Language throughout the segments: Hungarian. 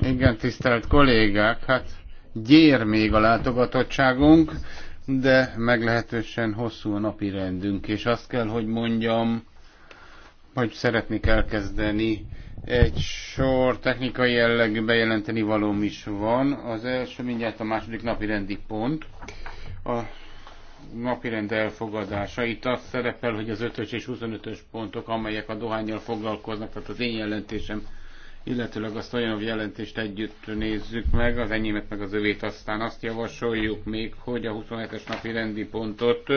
igen, tisztelt kollégák, hát gyér még a látogatottságunk, de meglehetősen hosszú a napi rendünk, és azt kell, hogy mondjam, hogy szeretnék elkezdeni. Egy sor technikai jellegű bejelenteni valóm is van. Az első mindjárt a második napi rendi pont. A napirend elfogadása. Itt az szerepel, hogy az 5-ös és 25-ös pontok, amelyek a dohányjal foglalkoznak, tehát az én jelentésem, illetőleg azt olyan jelentést együtt nézzük meg, az enyémet meg az övét, aztán azt javasoljuk még, hogy a 27-es napi rendi pontot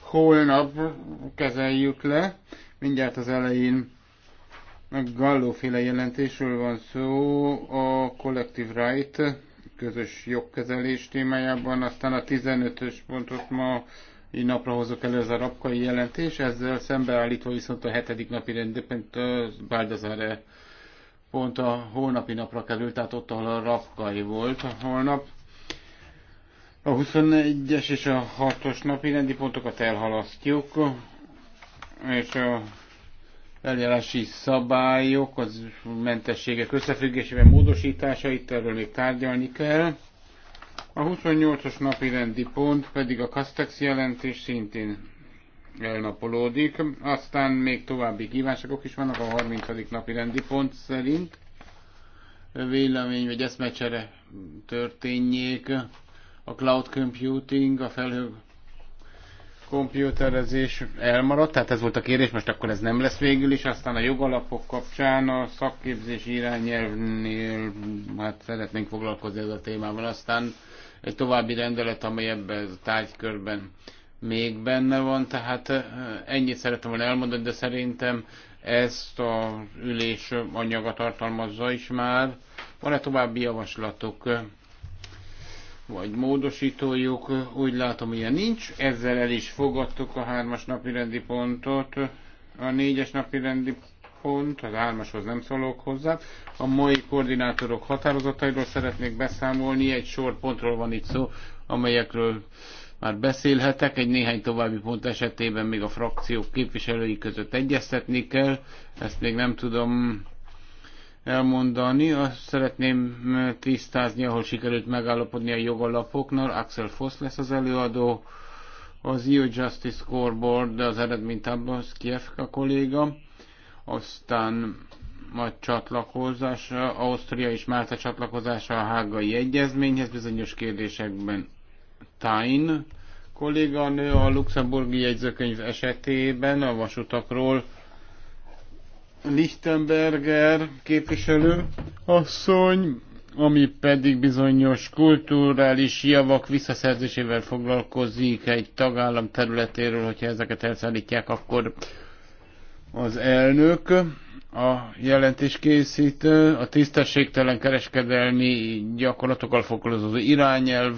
holnap kezeljük le. Mindjárt az elején meg Gallóféle jelentésről van szó, a Collective Right közös jogkezelés témájában, aztán a 15-ös pontot ma így napra hozok elő az a rabkai jelentés, ezzel szembeállítva viszont a hetedik napi rendőpont Báldazare pont a holnapi napra került, tehát ott, ahol a rabkai volt a holnap. A 21-es és a 6-os napi rendi pontokat elhalasztjuk, és a eljárási szabályok, az mentességek összefüggésében módosítása, itt erről még tárgyalni kell. A 28 os napi rendi pont pedig a Castex jelentés szintén elnapolódik. Aztán még további kívánságok is vannak a 30. napi rendi pont szerint. Vélemény vagy eszmecsere történjék. A cloud computing, a felhő kompjúterezés elmaradt, tehát ez volt a kérdés, most akkor ez nem lesz végül is, aztán a jogalapok kapcsán a szakképzés irányelvnél hát szeretnénk foglalkozni ez a témával, aztán egy további rendelet, amely ebben a tárgykörben még benne van, tehát eh, ennyit szeretem volna elmondani, de szerintem ezt a ülés anyaga tartalmazza is már. Van-e további javaslatok? vagy módosítójuk, úgy látom, ilyen nincs. Ezzel el is fogadtuk a hármas napi rendi pontot, a négyes napi rendi pont, az hármashoz nem szólok hozzá. A mai koordinátorok határozatairól szeretnék beszámolni, egy sor pontról van itt szó, amelyekről már beszélhetek, egy néhány további pont esetében még a frakciók képviselői között egyeztetni kell, ezt még nem tudom elmondani. Azt szeretném tisztázni, ahol sikerült megállapodni a jogalapoknál. Axel Foss lesz az előadó, az EU Justice Scoreboard, az az Kiefka kolléga, aztán a csatlakozás, Ausztria és Málta csatlakozása a hágai egyezményhez bizonyos kérdésekben Tain kolléganő a luxemburgi jegyzőkönyv esetében a vasutakról Lichtenberger képviselő asszony, ami pedig bizonyos kulturális javak visszaszerzésével foglalkozik egy tagállam területéről, hogyha ezeket elszállítják, akkor az elnök, a jelentéskészítő, a tisztességtelen kereskedelmi gyakorlatokkal foglalkozó irányelv,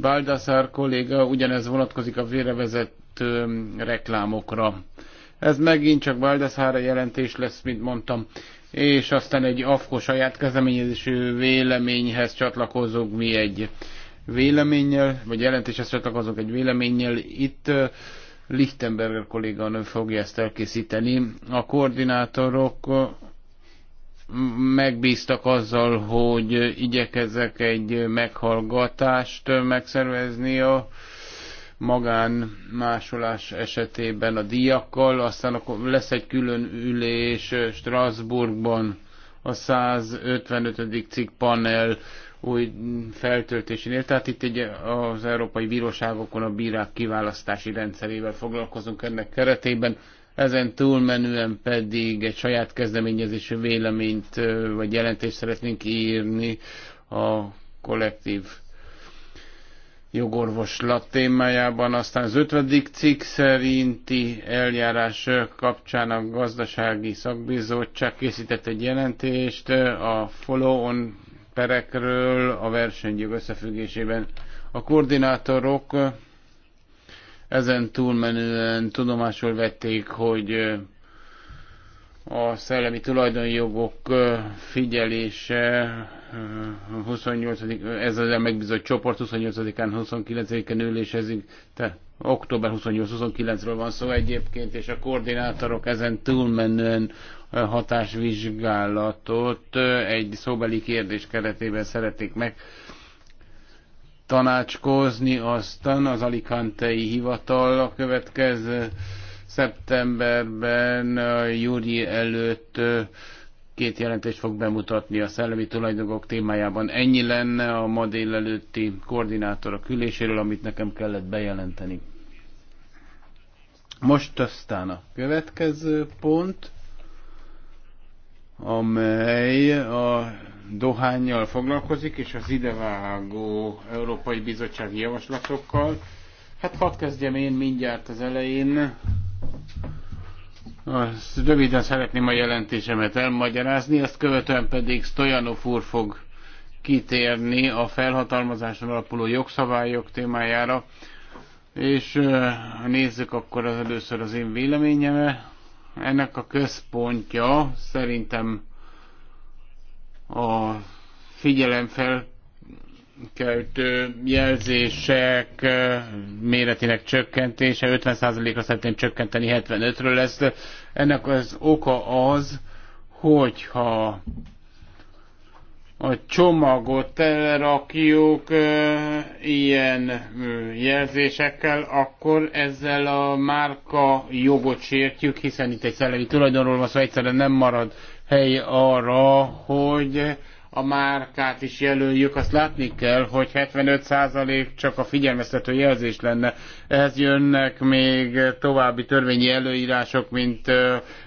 Baldassar kolléga, ugyanez vonatkozik a vérevezett um, reklámokra ez megint csak Valdeszára jelentés lesz, mint mondtam és aztán egy AFKO saját kezdeményezésű véleményhez csatlakozunk mi egy véleménnyel, vagy jelentéshez csatlakozunk egy véleménnyel. Itt Lichtenberger kolléganő fogja ezt elkészíteni. A koordinátorok megbíztak azzal, hogy igyekezzek egy meghallgatást megszervezni a magán másolás esetében a díjakkal, aztán akkor lesz egy külön ülés Strasbourgban a 155. cikk panel új feltöltésénél. Tehát itt egy, az Európai Bíróságokon a bírák kiválasztási rendszerével foglalkozunk ennek keretében. Ezen túlmenően pedig egy saját kezdeményezésű véleményt vagy jelentést szeretnénk írni a kollektív jogorvoslat témájában, aztán az 50. cikk szerinti eljárás kapcsán a gazdasági szakbizottság készített egy jelentést a follow-on perekről a versenyjog összefüggésében. A koordinátorok ezen túlmenően tudomásul vették, hogy a szellemi tulajdonjogok figyelése 28 ez az megbízott csoport 28-án, 29-én ülésezik, tehát október 28-29-ről van szó egyébként, és a koordinátorok ezen túlmenően hatásvizsgálatot egy szóbeli kérdés keretében szeretik meg tanácskozni, aztán az Alicantei Hivatal a következő szeptemberben, júri előtt két jelentést fog bemutatni a szellemi tulajdonok témájában. Ennyi lenne a ma délelőtti koordinátor a küléséről, amit nekem kellett bejelenteni. Most aztán a következő pont, amely a dohányjal foglalkozik, és az idevágó Európai Bizottsági Javaslatokkal. Hát hadd kezdjem én mindjárt az elején röviden szeretném a jelentésemet elmagyarázni, ezt követően pedig Stojanov úr fog kitérni a felhatalmazáson alapuló jogszabályok témájára, és nézzük akkor az először az én véleményemet. Ennek a központja szerintem a fel, keltő jelzések méretének csökkentése, 50%-ra szeretném csökkenteni, 75-ről lesz. Ennek az oka az, hogyha a csomagot telerakjuk ilyen jelzésekkel, akkor ezzel a márka jogot sértjük, hiszen itt egy szellemi tulajdonról van szó, szóval egyszerűen nem marad hely arra, hogy a márkát is jelöljük, azt látni kell, hogy 75% csak a figyelmeztető jelzés lenne. Ehhez jönnek még további törvényi előírások, mint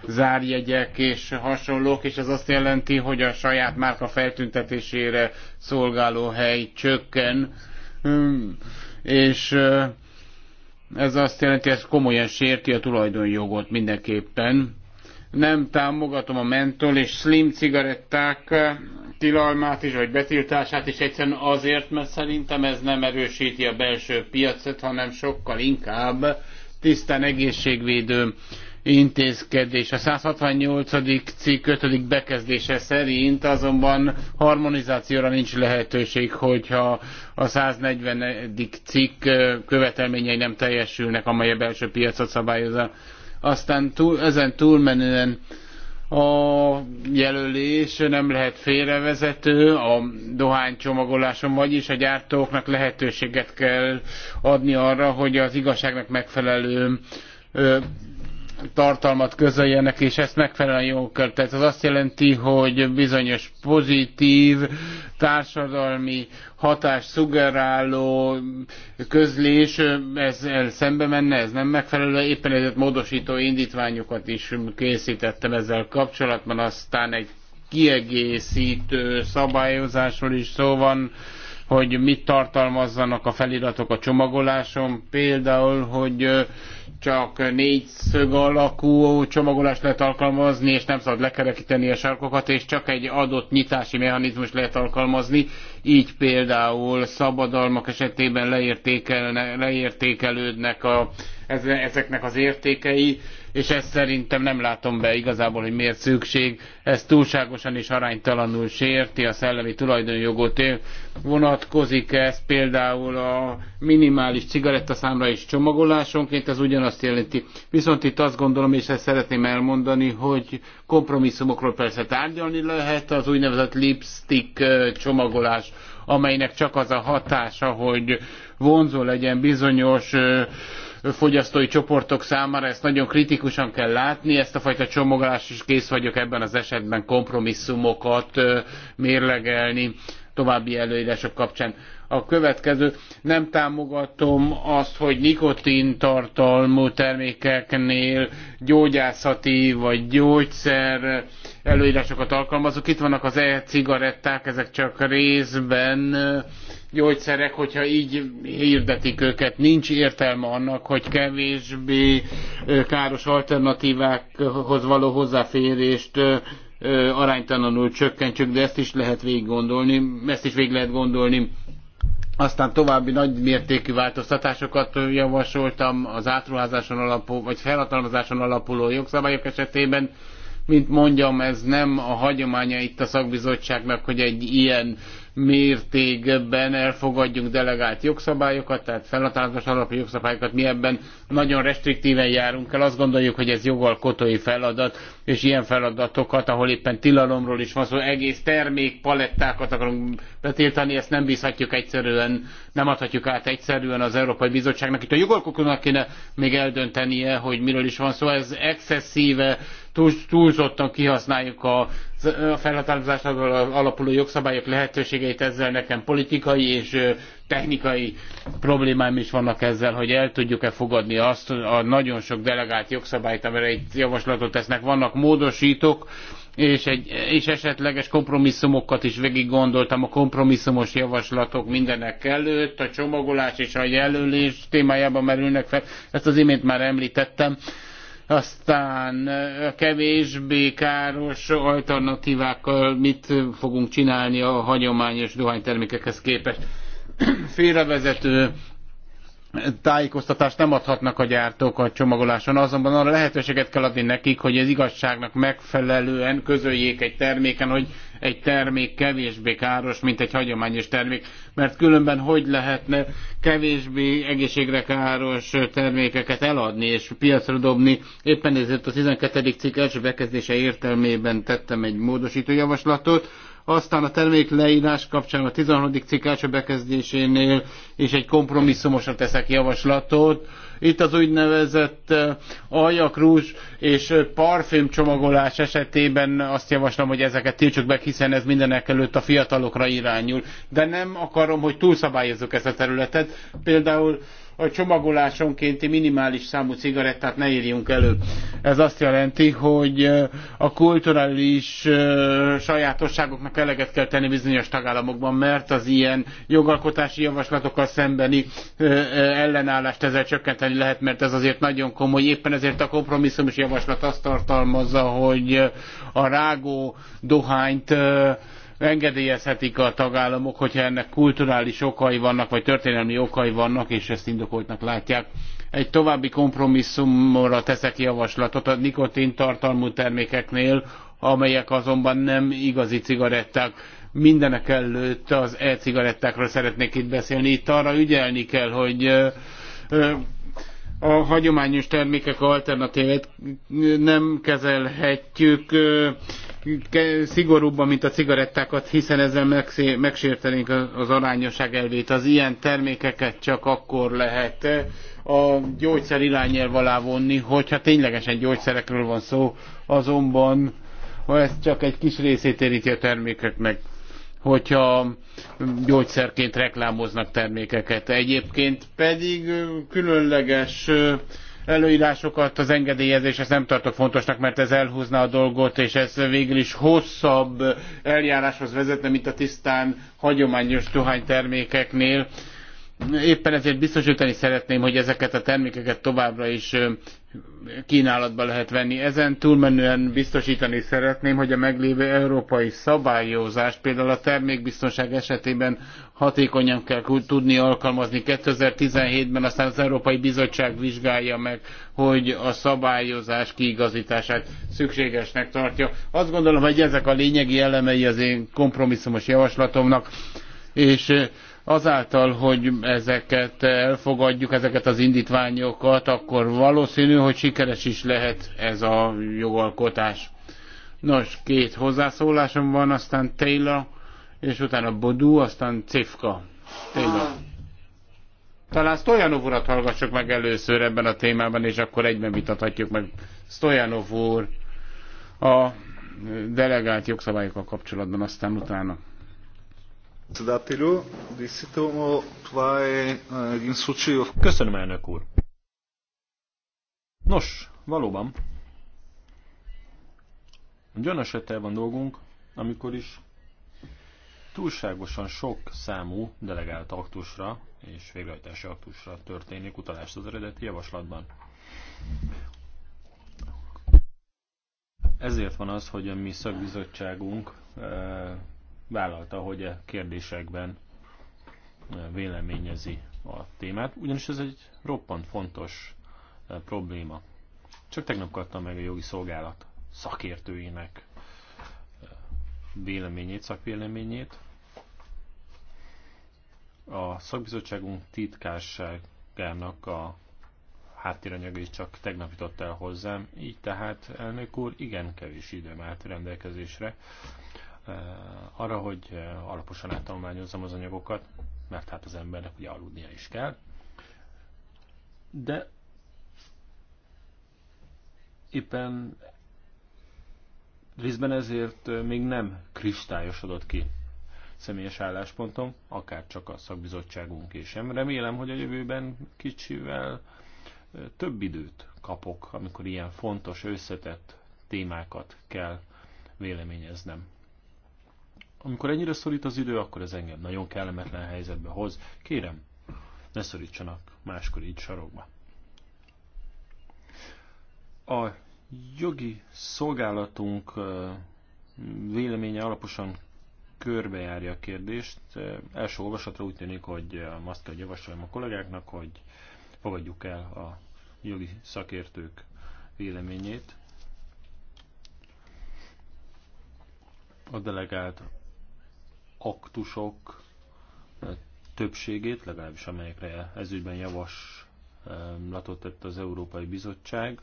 zárjegyek és hasonlók, és ez azt jelenti, hogy a saját márka feltüntetésére szolgáló hely csökken. Hmm. És ez azt jelenti, hogy ez komolyan sérti a tulajdonjogot mindenképpen. Nem támogatom a mentol és slim cigaretták tilalmát is, vagy betiltását is egyszerűen azért, mert szerintem ez nem erősíti a belső piacot, hanem sokkal inkább tisztán egészségvédő intézkedés. A 168. cikk 5. bekezdése szerint azonban harmonizációra nincs lehetőség, hogyha a 140. cikk követelményei nem teljesülnek, amely a belső piacot szabályozza. Aztán túl, ezen túlmenően a jelölés nem lehet félrevezető, a dohánycsomagoláson, vagyis a gyártóknak lehetőséget kell adni arra, hogy az igazságnak megfelelő tartalmat közöljenek, és ezt megfelelően jól kell. Tehát az azt jelenti, hogy bizonyos pozitív, társadalmi hatást szugeráló közlés, ez szembe menne, ez nem megfelelő. Éppen ezért módosító indítványokat is készítettem ezzel kapcsolatban, aztán egy kiegészítő szabályozásról is szó van, hogy mit tartalmazzanak a feliratok a csomagoláson, például, hogy csak négy szög alakú csomagolást lehet alkalmazni, és nem szabad lekerekíteni a sarkokat, és csak egy adott nyitási mechanizmus lehet alkalmazni, így például szabadalmak esetében leértékelődnek a, ezeknek az értékei, és ezt szerintem nem látom be igazából, hogy miért szükség. Ez túlságosan és aránytalanul sérti a szellemi tulajdonjogot. Vonatkozik ez például a minimális cigarettaszámra és csomagolásonként, ez ugyanazt jelenti. Viszont itt azt gondolom, és ezt szeretném elmondani, hogy kompromisszumokról persze tárgyalni lehet, az úgynevezett lipstick csomagolás amelynek csak az a hatása, hogy vonzó legyen bizonyos fogyasztói csoportok számára ezt nagyon kritikusan kell látni, ezt a fajta csomagolást is kész vagyok ebben az esetben kompromisszumokat mérlegelni további előírások kapcsán. A következő, nem támogatom azt, hogy nikotin tartalmú termékeknél gyógyászati vagy gyógyszer előírásokat alkalmazok. Itt vannak az e-cigaretták, ezek csak részben gyógyszerek, hogyha így hirdetik őket. Nincs értelme annak, hogy kevésbé káros alternatívákhoz való hozzáférést aránytalanul csökkentsük, de ezt is lehet végig gondolni, ezt is végig lehet gondolni. Aztán további nagy mértékű változtatásokat javasoltam az átruházáson alapuló, vagy felhatalmazáson alapuló jogszabályok esetében. Mint mondjam, ez nem a hagyománya itt a szakbizottságnak, hogy egy ilyen mértékben elfogadjunk delegált jogszabályokat, tehát felhatalmazás alapú jogszabályokat, mi ebben nagyon restriktíven járunk el, azt gondoljuk, hogy ez jogalkotói feladat, és ilyen feladatokat, ahol éppen tilalomról is van szó, egész termékpalettákat akarunk betiltani, ezt nem bízhatjuk egyszerűen, nem adhatjuk át egyszerűen az Európai Bizottságnak. Itt a jogalkotónak kéne még eldöntenie, hogy miről is van szó, ez excesszíve túlzottan kihasználjuk a a felhatalmazáson alapuló jogszabályok lehetőségeit ezzel nekem politikai és technikai problémáim is vannak ezzel, hogy el tudjuk-e fogadni azt a nagyon sok delegált jogszabályt, amire itt javaslatot tesznek. Vannak módosítók, és, egy, és esetleges kompromisszumokat is végig gondoltam, a kompromisszumos javaslatok mindenek előtt, a csomagolás és a jelölés témájában merülnek fel, ezt az imént már említettem aztán a kevésbé káros alternatívákkal mit fogunk csinálni a hagyományos dohánytermékekhez képest. Félrevezető tájékoztatást nem adhatnak a gyártók a csomagoláson, azonban arra lehetőséget kell adni nekik, hogy az igazságnak megfelelően közöljék egy terméken, hogy egy termék kevésbé káros, mint egy hagyományos termék, mert különben hogy lehetne kevésbé egészségre káros termékeket eladni és piacra dobni. Éppen ezért a 12. cikk első bekezdése értelmében tettem egy módosító javaslatot, aztán a termék leírás kapcsán a 13. cikk első bekezdésénél is egy kompromisszumosra teszek javaslatot. Itt az úgynevezett eh, aljakrúzs és eh, parfüm csomagolás esetében azt javaslom, hogy ezeket tiltsuk be, hiszen ez mindenek előtt a fiatalokra irányul. De nem akarom, hogy túlszabályozzuk ezt a területet. Például a csomagolásonkénti minimális számú cigarettát ne írjunk elő. Ez azt jelenti, hogy a kulturális sajátosságoknak eleget kell tenni bizonyos tagállamokban, mert az ilyen jogalkotási javaslatokkal szembeni ellenállást ezzel csökkenteni lehet, mert ez azért nagyon komoly. Éppen ezért a kompromisszumos javaslat azt tartalmazza, hogy a rágó dohányt engedélyezhetik a tagállamok, hogyha ennek kulturális okai vannak, vagy történelmi okai vannak, és ezt indokoltnak látják. Egy további kompromisszumra teszek javaslatot a nikotintartalmú termékeknél, amelyek azonban nem igazi cigaretták. mindenekelőtt előtt az e-cigarettákról szeretnék itt beszélni. Itt arra ügyelni kell, hogy a hagyományos termékek alternatívét nem kezelhetjük szigorúbban, mint a cigarettákat, hiszen ezzel megsértenénk az arányosság elvét. Az ilyen termékeket csak akkor lehet a gyógyszer irányelv alá vonni, hogyha ténylegesen gyógyszerekről van szó, azonban ha ez csak egy kis részét éríti a termékeknek hogyha gyógyszerként reklámoznak termékeket. Egyébként pedig különleges előírásokat az engedélyezés, ezt nem tartok fontosnak, mert ez elhúzná a dolgot, és ez végül is hosszabb eljáráshoz vezetne, mint a tisztán hagyományos dohánytermékeknél. Éppen ezért biztosítani szeretném, hogy ezeket a termékeket továbbra is kínálatba lehet venni. Ezen túlmenően biztosítani szeretném, hogy a meglévő európai szabályozást például a termékbiztonság esetében hatékonyan kell tudni alkalmazni. 2017-ben aztán az Európai Bizottság vizsgálja meg, hogy a szabályozás kiigazítását szükségesnek tartja. Azt gondolom, hogy ezek a lényegi elemei az én kompromisszumos javaslatomnak, és azáltal, hogy ezeket elfogadjuk, ezeket az indítványokat, akkor valószínű, hogy sikeres is lehet ez a jogalkotás. Nos, két hozzászólásom van, aztán Taylor és utána Bodú, aztán Cifka. Tényleg. Talán Stojanov urat hallgassuk meg először ebben a témában, és akkor egyben vitathatjuk meg. Stojanov úr a delegált jogszabályokkal kapcsolatban, aztán utána. Köszönöm, elnök úr. Nos, valóban. Egy olyan esettel van dolgunk, amikor is túlságosan sok számú delegált aktusra és végrehajtási aktusra történik utalás az eredeti javaslatban. Ezért van az, hogy a mi szakbizottságunk eh, vállalta, hogy a e kérdésekben eh, véleményezi a témát, ugyanis ez egy roppant fontos eh, probléma. Csak tegnap kaptam meg a jogi szolgálat szakértőinek véleményét, szakvéleményét. A szakbizottságunk titkárságának a háttéranyaga is csak tegnap jutott el hozzám, így tehát elnök úr, igen kevés időm állt rendelkezésre eh, arra, hogy eh, alaposan áttanulmányozzam az anyagokat, mert hát az embernek ugye aludnia is kell. De éppen részben ezért eh, még nem kristályosodott ki személyes álláspontom, akár csak a szakbizottságunk is. Remélem, hogy a jövőben kicsivel több időt kapok, amikor ilyen fontos, összetett témákat kell véleményeznem. Amikor ennyire szorít az idő, akkor ez engem nagyon kellemetlen helyzetbe hoz. Kérem, ne szorítsanak máskor így sarokba. A jogi szolgálatunk véleménye alaposan körbejárja a kérdést. Első olvasatra úgy tűnik, hogy azt kell, hogy javasoljam a kollégáknak, hogy fogadjuk el a jogi szakértők véleményét. A delegált aktusok többségét, legalábbis amelyekre ezügyben javaslatot tett az Európai Bizottság,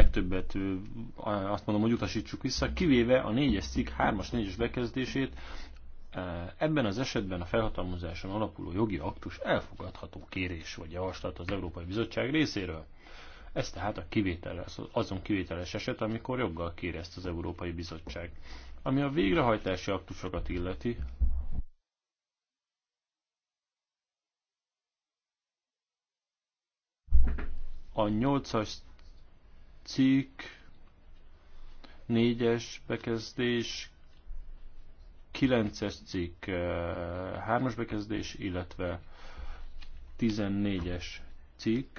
legtöbbet azt mondom, hogy utasítsuk vissza, kivéve a 4-es cikk 3-as, 4-es bekezdését, ebben az esetben a felhatalmazáson alapuló jogi aktus elfogadható kérés vagy javaslat az Európai Bizottság részéről. Ez tehát a kivételes, azon kivételes eset, amikor joggal kér ezt az Európai Bizottság. Ami a végrehajtási aktusokat illeti, a 8-as cikk, négyes bekezdés, kilences cikk, eh, hármas bekezdés, illetve tizennégyes cikk,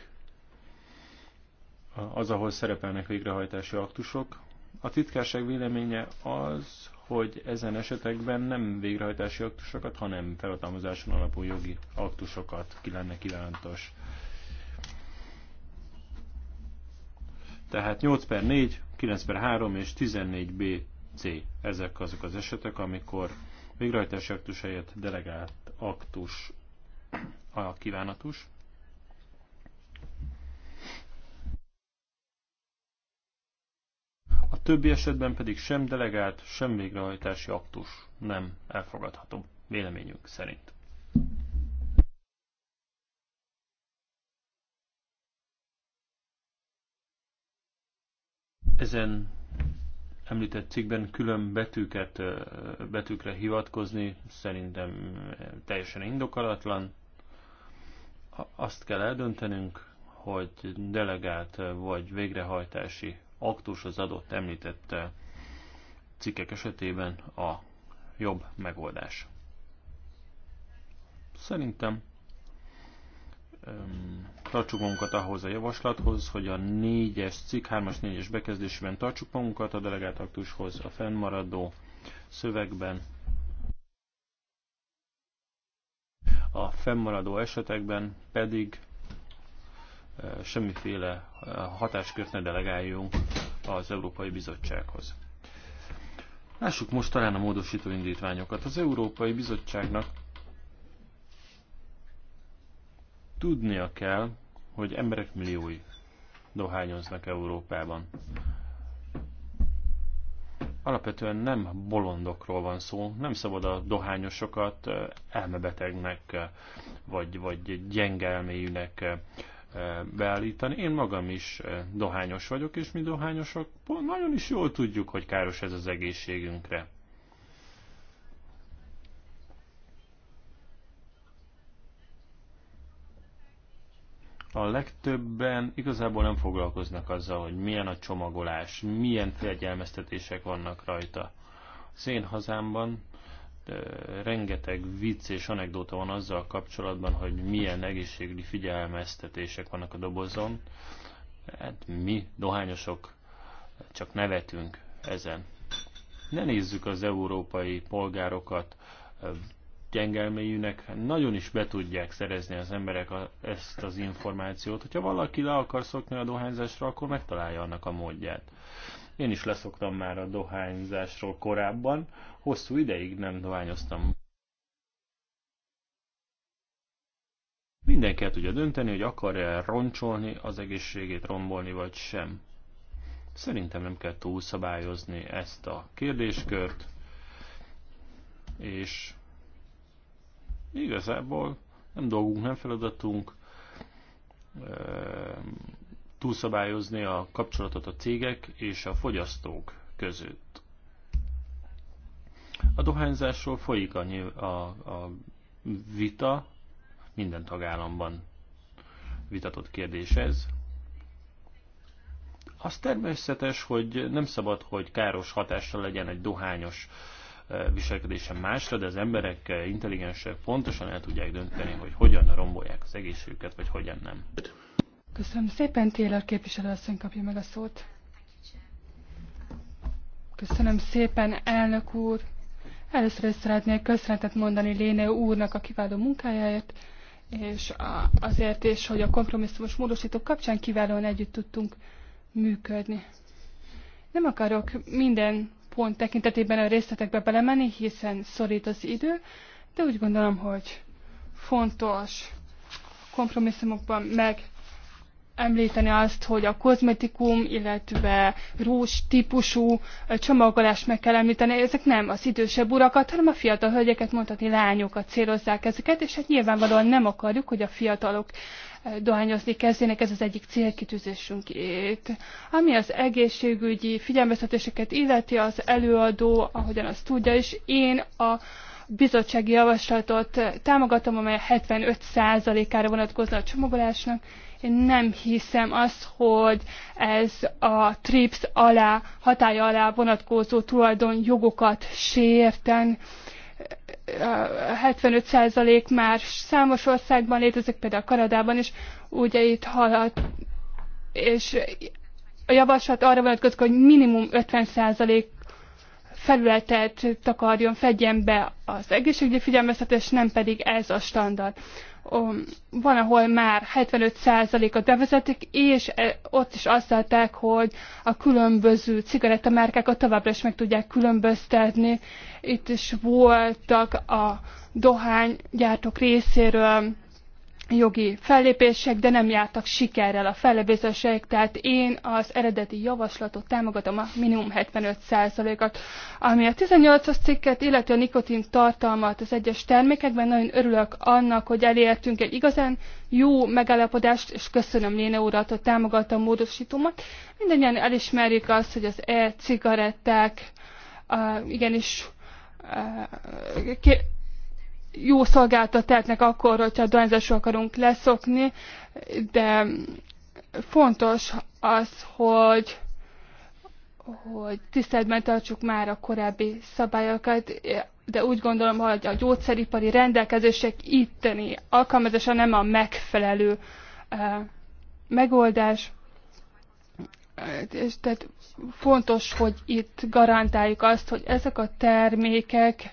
az, ahol szerepelnek végrehajtási aktusok. A titkárság véleménye az, hogy ezen esetekben nem végrehajtási aktusokat, hanem felhatalmazáson alapú jogi aktusokat ki lenne kívántos Tehát 8 per 4, 9 per 3 és 14 B C. Ezek azok az esetek, amikor végrehajtási aktus helyett delegált aktus a kívánatos. A többi esetben pedig sem delegált, sem végrehajtási aktus nem elfogadható, véleményünk szerint. Ezen említett cikkben külön betűket, betűkre hivatkozni szerintem teljesen indokolatlan. Azt kell eldöntenünk, hogy delegált vagy végrehajtási aktus az adott említett cikkek esetében a jobb megoldás. Szerintem tartsuk magunkat ahhoz a javaslathoz, hogy a 4-es cikk 3-as 4-es bekezdésében tartsuk magunkat a delegált aktushoz a fennmaradó szövegben. A fennmaradó esetekben pedig semmiféle hatáskört ne delegáljunk az Európai Bizottsághoz. Lássuk most talán a módosító indítványokat. Az Európai Bizottságnak Tudnia kell, hogy emberek milliói dohányoznak Európában. Alapvetően nem bolondokról van szó, nem szabad a dohányosokat eh, elmebetegnek eh, vagy, vagy gyengelméjűnek eh, beállítani. Én magam is dohányos vagyok, és mi dohányosok nagyon is jól tudjuk, hogy káros ez az egészségünkre. a legtöbben igazából nem foglalkoznak azzal, hogy milyen a csomagolás, milyen fegyelmeztetések vannak rajta. Az én hazámban rengeteg vicc és anekdóta van azzal kapcsolatban, hogy milyen egészségügyi figyelmeztetések vannak a dobozon. Hát mi, dohányosok, csak nevetünk ezen. Ne nézzük az európai polgárokat gyengelméjűnek nagyon is be tudják szerezni az emberek a, ezt az információt. Hogyha valaki le akar szokni a dohányzásra, akkor megtalálja annak a módját. Én is leszoktam már a dohányzásról korábban, hosszú ideig nem dohányoztam. Mindenki el tudja dönteni, hogy akar-e roncsolni az egészségét, rombolni vagy sem. Szerintem nem kell túlszabályozni ezt a kérdéskört, és Igazából nem dolgunk, nem feladatunk túlszabályozni a kapcsolatot a cégek és a fogyasztók között. A dohányzásról folyik a, a, a vita, minden tagállamban vitatott kérdés ez. Az természetes, hogy nem szabad, hogy káros hatással legyen egy dohányos uh, viselkedése másra, de az emberek intelligensek pontosan el tudják dönteni, hogy hogyan rombolják az egészségüket, vagy hogyan nem. Köszönöm szépen, Taylor képviselőasszony kapja meg a szót. Köszönöm szépen, elnök úr. Először is szeretnék köszönetet mondani Léne úrnak a kiváló munkájáért, és azért is, hogy a kompromisszumos módosítók kapcsán kiválóan együtt tudtunk működni. Nem akarok minden pont tekintetében a részletekbe belemenni, hiszen szorít az idő, de úgy gondolom, hogy fontos kompromisszumokban meg említeni azt, hogy a kozmetikum, illetve rúzs típusú csomagolást meg kell említeni. Ezek nem az idősebb urakat, hanem a fiatal hölgyeket, mondhatni lányokat célozzák ezeket, és hát nyilvánvalóan nem akarjuk, hogy a fiatalok dohányozni kezdjenek, ez az egyik célkitűzésünk itt. Ami az egészségügyi figyelmeztetéseket illeti, az előadó, ahogyan azt tudja, és én a bizottsági javaslatot támogatom, amely 75%-ára vonatkozna a csomagolásnak. Én nem hiszem azt, hogy ez a TRIPS alá, hatája alá vonatkozó tulajdonjogokat sérten. 75% már számos országban létezik, például Kanadában is, ugye itt halad, és a javaslat arra vonatkozik, hogy minimum 50% felületet takarjon, fedjen be az egészségügyi figyelmeztetés, nem pedig ez a standard van, ahol már 75%-ot bevezetik, és e, ott is azt látták, hogy a különböző cigarettamárkákat továbbra is meg tudják különböztetni. Itt is voltak a dohánygyártók részéről jogi fellépések, de nem jártak sikerrel a fellépések, tehát én az eredeti javaslatot támogatom a minimum 75%-at, ami a 18-as cikket, illetve a nikotin tartalmat az egyes termékekben. Nagyon örülök annak, hogy elértünk egy igazán jó megállapodást, és köszönöm Léne urat, hogy támogatta a módosítómat. Mindennyian elismerjük azt, hogy az e-cigaretták uh, igenis uh, jó szolgáltatátnak akkor, hogyha a dohányzásról akarunk leszokni, de fontos az, hogy hogy tiszteletben tartsuk már a korábbi szabályokat, de úgy gondolom, hogy a gyógyszeripari rendelkezések itteni alkalmazása nem a megfelelő uh, megoldás. És tehát fontos, hogy itt garantáljuk azt, hogy ezek a termékek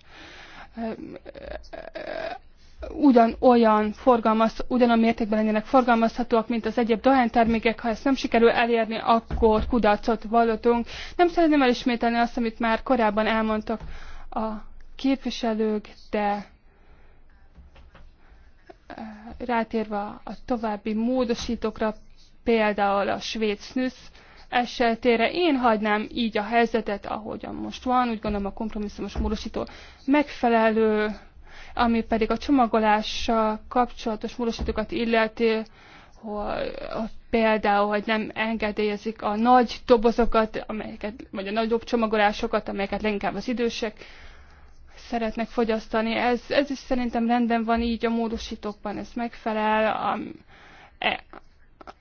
ugyanolyan forgalmaz, ugyanolyan mértékben lennének forgalmazhatóak, mint az egyéb dohánytermékek, ha ezt nem sikerül elérni, akkor kudarcot vallotunk. Nem szeretném elismételni azt, amit már korábban elmondtak a képviselők, de eh, rátérve a további módosítókra, például a svéd snusz, esetére. Én hagynám így a helyzetet, ahogyan most van, úgy gondolom a kompromisszumos módosító megfelelő, ami pedig a csomagolással kapcsolatos módosítókat illeti, hogy, például, hogy nem engedélyezik a nagy dobozokat, amelyeket, vagy a nagyobb csomagolásokat, amelyeket leginkább az idősek szeretnek fogyasztani. Ez, ez is szerintem rendben van így a módosítókban, ez megfelel. A, e-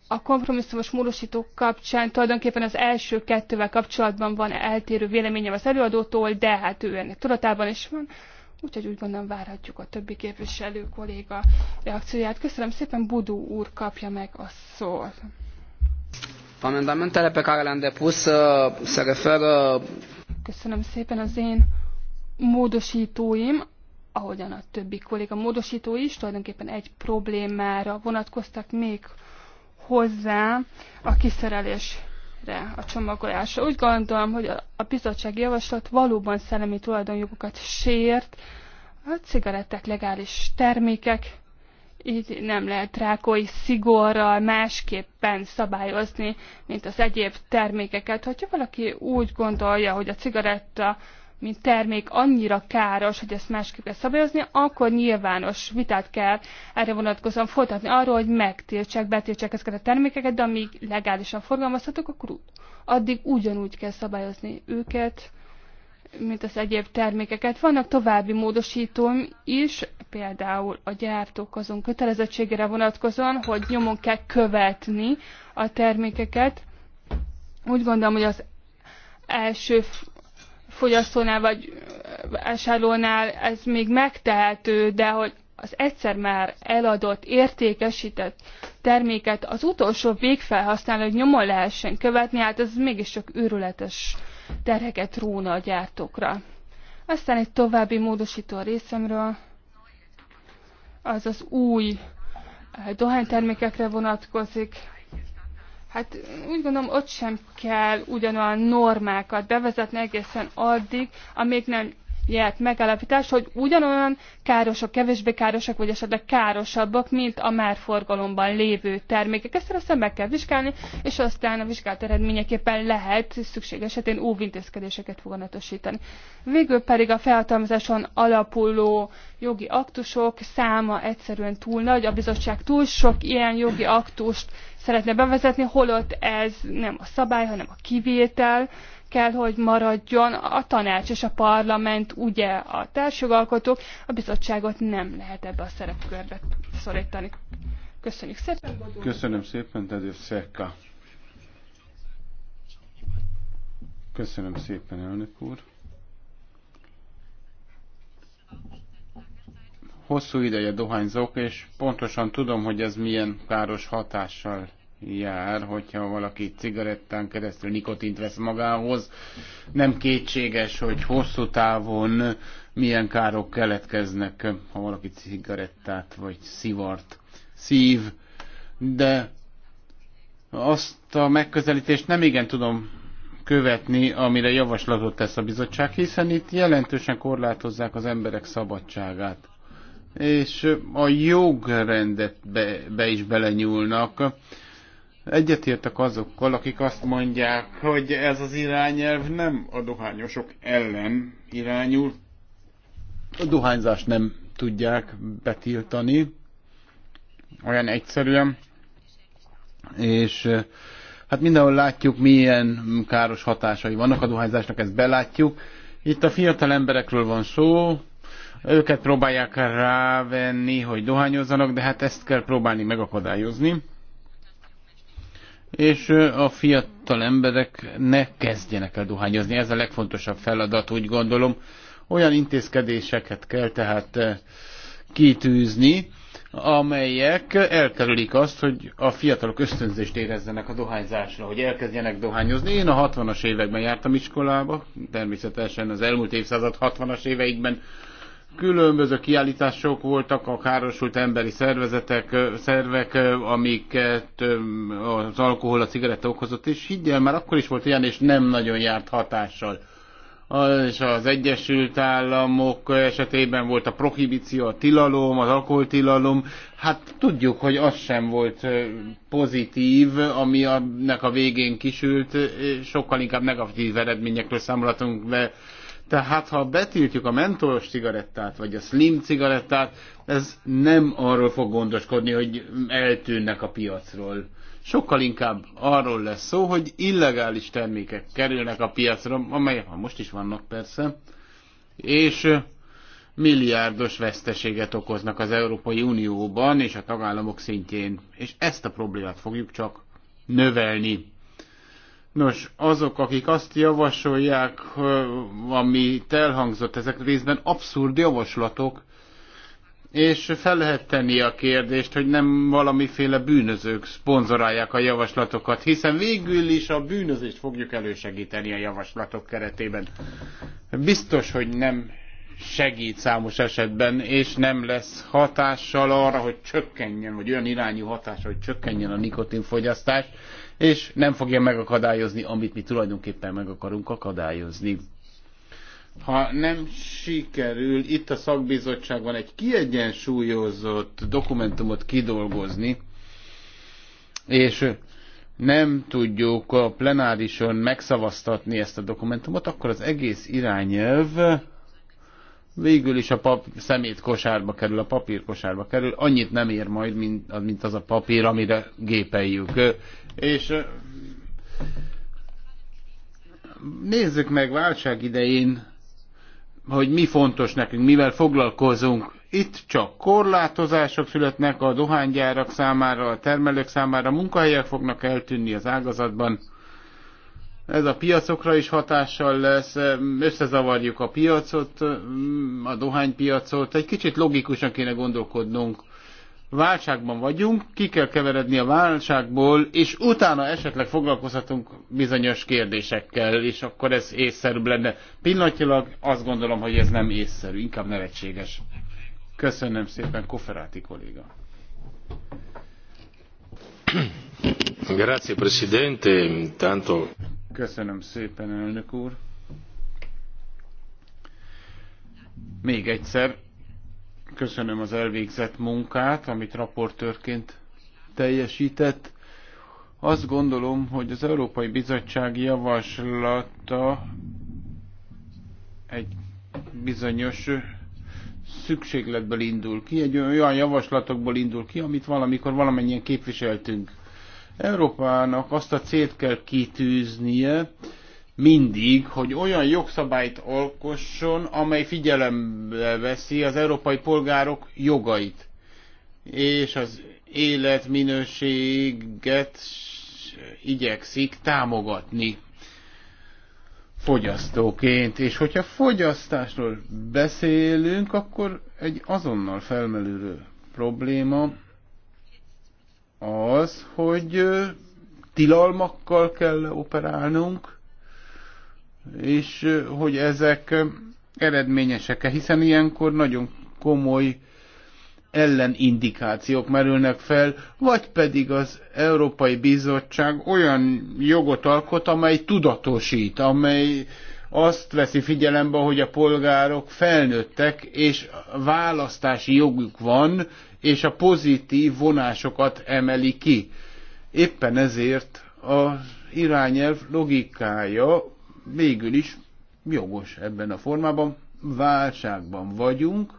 a kompromisszumos módosítók kapcsán tulajdonképpen az első kettővel kapcsolatban van eltérő véleményem az előadótól, de hát ő ennek tudatában is van. Úgyhogy úgy gondolom várhatjuk a többi képviselő kolléga reakcióját. Köszönöm szépen, Budó úr kapja meg a szót. Amendamentele pe care le-am depus uh, se referă... Köszönöm szépen az én módosítóim, ahogyan a többi kolléga módosító is, tulajdonképpen egy problémára vonatkoztak még hozzá a kiszerelésre, a csomagolásra. Úgy gondolom, hogy a bizottsági javaslat valóban szellemi tulajdonjogokat sért, a cigarettek legális termékek, így nem lehet rákói szigorral másképpen szabályozni, mint az egyéb termékeket. Hogyha valaki úgy gondolja, hogy a cigaretta mint termék annyira káros, hogy ezt másképp kell szabályozni, akkor nyilvános vitát kell erre vonatkozóan folytatni arról, hogy megtiltsák, betiltsák ezeket a termékeket, de amíg legálisan forgalmazhatók, akkor addig ugyanúgy kell szabályozni őket, mint az egyéb termékeket. Vannak további módosítóim is, például a gyártók azon kötelezettségére vonatkozóan, hogy nyomon kell követni a termékeket. Úgy gondolom, hogy az első fogyasztónál vagy vásárlónál ez még megtehető, de hogy az egyszer már eladott, értékesített terméket az utolsó végfelhasználó, hogy nyomon lehessen követni, hát ez mégiscsak őrületes terheket róna a gyártókra. Aztán egy további módosító a részemről, az az új eh, dohánytermékekre vonatkozik, hát úgy gondolom ott sem kell ugyanolyan normákat bevezetni egészen addig, amíg nem ilyet megállapítás, hogy ugyanolyan károsok, kevésbé károsak, vagy esetleg károsabbak, mint a már forgalomban lévő termékek. Ezt aztán meg kell vizsgálni, és aztán a vizsgált eredményeképpen lehet szükség esetén óvintézkedéseket foganatosítani. Végül pedig a felhatalmazáson alapuló jogi aktusok száma egyszerűen túl nagy, a bizottság túl sok ilyen jogi aktust szeretne bevezetni, holott ez nem a szabály, hanem a kivétel kell, hogy maradjon. A tanács és a parlament ugye a társjogalkotók, a bizottságot nem lehet ebbe a szerepkörbe szorítani. Köszönjük szépen. Köszönöm szépen, Tedő Szekka. Köszönöm szépen, elnök úr. Hosszú ideje dohányzok, és pontosan tudom, hogy ez milyen káros hatással jár, hogyha valaki cigarettán keresztül nikotint vesz magához. Nem kétséges, hogy hosszú távon milyen károk keletkeznek, ha valaki cigarettát vagy szivart szív, de azt a megközelítést nem igen tudom követni, amire javaslatot tesz a bizottság, hiszen itt jelentősen korlátozzák az emberek szabadságát. És a jogrendet be, be is belenyúlnak Egyetértek azokkal, akik azt mondják, hogy ez az irányelv nem a dohányosok ellen irányul. A dohányzást nem tudják betiltani olyan egyszerűen, és hát mindenhol látjuk, milyen káros hatásai vannak a dohányzásnak, ezt belátjuk. Itt a fiatal emberekről van szó, őket próbálják rávenni, hogy dohányozzanak, de hát ezt kell próbálni megakadályozni és a fiatal emberek ne kezdjenek el dohányozni. Ez a legfontosabb feladat, úgy gondolom. Olyan intézkedéseket kell tehát kitűzni, amelyek elkerülik azt, hogy a fiatalok ösztönzést érezzenek a dohányzásra, hogy elkezdjenek dohányozni. Én a 60-as években jártam iskolába, természetesen az elmúlt évszázad 60-as éveikben Különböző kiállítások voltak a károsult emberi szervezetek, szervek, amiket az alkohol, a cigaretta okozott, és higgyel, már akkor is volt ilyen, és nem nagyon járt hatással. És az Egyesült Államok esetében volt a prohibíció, a tilalom, az alkoholtilalom. Hát tudjuk, hogy az sem volt pozitív, ami nek a végén kisült, sokkal inkább negatív eredményekről számolhatunk be. Tehát ha betiltjuk a mentolos cigarettát, vagy a slim cigarettát, ez nem arról fog gondoskodni, hogy eltűnnek a piacról. Sokkal inkább arról lesz szó, hogy illegális termékek kerülnek a piacra, amelyek ha most is vannak persze, és milliárdos veszteséget okoznak az Európai Unióban és a tagállamok szintjén, és ezt a problémát fogjuk csak növelni. Nos, azok, akik azt javasolják, ami elhangzott ezek részben, abszurd javaslatok, és fel lehet tenni a kérdést, hogy nem valamiféle bűnözők szponzorálják a javaslatokat, hiszen végül is a bűnözést fogjuk elősegíteni a javaslatok keretében. Biztos, hogy nem segít számos esetben, és nem lesz hatással arra, hogy csökkenjen, vagy olyan irányú hatás, hogy csökkenjen a nikotinfogyasztás, és nem fogja megakadályozni, amit mi tulajdonképpen meg akarunk akadályozni. Ha nem sikerül itt a szakbizottságban egy kiegyensúlyozott dokumentumot kidolgozni, és nem tudjuk a plenárison megszavaztatni ezt a dokumentumot, akkor az egész irányelv végül is a pap, szemét kosárba kerül, a papír kosárba kerül, annyit nem ér majd, mint, mint az a papír, amire gépeljük. És nézzük meg válság idején, hogy mi fontos nekünk, mivel foglalkozunk. Itt csak korlátozások születnek a dohánygyárak számára, a termelők számára, munkahelyek fognak eltűnni az ágazatban ez a piacokra is hatással lesz, összezavarjuk a piacot, a dohánypiacot, egy kicsit logikusan kéne gondolkodnunk. Válságban vagyunk, ki kell keveredni a válságból, és utána esetleg foglalkozhatunk bizonyos kérdésekkel, és akkor ez észszerűbb lenne. Pillanatilag azt gondolom, hogy ez nem észszerű, inkább nevetséges. Köszönöm szépen, Koferáti kolléga. Grazie Presidente, tanto... Köszönöm szépen, elnök úr. Még egyszer köszönöm az elvégzett munkát, amit raportőrként teljesített. Azt gondolom, hogy az Európai Bizottság javaslata egy bizonyos szükségletből indul ki, egy olyan javaslatokból indul ki, amit valamikor valamennyien képviseltünk. Európának azt a célt kell kitűznie mindig, hogy olyan jogszabályt alkosson, amely figyelembe veszi az európai polgárok jogait, és az életminőséget igyekszik támogatni fogyasztóként. És hogyha fogyasztásról beszélünk, akkor egy azonnal felmerülő probléma az, hogy tilalmakkal kell operálnunk, és hogy ezek eredményesek-e, hiszen ilyenkor nagyon komoly ellenindikációk merülnek fel, vagy pedig az Európai Bizottság olyan jogot alkot, amely tudatosít, amely azt veszi figyelembe, hogy a polgárok felnőttek, és választási joguk van, és a pozitív vonásokat emeli ki. Éppen ezért az irányelv logikája végül is jogos ebben a formában. Válságban vagyunk,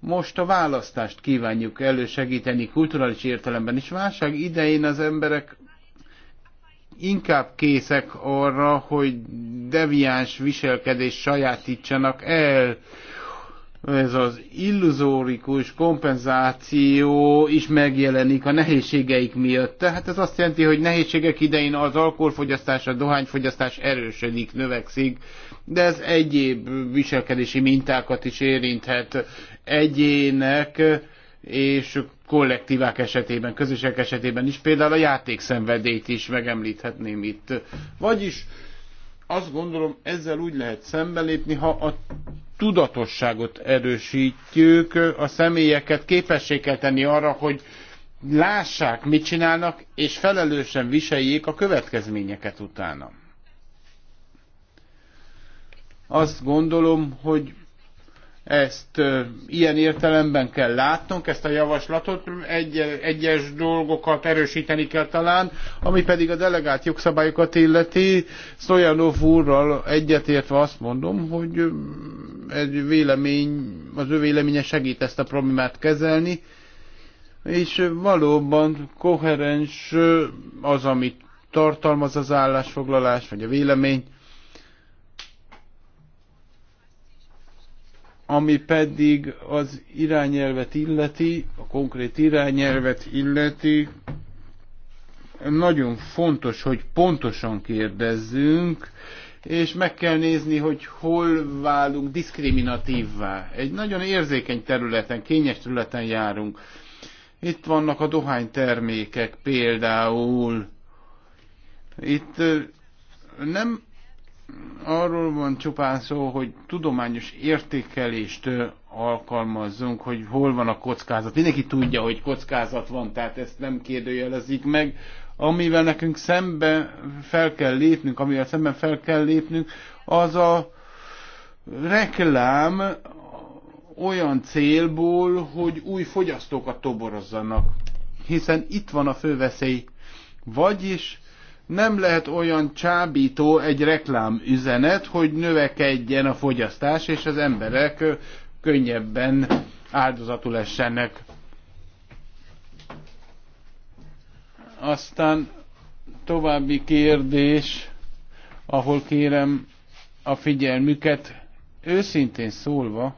most a választást kívánjuk elősegíteni kulturális értelemben is. Válság idején az emberek inkább készek arra, hogy deviáns viselkedést sajátítsanak el, ez az illuzórikus kompenzáció is megjelenik a nehézségeik miatt. Tehát ez azt jelenti, hogy nehézségek idején az alkoholfogyasztás, a dohányfogyasztás erősödik, növekszik, de ez egyéb viselkedési mintákat is érinthet egyének és kollektívák esetében, közösek esetében is, például a játékszenvedélyt is megemlíthetném itt. Vagyis azt gondolom ezzel úgy lehet szembelépni, ha a tudatosságot erősítjük, a személyeket képessé kell tenni arra, hogy lássák, mit csinálnak, és felelősen viseljék a következményeket utána. Azt gondolom, hogy ezt ö, ilyen értelemben kell látnunk, ezt a javaslatot, egy, egyes dolgokat erősíteni kell talán, ami pedig a delegált jogszabályokat illeti. Stojanov úrral egyetértve azt mondom, hogy egy vélemény, az ő véleménye segít ezt a problémát kezelni, és valóban koherens az, amit tartalmaz az állásfoglalás, vagy a vélemény, Ami pedig az irányelvet illeti, a konkrét irányelvet illeti, nagyon fontos, hogy pontosan kérdezzünk, és meg kell nézni, hogy hol válunk diszkriminatívvá. Egy nagyon érzékeny területen, kényes területen járunk. Itt vannak a dohánytermékek például. Itt nem arról van csupán szó, hogy tudományos értékelést alkalmazzunk, hogy hol van a kockázat. Mindenki tudja, hogy kockázat van, tehát ezt nem kérdőjelezik meg. Amivel nekünk szembe fel kell lépnünk, amivel szemben fel kell lépnünk, az a reklám olyan célból, hogy új fogyasztókat toborozzanak. Hiszen itt van a fő veszély. Vagyis nem lehet olyan csábító egy reklám üzenet, hogy növekedjen a fogyasztás, és az emberek könnyebben áldozatul essenek. Aztán további kérdés, ahol kérem a figyelmüket, őszintén szólva,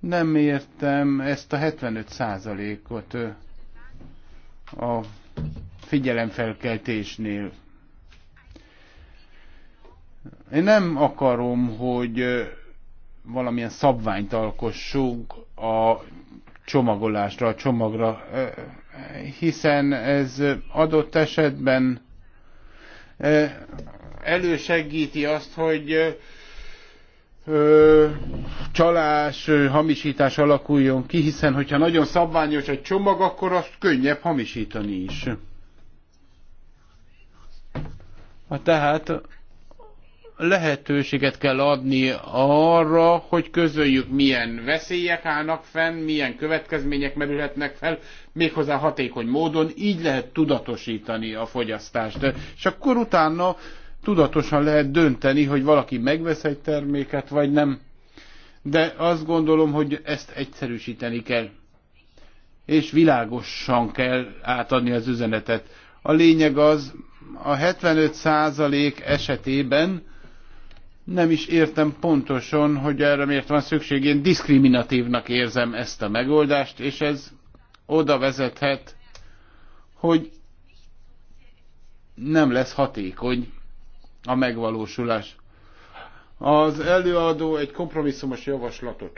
nem értem ezt a 75 százalékot a figyelemfelkeltésnél. Én nem akarom, hogy valamilyen szabványt alkossunk a csomagolásra, a csomagra, hiszen ez adott esetben elősegíti azt, hogy csalás, hamisítás alakuljon ki, hiszen hogyha nagyon szabványos egy csomag, akkor azt könnyebb hamisítani is. Tehát lehetőséget kell adni arra, hogy közöljük, milyen veszélyek állnak fenn, milyen következmények merülhetnek fel, méghozzá hatékony módon, így lehet tudatosítani a fogyasztást. És akkor utána tudatosan lehet dönteni, hogy valaki megvesz egy terméket, vagy nem. De azt gondolom, hogy ezt egyszerűsíteni kell. És világosan kell átadni az üzenetet. A lényeg az, a 75% esetében nem is értem pontosan, hogy erre miért van szükség. Én diszkriminatívnak érzem ezt a megoldást, és ez oda vezethet, hogy nem lesz hatékony a megvalósulás. Az előadó egy kompromisszumos javaslatot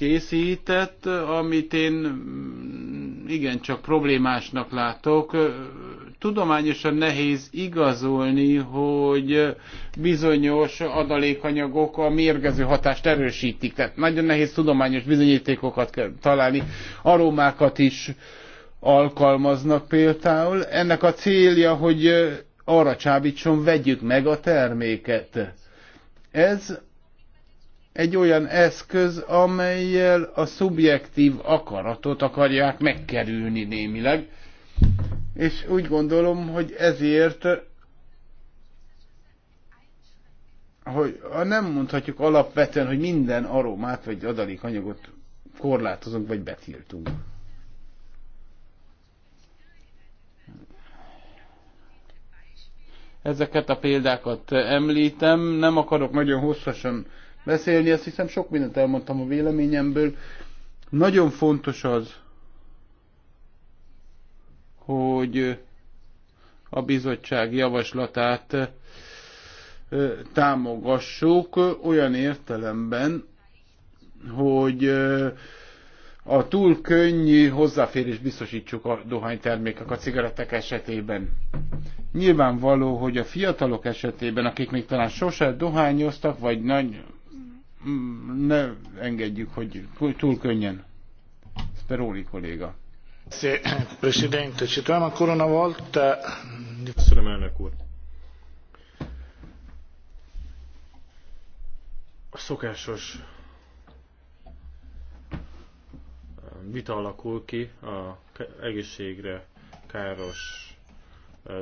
készített, amit én mm, igencsak problémásnak látok. Tudományosan nehéz igazolni, hogy bizonyos adalékanyagok a mérgező hatást erősítik. Tehát nagyon nehéz tudományos bizonyítékokat kell találni. Aromákat is alkalmaznak például. Ennek a célja, hogy arra csábítson, vegyük meg a terméket. Ez egy olyan eszköz, amelyel a szubjektív akaratot akarják megkerülni némileg. És úgy gondolom, hogy ezért hogy nem mondhatjuk alapvetően, hogy minden aromát vagy adalékanyagot korlátozunk vagy betiltunk. Ezeket a példákat említem, nem akarok nagyon hosszasan beszélni, azt hiszem sok mindent elmondtam a véleményemből. Nagyon fontos az, hogy a bizottság javaslatát támogassuk olyan értelemben, hogy a túl könnyű hozzáférés biztosítsuk a dohánytermékek, a cigarettek esetében. Nyilvánvaló, hogy a fiatalok esetében, akik még talán sose dohányoztak, vagy nagy Mm, ne engedjük, hogy túl könnyen. Speroli kolléga. Köszönöm, elnök úr. A szokásos vita alakul ki a egészségre káros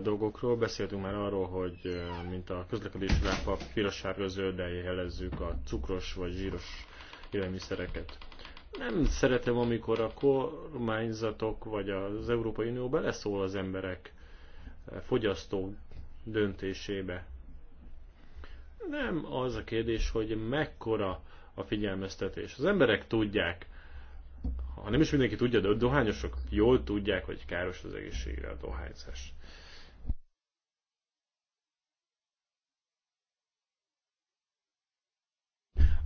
dolgokról. Beszéltünk már arról, hogy mint a közlekedési lápa piros-sárga zölddel jelezzük a cukros vagy zsíros élelmiszereket. Nem szeretem, amikor a kormányzatok vagy az Európai Unió beleszól az emberek fogyasztó döntésébe. Nem az a kérdés, hogy mekkora a figyelmeztetés. Az emberek tudják, ha nem is mindenki tudja, de a dohányosok jól tudják, hogy káros az egészségre a dohányzás.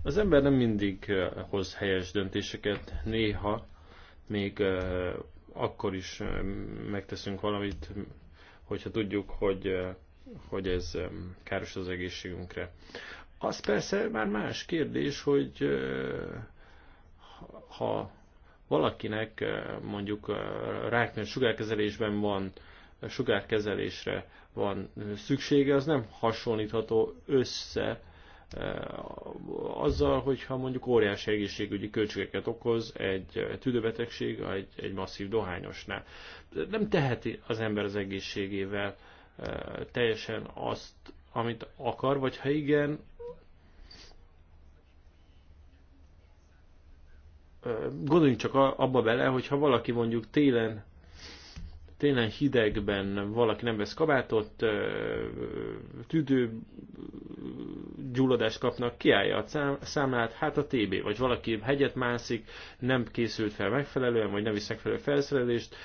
Az ember nem mindig eh, hoz helyes döntéseket, néha még eh, akkor is eh, megteszünk valamit, hogyha tudjuk, hogy, hogy ez káros az egészségünkre. Az persze már más kérdés, hogy ha valakinek mondjuk ráknős sugárkezelésben van, sugárkezelésre van szüksége, az nem hasonlítható össze Eh, azzal, hogyha mondjuk óriási egészségügyi költségeket okoz egy tüdőbetegség, egy, egy masszív dohányosnál. Nem teheti az ember az egészségével eh, teljesen azt, amit akar, vagy ha igen, eh, gondoljunk csak abba bele, hogy ha valaki mondjuk télen télen hidegben valaki nem vesz kabátot, tüdő gyulladást kapnak, kiállja a számlát, hát a TB, vagy valaki hegyet mászik, nem készült fel megfelelően, vagy nem visz megfelelő felszerelést,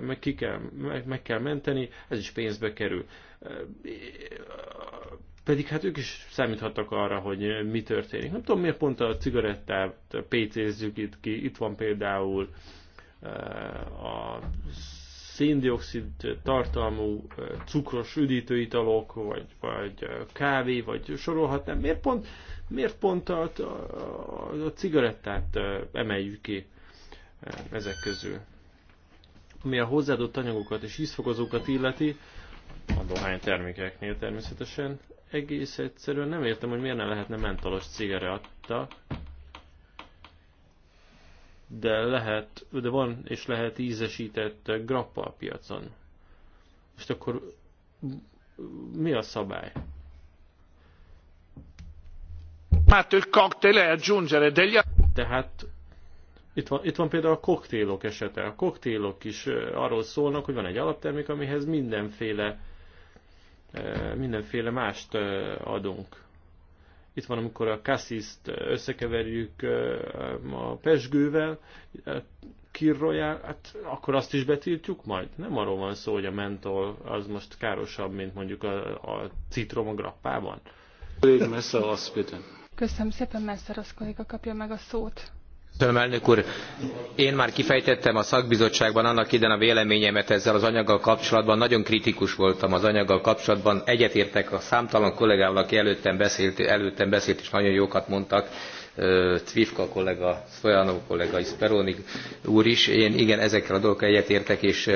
meg, ki kell, meg, meg kell menteni, ez is pénzbe kerül. Pedig hát ők is számíthattak arra, hogy mi történik. Nem tudom, miért pont a cigarettát pécézzük itt ki. Itt van például a széndiokszid tartalmú cukros üdítőitalok, vagy, vagy kávé, vagy sorolhatnám. Miért pont, miért pont a, a, a cigarettát emeljük ki ezek közül? Ami a hozzáadott anyagokat és ízfokozókat illeti, a dohány termékeknél természetesen, egész egyszerűen nem értem, hogy miért ne lehetne mentolos cigaretta, de lehet, de van és lehet ízesített grappa a piacon. Most akkor mi a szabály? Hát Tehát itt van, itt van például a koktélok esete. A koktélok is arról szólnak, hogy van egy alaptermék, amihez mindenféle mindenféle mást adunk itt van, amikor a Cassis-t összekeverjük a Pesgővel, Kirroyal, hát akkor azt is betiltjuk majd? Nem arról van szó, hogy a mentol az most károsabb, mint mondjuk a, a citrom a grappában. Köszönöm szépen, Messzer, az kolléga kapja meg a szót elnök úr én már kifejtettem a szakbizottságban annak idején a véleményemet ezzel az anyaggal kapcsolatban nagyon kritikus voltam az anyaggal kapcsolatban egyetértek a számtalan kollégával aki előttem beszélt és nagyon jókat mondtak. Cvifka kollega, Szolyanó kollega, Speroni úr is. Én igen, ezekkel a dolgokkal egyetértek, és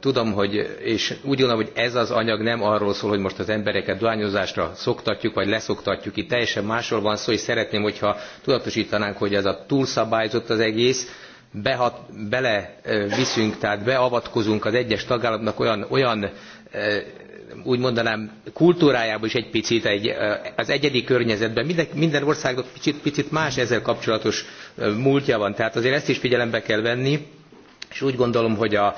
tudom, hogy, és úgy gondolom, hogy ez az anyag nem arról szól, hogy most az embereket dohányozásra szoktatjuk, vagy leszoktatjuk. Itt teljesen másról van szó, és szeretném, hogyha tudatosítanánk, hogy ez a túlszabályzott az egész, behat, beleviszünk, tehát beavatkozunk az egyes tagállamnak olyan, olyan úgy mondanám, kultúrájában is egy picit, egy, az egyedi környezetben. Minden, minden országnak picit, picit más ezzel kapcsolatos múltja van, tehát azért ezt is figyelembe kell venni, és úgy gondolom, hogy a,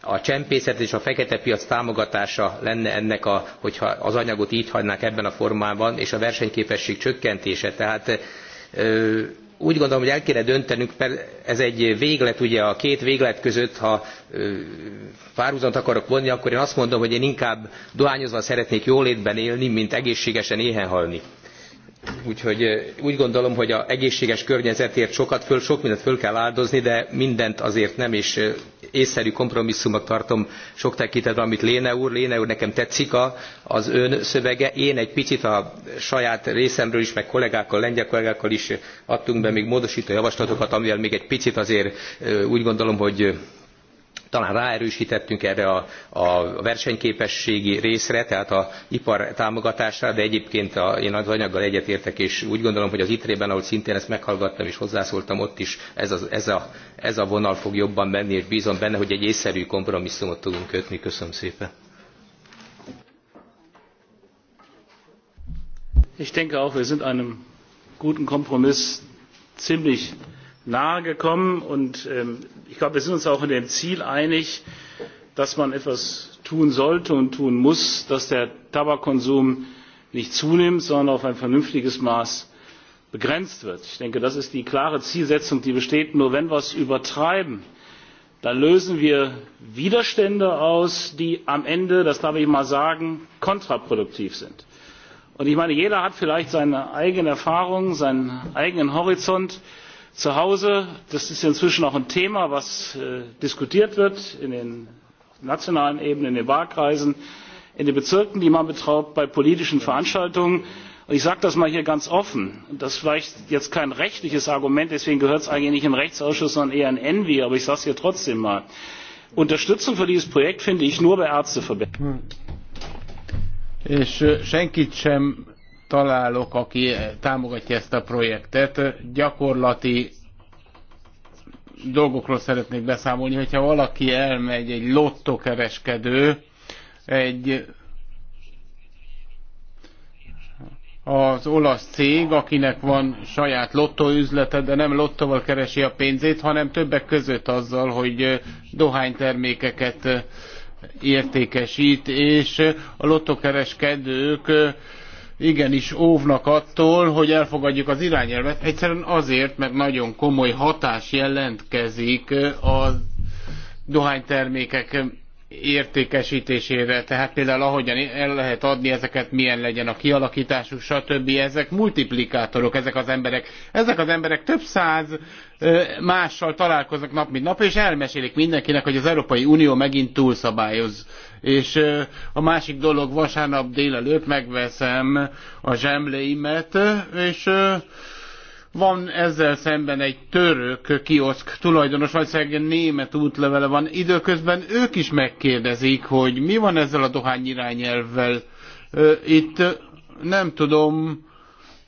a csempészet és a fekete piac támogatása lenne ennek, a, hogyha az anyagot így hagynák ebben a formában, és a versenyképesség csökkentése. Tehát ö, úgy gondolom, hogy el kéne döntenünk, ez egy véglet, ugye a két véglet között, ha párhuzant akarok vonni, akkor én azt mondom, hogy én inkább dohányozva szeretnék jólétben élni, mint egészségesen éhen halni Úgyhogy úgy gondolom, hogy a egészséges környezetért sokat föl, sok mindent föl kell áldozni, de mindent azért nem, és észszerű kompromisszumnak tartom sok tekintetben, amit Léne úr. Léne úr, nekem tetszik a, az ön szövege. Én egy picit a saját részemről is, meg kollégákkal, lengyel kollégákkal is adtunk be még módosító javaslatokat, amivel még egy picit azért úgy gondolom, hogy talán ráerősítettünk erre a, a versenyképességi részre, tehát a ipar támogatására, de egyébként a, én az anyaggal egyetértek, és úgy gondolom, hogy az ITRE-ben, ahol szintén ezt meghallgattam és hozzászóltam, ott is ez a, ez a, ez a vonal fog jobban menni, és bízom benne, hogy egy észszerű kompromisszumot tudunk kötni. Köszönöm szépen. Ich denke auch, wir sind einem guten Kompromiss ziemlich nahe gekommen und ähm, ich glaube wir sind uns auch in dem ziel einig dass man etwas tun sollte und tun muss dass der tabakkonsum nicht zunimmt sondern auf ein vernünftiges maß begrenzt wird. ich denke das ist die klare zielsetzung die besteht. nur wenn wir es übertreiben dann lösen wir widerstände aus die am ende das darf ich mal sagen kontraproduktiv sind. jeder hat vielleicht seine eigene erfahrung seinen eigenen horizont zu hause das ist inzwischen auch ein thema das äh, diskutiert wird auf der nationalen ebene in den wahlkreisen in den bezirken die man betreut bei politischen veranstaltungen. und ich sage das mal hier ganz offen das ist vielleicht jetzt kein rechtliches argument deswegen gehört es eigentlich nicht in den rechtsausschuss sondern eher in envi aber ich sage es hier trotzdem mal unterstützung für dieses projekt finde ich nur bei ärzteverbänden. Hm találok, aki támogatja ezt a projektet. Gyakorlati dolgokról szeretnék beszámolni, hogyha valaki elmegy egy lottokereskedő, egy az olasz cég, akinek van saját lottóüzlete, de nem lottóval keresi a pénzét, hanem többek között azzal, hogy dohánytermékeket értékesít, és a lottókereskedők igenis óvnak attól, hogy elfogadjuk az irányelvet, egyszerűen azért, mert nagyon komoly hatás jelentkezik a dohánytermékek értékesítésére, tehát például ahogyan el lehet adni ezeket, milyen legyen a kialakításuk, stb. Ezek multiplikátorok, ezek az emberek. Ezek az emberek több száz mással találkoznak nap mint nap, és elmesélik mindenkinek, hogy az Európai Unió megint túlszabályoz. És a másik dolog, vasárnap délelőtt megveszem a zsemléimet, és van ezzel szemben egy török kioszk tulajdonos, valószínűleg német útlevele van. Időközben ők is megkérdezik, hogy mi van ezzel a dohány irányelvvel. Itt nem tudom,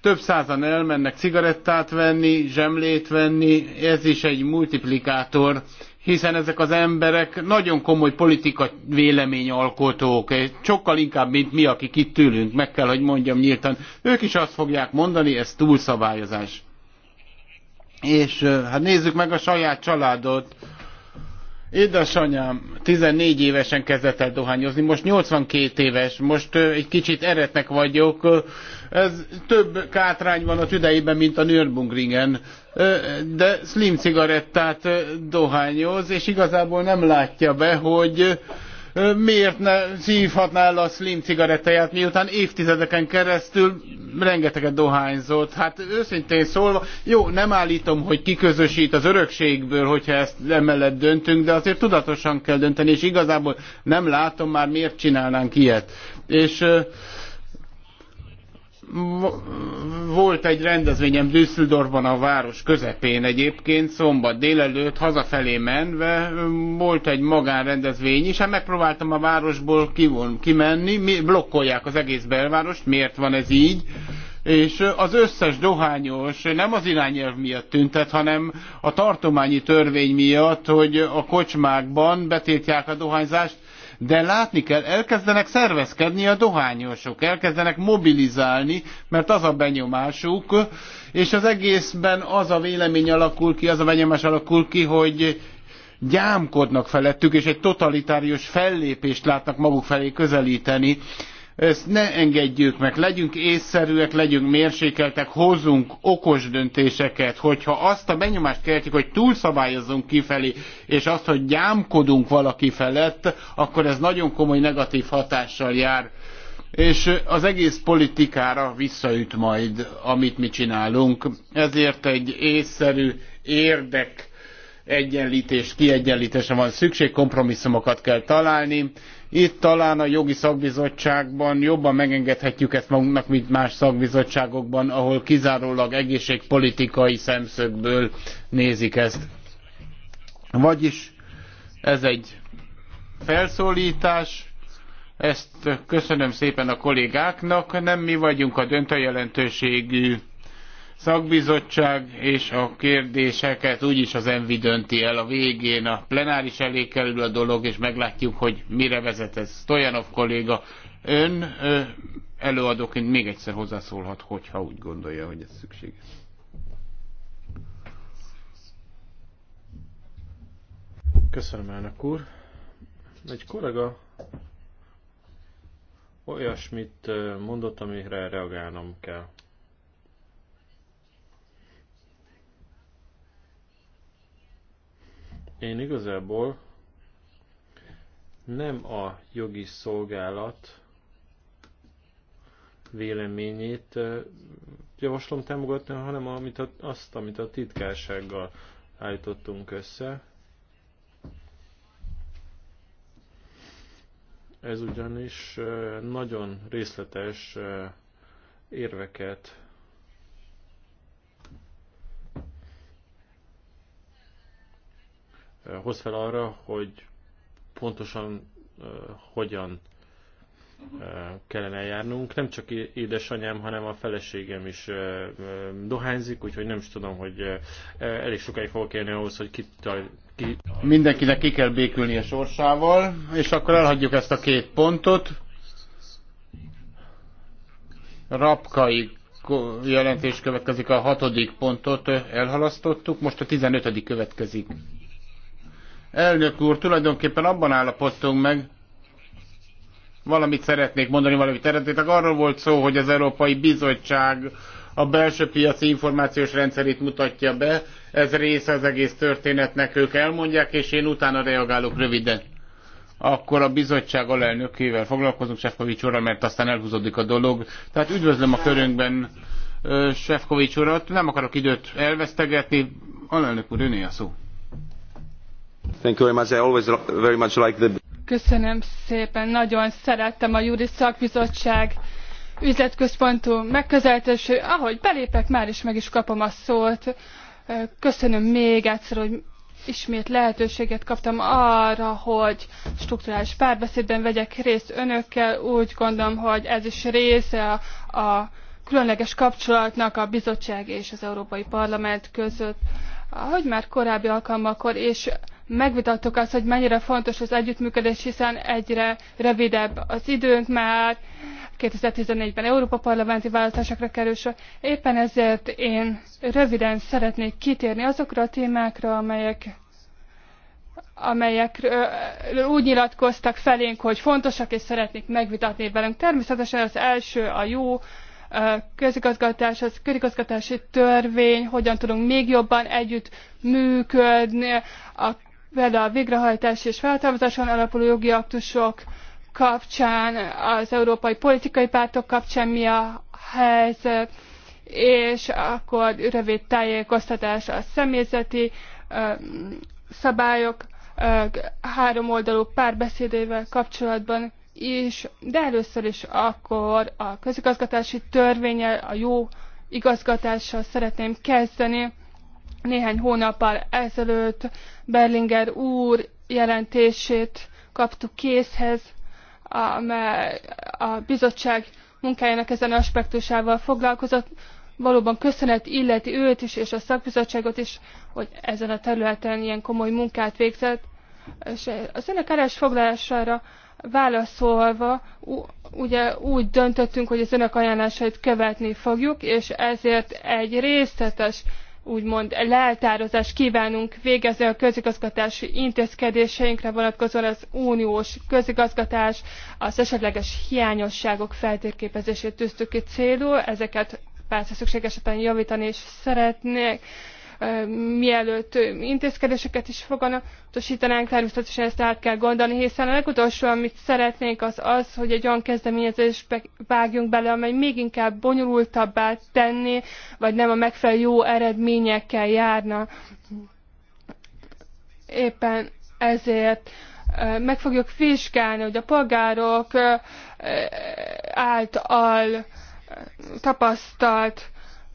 több százan elmennek cigarettát venni, zsemlét venni, ez is egy multiplikátor, hiszen ezek az emberek nagyon komoly politika véleményalkotók, sokkal inkább, mint mi, akik itt ülünk, meg kell, hogy mondjam nyíltan. Ők is azt fogják mondani, ez túlszabályozás. És hát nézzük meg a saját családot. Édesanyám 14 évesen kezdett el dohányozni, most 82 éves, most egy kicsit eretnek vagyok. Ez több kátrány van a tüdejében, mint a Nürburgringen, de slim cigarettát dohányoz, és igazából nem látja be, hogy miért ne szívhatná el a slim cigarettáját, miután évtizedeken keresztül rengeteget dohányzott. Hát őszintén szólva, jó, nem állítom, hogy kiközösít az örökségből, hogyha ezt emellett döntünk, de azért tudatosan kell dönteni, és igazából nem látom már, miért csinálnánk ilyet. És volt egy rendezvényem Düsseldorfban a város közepén egyébként, szombat délelőtt, hazafelé menve, volt egy magánrendezvény is, hát megpróbáltam a városból kivon, kimenni, mi, blokkolják az egész belvárost, miért van ez így, és az összes dohányos nem az irányelv miatt tüntet, hanem a tartományi törvény miatt, hogy a kocsmákban betiltják a dohányzást, de látni kell, elkezdenek szervezkedni a dohányosok, elkezdenek mobilizálni, mert az a benyomásuk, és az egészben az a vélemény alakul ki, az a benyomás alakul ki, hogy gyámkodnak felettük, és egy totalitárius fellépést látnak maguk felé közelíteni ezt ne engedjük meg, legyünk észszerűek, legyünk mérsékeltek, hozzunk okos döntéseket, hogyha azt a benyomást keltjük, hogy túlszabályozunk kifelé, és azt, hogy gyámkodunk valaki felett, akkor ez nagyon komoly negatív hatással jár és az egész politikára visszaüt majd, amit mi csinálunk. Ezért egy észszerű érdek egyenlítés, kiegyenlítése van szükség, kompromisszumokat kell találni, itt talán a jogi szakbizottságban jobban megengedhetjük ezt magunknak, mint más szakbizottságokban, ahol kizárólag egészségpolitikai szemszögből nézik ezt. Vagyis ez egy felszólítás, ezt köszönöm szépen a kollégáknak, nem mi vagyunk a döntőjelentőségű szakbizottság, és a kérdéseket úgyis az Envi dönti el a végén. A plenáris elé kerül a dolog, és meglátjuk, hogy mire vezet ez. Stojanov kolléga, ön ö, előadóként még egyszer hozzászólhat, hogyha úgy gondolja, hogy ez szükséges. Köszönöm, elnök úr. Egy kollega olyasmit mondott, amire reagálnom kell. Én igazából nem a jogi szolgálat véleményét javaslom támogatni, hanem amit a, azt, amit a titkársággal állítottunk össze. Ez ugyanis nagyon részletes érveket Eh, hoz fel arra, hogy pontosan eh, hogyan eh, kellene eljárnunk. Nem csak édesanyám, hanem a feleségem is dohányzik, úgyhogy nem is tudom, hogy elég sokáig fogok élni ahhoz, hogy ki, ki... Mindenkinek ki kell békülni a sorsával, és akkor elhagyjuk ezt a két pontot. Rapkai jelentés következik a hatodik pontot, elhalasztottuk, most a tizenötödik következik. Elnök úr, tulajdonképpen abban állapodtunk meg, valamit szeretnék mondani, valamit eredetileg arról volt szó, hogy az Európai Bizottság a belső piaci információs rendszerét mutatja be, ez része az egész történetnek, ők elmondják, és én utána reagálok röviden. Akkor a bizottság alelnökével foglalkozunk, Sefkovics úrral, mert aztán elhúzódik a dolog. Tehát üdvözlöm a körünkben Sefkovics urat, nem akarok időt elvesztegetni, alelnök úr, öné a szó. Thank you very much. I always very much like the... Köszönöm szépen, nagyon szerettem a Júri Szakbizottság üzletközpontú megközelítésű, ahogy belépek, már is meg is kapom a szót. Köszönöm még egyszer, hogy ismét lehetőséget kaptam arra, hogy strukturális párbeszédben vegyek részt önökkel. Úgy gondolom, hogy ez is része a, a különleges kapcsolatnak a bizottság és az Európai Parlament között. Ahogy már korábbi alkalmakor és megvitattuk azt, hogy mennyire fontos az együttműködés, hiszen egyre rövidebb az időnk már, 2014-ben Európa parlamenti választásokra kerül sor. Éppen ezért én röviden szeretnék kitérni azokra a témákra, amelyek amelyekről úgy nyilatkoztak felénk, hogy fontosak, és szeretnék megvitatni velünk. Természetesen az első a jó közigazgatás, az közigazgatási törvény, hogyan tudunk még jobban együtt működni, a például a végrehajtás és feltámadáson alapuló jogi aktusok kapcsán, az európai politikai pártok kapcsán mi a helyzet, és akkor rövid tájékoztatás a személyzeti szabályok három oldalú párbeszédével kapcsolatban is, de először is akkor a közigazgatási törvényel, a jó igazgatással szeretném kezdeni. Néhány hónappal ezelőtt Berlinger úr jelentését kaptuk készhez, amely a bizottság munkájának ezen aspektusával foglalkozott. Valóban köszönet illeti őt is, és a szakbizottságot is, hogy ezen a területen ilyen komoly munkát végzett. És az önök foglalására válaszolva, ugye úgy döntöttünk, hogy az önök ajánlásait követni fogjuk, és ezért egy részletes úgymond leltározást kívánunk végezni a közigazgatási intézkedéseinkre vonatkozóan az uniós közigazgatás, az esetleges hiányosságok feltérképezését tűztük ki célul, ezeket persze szükség esetben javítani is szeretnék mielőtt intézkedéseket is foganak, utasítanánk természetesen ezt át kell gondolni, hiszen a legutolsó, amit szeretnénk, az az, hogy egy olyan kezdeményezésbe vágjunk bele, amely még inkább bonyolultabbá tenni, vagy nem a megfelelő jó eredményekkel járna. Éppen ezért meg fogjuk vizsgálni, hogy a polgárok által tapasztalt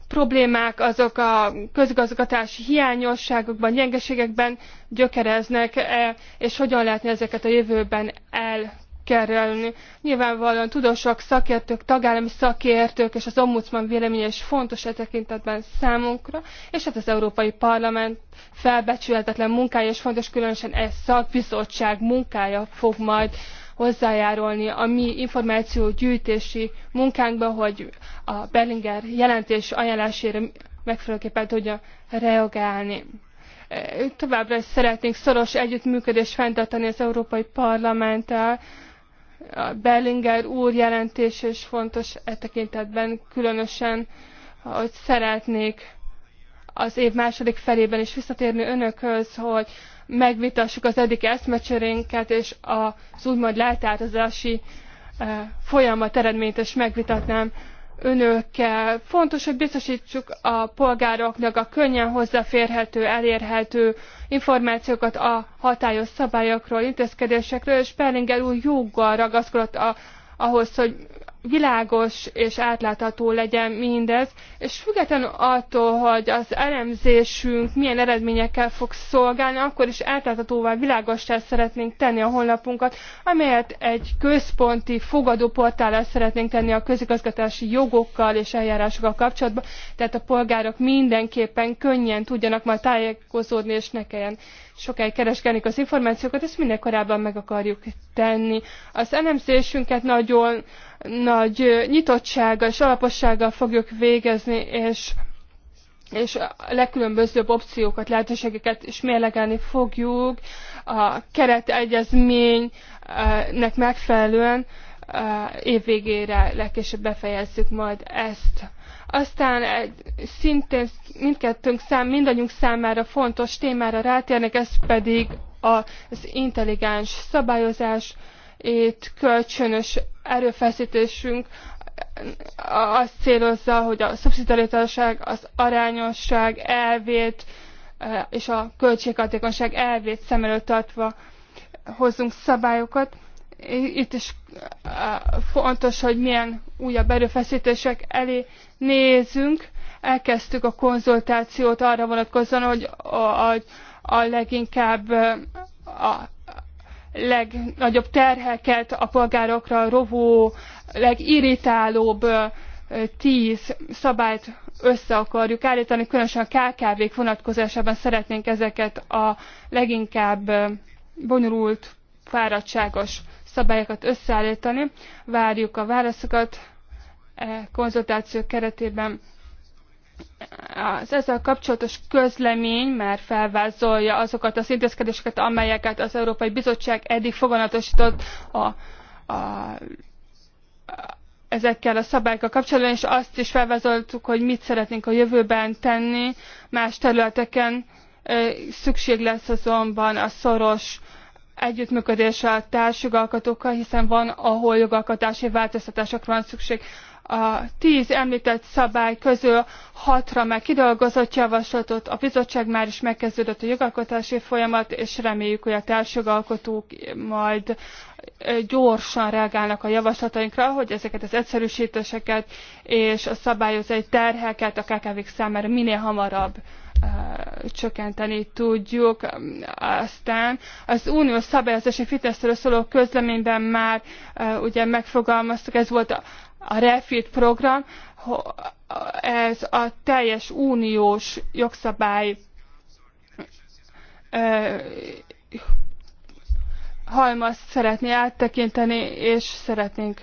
problémák azok a közigazgatási hiányosságokban, gyengeségekben gyökereznek, -e, és hogyan lehetne ezeket a jövőben elkerülni. Nyilvánvalóan tudósok, szakértők, tagállami szakértők és az ombudsman véleménye is fontos e tekintetben számunkra, és hát az Európai Parlament felbecsülhetetlen munkája, és fontos különösen e szakbizottság munkája fog majd hozzájárulni a mi információgyűjtési munkánkba, hogy a Berlinger jelentés ajánlására megfelelőképpen tudja reagálni. Továbbra is szeretnénk szoros együttműködést fenntartani az Európai Parlamenttel. A Berlinger úr jelentés is fontos e tekintetben, különösen, hogy szeretnék az év második felében is visszatérni önökhöz, hogy megvitassuk az eddig eszmecserénket, és az úgymond leltározási eh, folyamat eredményt is megvitatnám önökkel. Fontos, hogy biztosítsuk a polgároknak a könnyen hozzáférhető, elérhető információkat a hatályos szabályokról, intézkedésekről, és Perlinger úr joggal ragaszkodott a, ahhoz, hogy világos és átlátható legyen mindez, és függetlenül attól, hogy az elemzésünk milyen eredményekkel fog szolgálni, akkor is átláthatóvá világossá szeretnénk tenni a honlapunkat, amelyet egy központi fogadóportálá szeretnénk tenni a közigazgatási jogokkal és eljárásokkal kapcsolatban, tehát a polgárok mindenképpen könnyen tudjanak majd tájékozódni, és ne kelljen sokáig kereskedik az információkat, ezt minél korábban meg akarjuk tenni. Az elemzésünket nagyon nagy nyitottsággal és alapossággal fogjuk végezni, és és a legkülönbözőbb opciókat, lehetőségeket is mérlegelni fogjuk a keretegyezménynek megfelelően évvégére legkésőbb befejezzük majd ezt aztán egy szintén mindkettőnk szám, mindannyiunk számára fontos témára rátérnek, ez pedig az intelligens szabályozás, itt kölcsönös erőfeszítésünk azt célozza, hogy a szubszidiaritásság, az arányosság elvét eh, és a költséghatékonyság elvét szem előtt tartva hozzunk szabályokat itt is fontos, hogy milyen újabb erőfeszítések elé nézünk. Elkezdtük a konzultációt arra vonatkozóan, hogy a, a, a leginkább a legnagyobb terheket a polgárokra rovó, legirritálóbb tíz szabályt össze akarjuk állítani, különösen a KKV-k vonatkozásában szeretnénk ezeket a leginkább bonyolult, fáradtságos szabályokat összeállítani. Várjuk a válaszokat e konzultáció keretében. Az ezzel kapcsolatos közlemény már felvázolja azokat az intézkedéseket, amelyeket az Európai Bizottság eddig foganatosított a, a, a ezekkel a szabályokkal kapcsolatban, és azt is felvázoltuk, hogy mit szeretnénk a jövőben tenni más területeken. Szükség lesz azonban a szoros együttműködésre a társjogalkotókkal, hiszen van, ahol jogalkotási változtatásokra van szükség. A tíz említett szabály közül hatra már kidolgozott javaslatot, a bizottság már is megkezdődött a jogalkotási folyamat, és reméljük, hogy a társjogalkotók majd gyorsan reagálnak a javaslatainkra, hogy ezeket az egyszerűsítéseket és a szabályozói terheket a KKV-k számára minél hamarabb csökkenteni tudjuk. Aztán az unió szabályozási fitnessről szóló közleményben már ugye megfogalmaztuk, ez volt a, a REFIT program, ez a teljes uniós jogszabály halmazt szeretné áttekinteni, és szeretnénk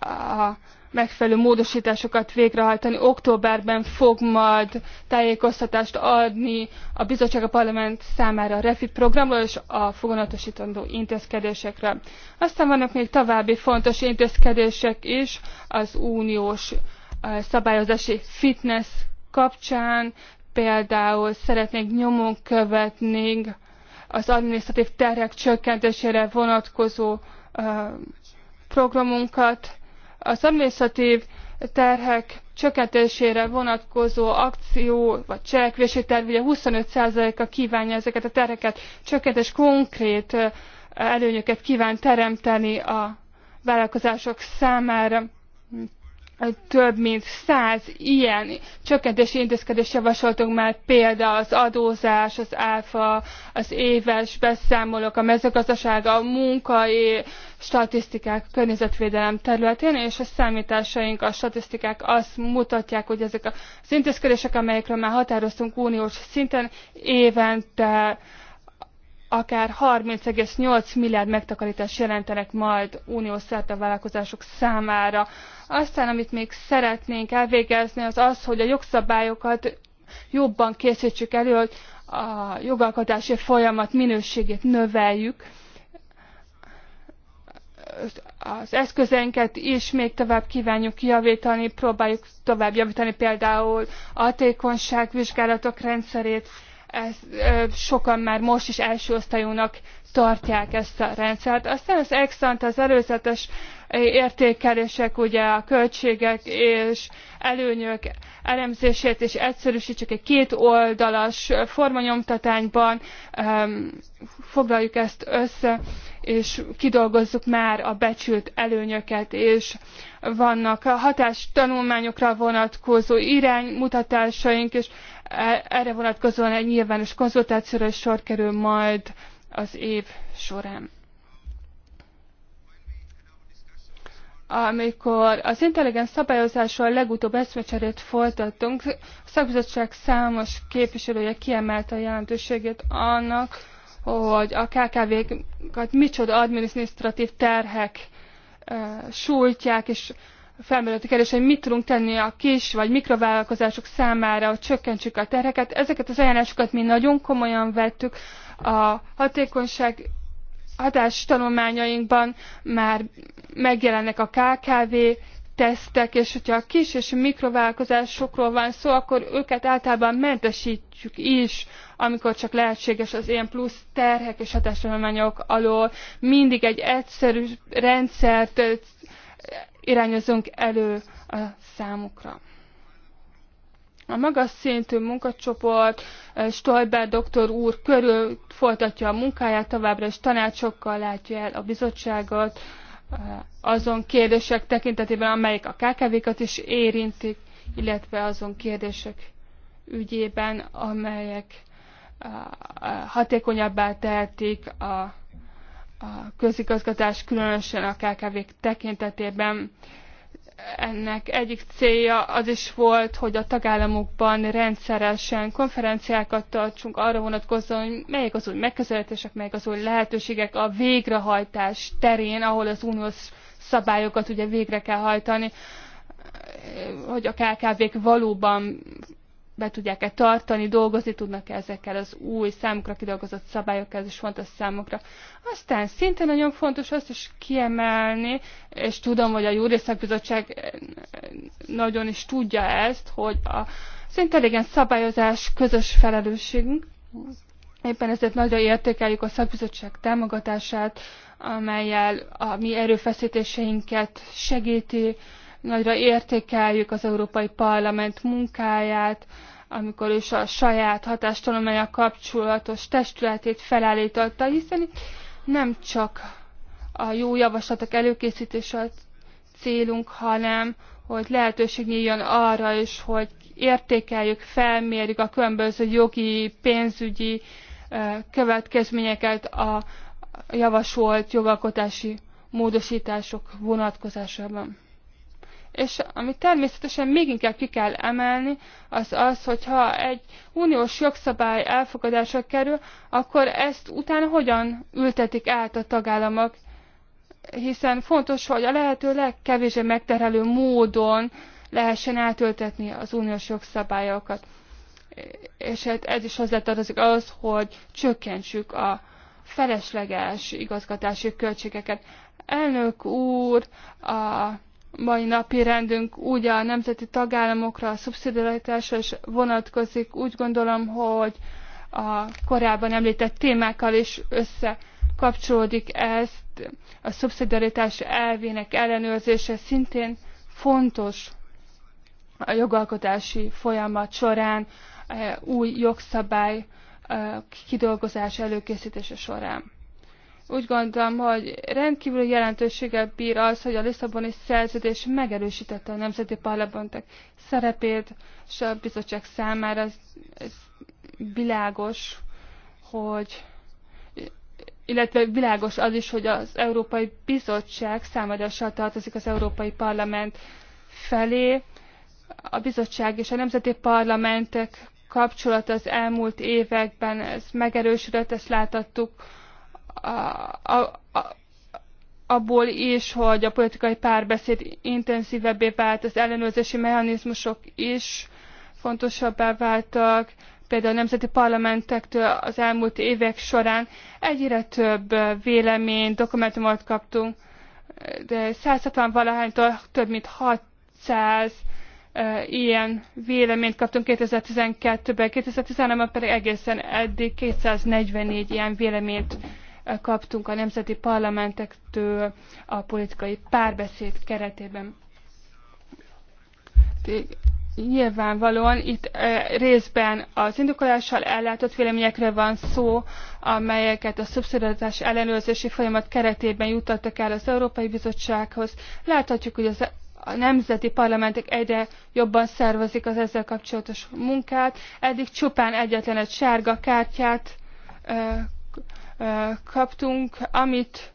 a, megfelelő módosításokat végrehajtani. Októberben fog majd tájékoztatást adni a bizottság a parlament számára a REFIT programról és a foganatosítandó intézkedésekre. Aztán vannak még további fontos intézkedések is az uniós szabályozási fitness kapcsán. Például szeretnénk nyomon követni az adminisztratív terhek csökkentésére vonatkozó programunkat, az administratív terhek csökkentésére vonatkozó akció vagy cselekvési terv ugye 25%-a kvánja ezeket a terheket csökkenteni, és konkrét előnyöket kíván teremteni a vállalkozások számára több mint száz ilyen csökkentési intézkedést javasoltunk már, például az adózás, az áfa, az éves beszámolók, a mezőgazdaság, a munkai statisztikák, környezetvédelem területén, és a számításaink, a statisztikák azt mutatják, hogy ezek az intézkedések, amelyekről már határoztunk uniós szinten, évente akár 30,8 milliárd megtakarítást jelentenek majd uniós szerte vállalkozások számára. Aztán, amit még szeretnénk elvégezni, az az, hogy a jogszabályokat jobban készítsük elő, hogy a jogalkotási folyamat minőségét növeljük, az eszközeinket is még tovább kívánjuk javítani, próbáljuk tovább javítani például a hatékonyságvizsgálatok rendszerét, sokan már most is első osztályúnak tartják ezt a rendszert. Aztán az extant, az előzetes eh, értékelések, ugye a költségek és előnyök elemzését és egyszerűsítsük egy két oldalas eh, formanyomtatányban, foglaljuk ezt össze, és kidolgozzuk már a becsült előnyöket, és vannak a hatástanulmányokra vonatkozó iránymutatásaink, és eh, erre vonatkozóan egy nyilvános konzultációra is sor kerül majd az év során. Amikor az intelligens szabályozásról legutóbb eszmecserét folytattunk, a szakbizottság számos képviselője kiemelte a jelentőségét annak, hogy a KKV-kat micsoda adminisztratív terhek e, sújtják, és felmerült a kérdés, hogy mit tudunk tenni a kis vagy mikrovállalkozások számára, hogy csökkentsük a terheket. Ezeket az ajánlásokat mi nagyon komolyan vettük. A hatékonyság hatás tanulmányainkban már megjelennek a KKV tesztek, és hogyha a kis és mikrovállalkozásokról van szó, akkor őket általában mentesítjük is, amikor csak lehetséges az ilyen plusz terhek és hatástanulmányok alól. Mindig egy egyszerű rendszert irányozunk elő a számukra. A magas szintű munkacsoport eh, Stolber doktor úr körül folytatja a munkáját, továbbra is tanácsokkal látja el a bizottságot eh, azon kérdések tekintetében, amelyek a KKV-kat is érintik, illetve azon kérdések ügyében, amelyek eh, hatékonyabbá tehetik a a közigazgatás, különösen a kkv tekintetében ennek egyik célja az is volt, hogy a tagállamokban rendszeresen konferenciákat tartsunk arra vonatkozóan, hogy melyek az új megközelítések, melyek az új lehetőségek a végrehajtás terén, ahol az uniós szabályokat ugye végre kell hajtani, hogy a KKV-k valóban be tudják-e tartani, dolgozni tudnak -e ezekkel az új számukra kidolgozott szabályokkal, ez is fontos számukra. Aztán szinte nagyon fontos azt is kiemelni, és tudom, hogy a Júrészakbizottság eh, nagyon is tudja ezt, hogy a, az szabályozás közös felelősségünk. Éppen ezért nagyon értékeljük a szakbizottság támogatását, amelyel a mi erőfeszítéseinket segíti, Nagyra értékeljük az Európai Parlament munkáját, amikor is a saját a kapcsolatos testületét felállította, hiszen nem csak a jó javaslatok előkészítése a célunk, hanem hogy lehetőség nyíljon arra is, hogy értékeljük, felmérjük a különböző jogi, pénzügyi következményeket a javasolt jogalkotási módosítások vonatkozásában. És ami természetesen még inkább ki kell emelni, az az, hogyha egy uniós jogszabály elfogadásra kerül, akkor ezt utána hogyan ültetik át a tagállamok? Hiszen fontos, hogy a lehető legkevésbé megterhelő módon lehessen átültetni az uniós jogszabályokat. És hát ez is hozzátartozik az, hogy csökkentsük a felesleges igazgatási költségeket. Elnök úr, a mai napi rendünk úgy a nemzeti tagállamokra, a szubszidiaritásra is vonatkozik. Úgy gondolom, hogy a korábban említett témákkal is összekapcsolódik ezt. A szubszidiaritás elvének ellenőrzése szintén fontos a jogalkotási folyamat során, e, új jogszabály e, kidolgozás előkészítése során. Úgy gondolom, hogy rendkívül jelentőséggel bír az, hogy a Lisszaboni szerződés megerősítette a nemzeti parlamentek szerepét, és a bizottság számára ez, ez világos, hogy illetve világos az is, hogy az Európai Bizottság számadással tartozik az Európai Parlament felé. A bizottság és a nemzeti parlamentek kapcsolata az elmúlt években ez megerősödött, ezt láthattuk a, a, abból is, hogy a politikai párbeszéd intenzívebbé vált, az ellenőrzési mechanizmusok is fontosabbá váltak, például a nemzeti parlamentektől az elmúlt évek során egyre több vélemény, dokumentumot kaptunk, de 160 valahánytól több mint 600 ilyen véleményt kaptunk 2012-ben, 2013-ban pedig egészen eddig 244 ilyen véleményt kaptunk a nemzeti parlamentektől a politikai párbeszéd keretében. Nyilvánvalóan itt részben az indokolással ellátott véleményekre van szó, amelyeket a szubszidatás ellenőrzési folyamat keretében jutottak el az Európai Bizottsághoz. Láthatjuk, hogy az a nemzeti parlamentek egyre jobban szervezik az ezzel kapcsolatos munkát. Eddig csupán egyetlen egy sárga kártyát kaptunk, amit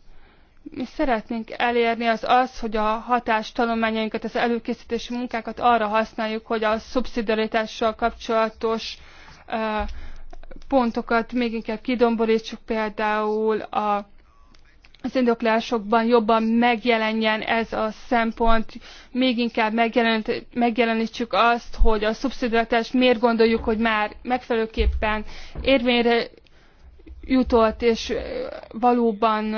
mi szeretnénk elérni az az, hogy a hatástanulmányainkat, az előkészítési munkákat arra használjuk, hogy a szubszidiaritással kapcsolatos pontokat még inkább kidomborítsuk, például a, az indoklásokban jobban megjelenjen ez a szempont, még inkább megjelenítsük azt, hogy a szubszidiaritást miért gondoljuk, hogy már megfelelőképpen érvényre jutott, és valóban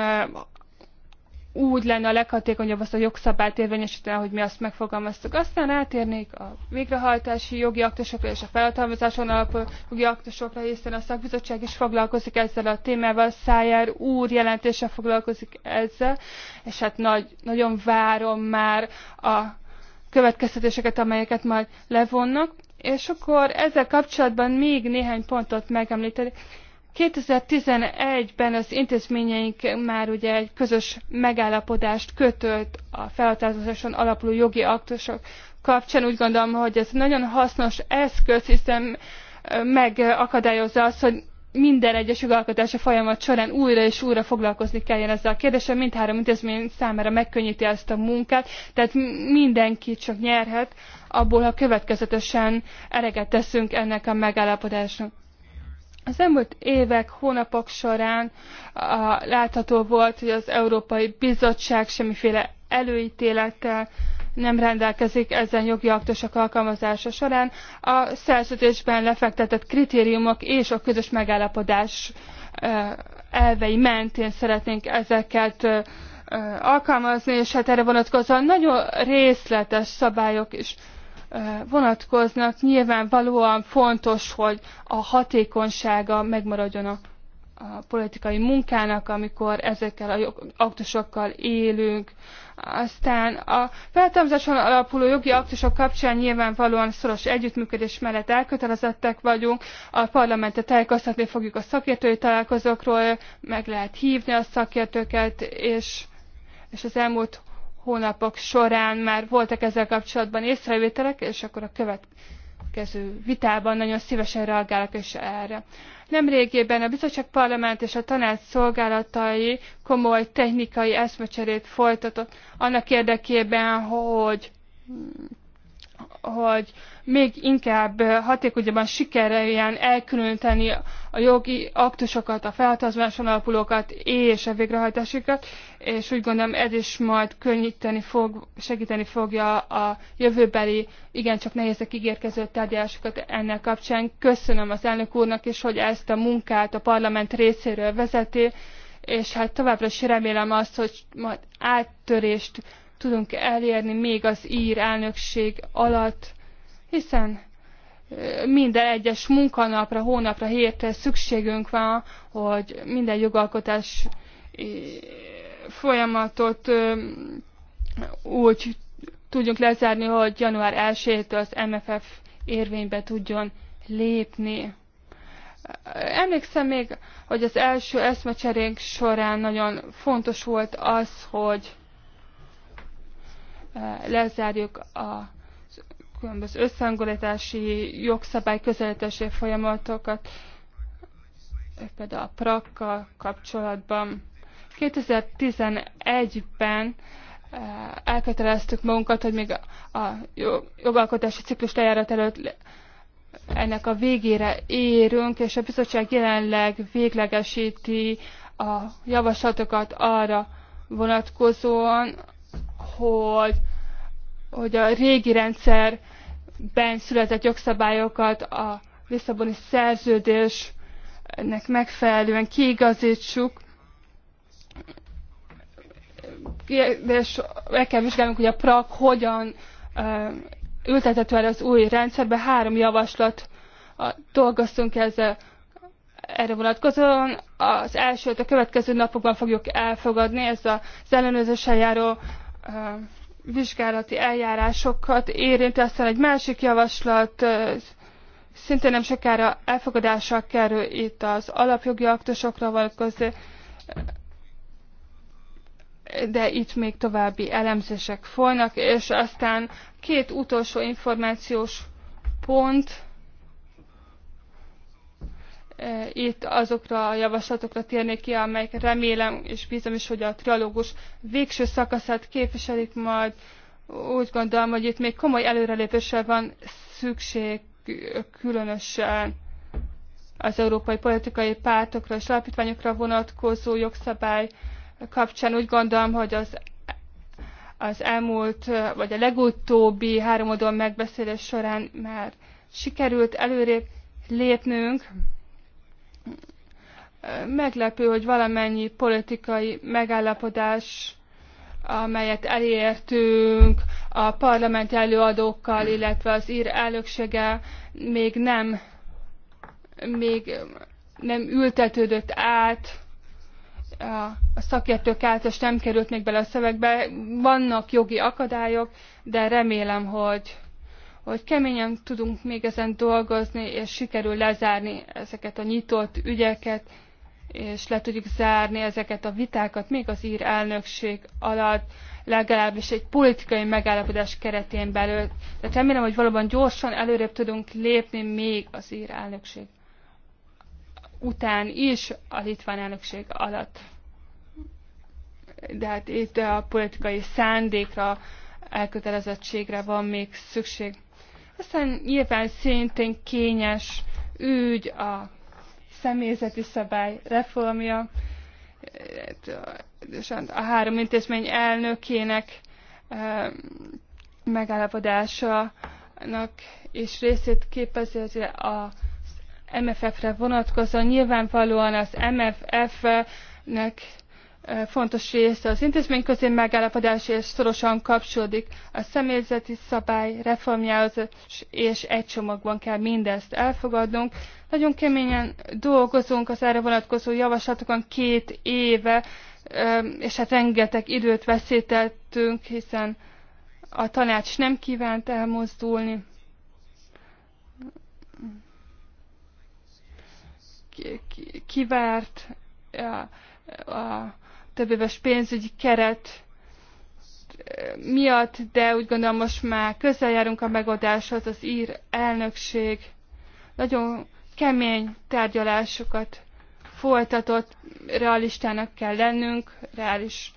úgy lenne a leghatékonyabb azt a jogszabályt érvényesíteni, hogy mi azt megfogalmaztuk. Aztán átérnék a végrehajtási jogi aktusokra és a felhatalmazáson alapuló jogi aktusokra, hiszen a szakbizottság is foglalkozik ezzel a témával, Szájár úr jelentése foglalkozik ezzel, és hát nagy, nagyon várom már a következtetéseket, amelyeket majd levonnak. És akkor ezzel kapcsolatban még néhány pontot megemlíteni. 2011-ben az intézményeink már ugye egy közös megállapodást kötött a felhatározáson alapuló jogi aktusok kapcsán. Úgy gondolom, hogy ez nagyon hasznos eszköz, hiszen megakadályozza azt, hogy minden egyes jogalkotási folyamat során újra és újra foglalkozni kelljen ezzel a kérdéssel. Mindhárom intézmény számára megkönnyíti ezt a munkát, tehát mindenki csak nyerhet abból, ha következetesen eleget teszünk ennek a megállapodásnak. Az elmúlt évek, hónapok során a, látható volt, hogy az Európai Bizottság semmiféle előítélettel nem rendelkezik ezen jogi aktusok alkalmazása során. A szerződésben lefektetett kritériumok és a közös megállapodás elvei mentén szeretnénk ezeket alkalmazni, és hát erre vonatkozóan nagyon részletes szabályok is vonatkoznak. Nyilvánvalóan fontos, hogy a hatékonysága megmaradjon a, a politikai munkának, amikor ezekkel a aktusokkal élünk. Aztán a feltámzáson alapuló jogi aktusok kapcsán nyilvánvalóan szoros együttműködés mellett elkötelezettek vagyunk. A parlamentet tájékoztatni fogjuk a szakértői találkozókról, meg lehet hívni a szakértőket, és, és az elmúlt hónapok során már voltak ezzel kapcsolatban észrevételek, és akkor a következő vitában nagyon szívesen reagálok is erre. Nemrégében a bizottság parlament és a tanács szolgálatai komoly technikai eszmecserét folytatott annak érdekében, hogy hogy még inkább hatékonyabban sikerüljen elkülöníteni a jogi aktusokat, a felhatalmazáson alapulókat és a végrehajtásokat, és úgy gondolom ez is majd könnyíteni fog, segíteni fogja a jövőbeli, igencsak nehézek ígérkező tárgyalásokat ennek kapcsán. Köszönöm az elnök úrnak is, hogy ezt a munkát a parlament részéről vezeti, és hát továbbra is remélem azt, hogy majd áttörést tudunk elérni még az ír elnökség alatt, hiszen minden egyes munkanapra, hónapra, hétre szükségünk van, hogy minden jogalkotás folyamatot úgy tudjunk lezárni, hogy január 1-től az MFF érvénybe tudjon lépni. Emlékszem még, hogy az első eszmecserénk során nagyon fontos volt az, hogy lezárjuk a különböző összehangolítási, jogszabály közelítési folyamatokat, például a prakkal kapcsolatban. 2011-ben elköteleztük magunkat, hogy még a jogalkotási ciklus lejárat előtt ennek a végére érünk, és a bizottság jelenleg véglegesíti a javaslatokat arra vonatkozóan, hogy, hogy a régi rendszerben született jogszabályokat a Lisszaboni szerződésnek megfelelően kiigazítsuk, és meg kell vizsgálnunk, hogy a PRAG hogyan ültethető el az új rendszerbe. Három javaslat dolgoztunk ezzel erre vonatkozóan. Az elsőt a következő napokban fogjuk elfogadni, ez az ellenőrzéssel járó vizsgálati eljárásokat érinti, aztán egy másik javaslat szintén nem sokára elfogadásra kerül itt az alapjogi aktusokra vonatkozó, de itt még további elemzések folynak, és aztán két utolsó információs pont, itt azokra a javaslatokra térnék ki, amelyeket remélem és bízom is, hogy a trialógus végső szakaszát képviselik majd. Úgy gondolom, hogy itt még komoly előrelépésre van szükség, különösen az európai politikai pártokra és alapítványokra vonatkozó jogszabály kapcsán. Úgy gondolom, hogy az az elmúlt, vagy a legutóbbi három megbeszélés során már sikerült előrébb lépnünk meglepő, hogy valamennyi politikai megállapodás, amelyet elértünk a parlament előadókkal, illetve az ír elnöksége még nem, még nem ültetődött át a szakértők által, sem nem került még bele a szövegbe. Vannak jogi akadályok, de remélem, hogy hogy keményen tudunk még ezen dolgozni, és sikerül lezárni ezeket a nyitott ügyeket, és le tudjuk zárni ezeket a vitákat még az ír elnökség alatt, legalábbis egy politikai megállapodás keretén belül. De remélem, hogy valóban gyorsan előrébb tudunk lépni még az ír elnökség után is a litván elnökség alatt. De hát itt a politikai szándékra, elkötelezettségre van még szükség. Aztán nyilván szintén kényes ügy a személyzeti szabály reformja, és a három intézmény elnökének megállapodásának és részét képezi a MFF-re vonatkozóan. Nyilvánvalóan az MFF-nek fontos része az intézményközi megállapodás, és szorosan kapcsolódik a személyzeti szabály reformjához, és egy csomagban kell mindezt elfogadnunk. Nagyon keményen dolgozunk az erre vonatkozó javaslatokon két éve, és hát rengeteg időt veszítettünk, hiszen a tanács nem kívánt elmozdulni. Kivárt a, a többéves pénzügyi keret eh, miatt, de úgy gondolom most már közel járunk a megoldáshoz, az ír elnökség nagyon kemény tárgyalásokat folytatott, realistának kell lennünk, reális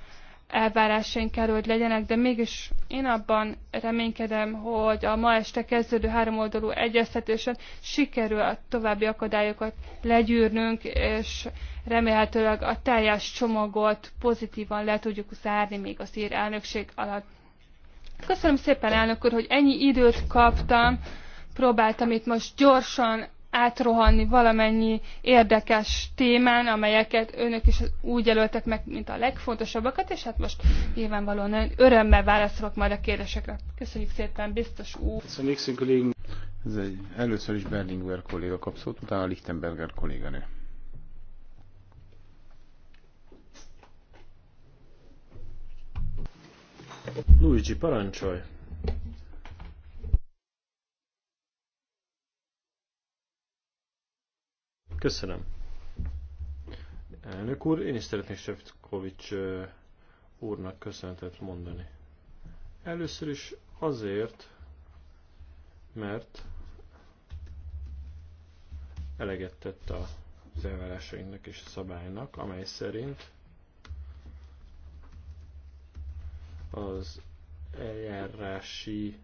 elvárásaink kell, hogy legyenek, de mégis én abban reménykedem, hogy a ma este kezdődő háromoldalú egyeztetésen sikerül a további akadályokat legyűrnünk, és remélhetőleg a teljes csomagot pozitívan le tudjuk zárni még az ír elnökség alatt. Köszönöm szépen, elnök úr, hogy ennyi időt kaptam, próbáltam itt most gyorsan átrohanni valamennyi érdekes témán, amelyeket önök is úgy jelöltek meg, mint a legfontosabbakat, és hát most nyilvánvalóan nagyon örömmel válaszolok majd a kérdésekre. Köszönjük szépen, biztos úr! Köszönjük, szépen, Ez egy, először is Berlinguer kolléga kap szót, utána Lichtenberger kolléganő. Luigi, parancsolj! Köszönöm. Elnök úr, én is szeretnék Sefcovics úrnak köszönetet mondani. Először is azért, mert eleget tett az elvárásainknak és a szabálynak, amely szerint az eljárási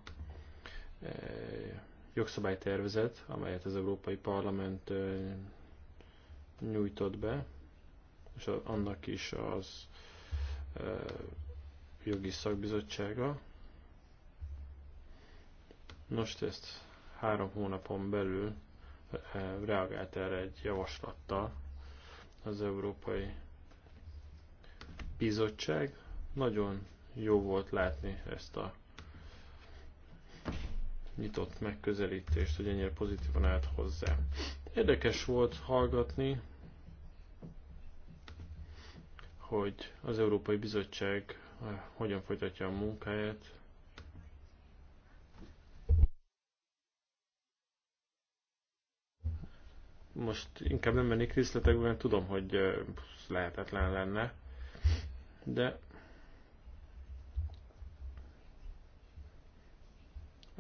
jogszabálytervezet, amelyet az Európai Parlament nyújtott be, és annak is az jogi szakbizottsága. Most ezt három hónapon belül reagált erre egy javaslattal az Európai Bizottság. Nagyon jó volt látni ezt a nyitott megközelítést, hogy ennyire pozitívan állt hozzá. Érdekes volt hallgatni, hogy az Európai Bizottság eh, hogyan folytatja a munkáját. Most inkább nem mennék részletekbe, mert tudom, hogy eh, lehetetlen lenne, de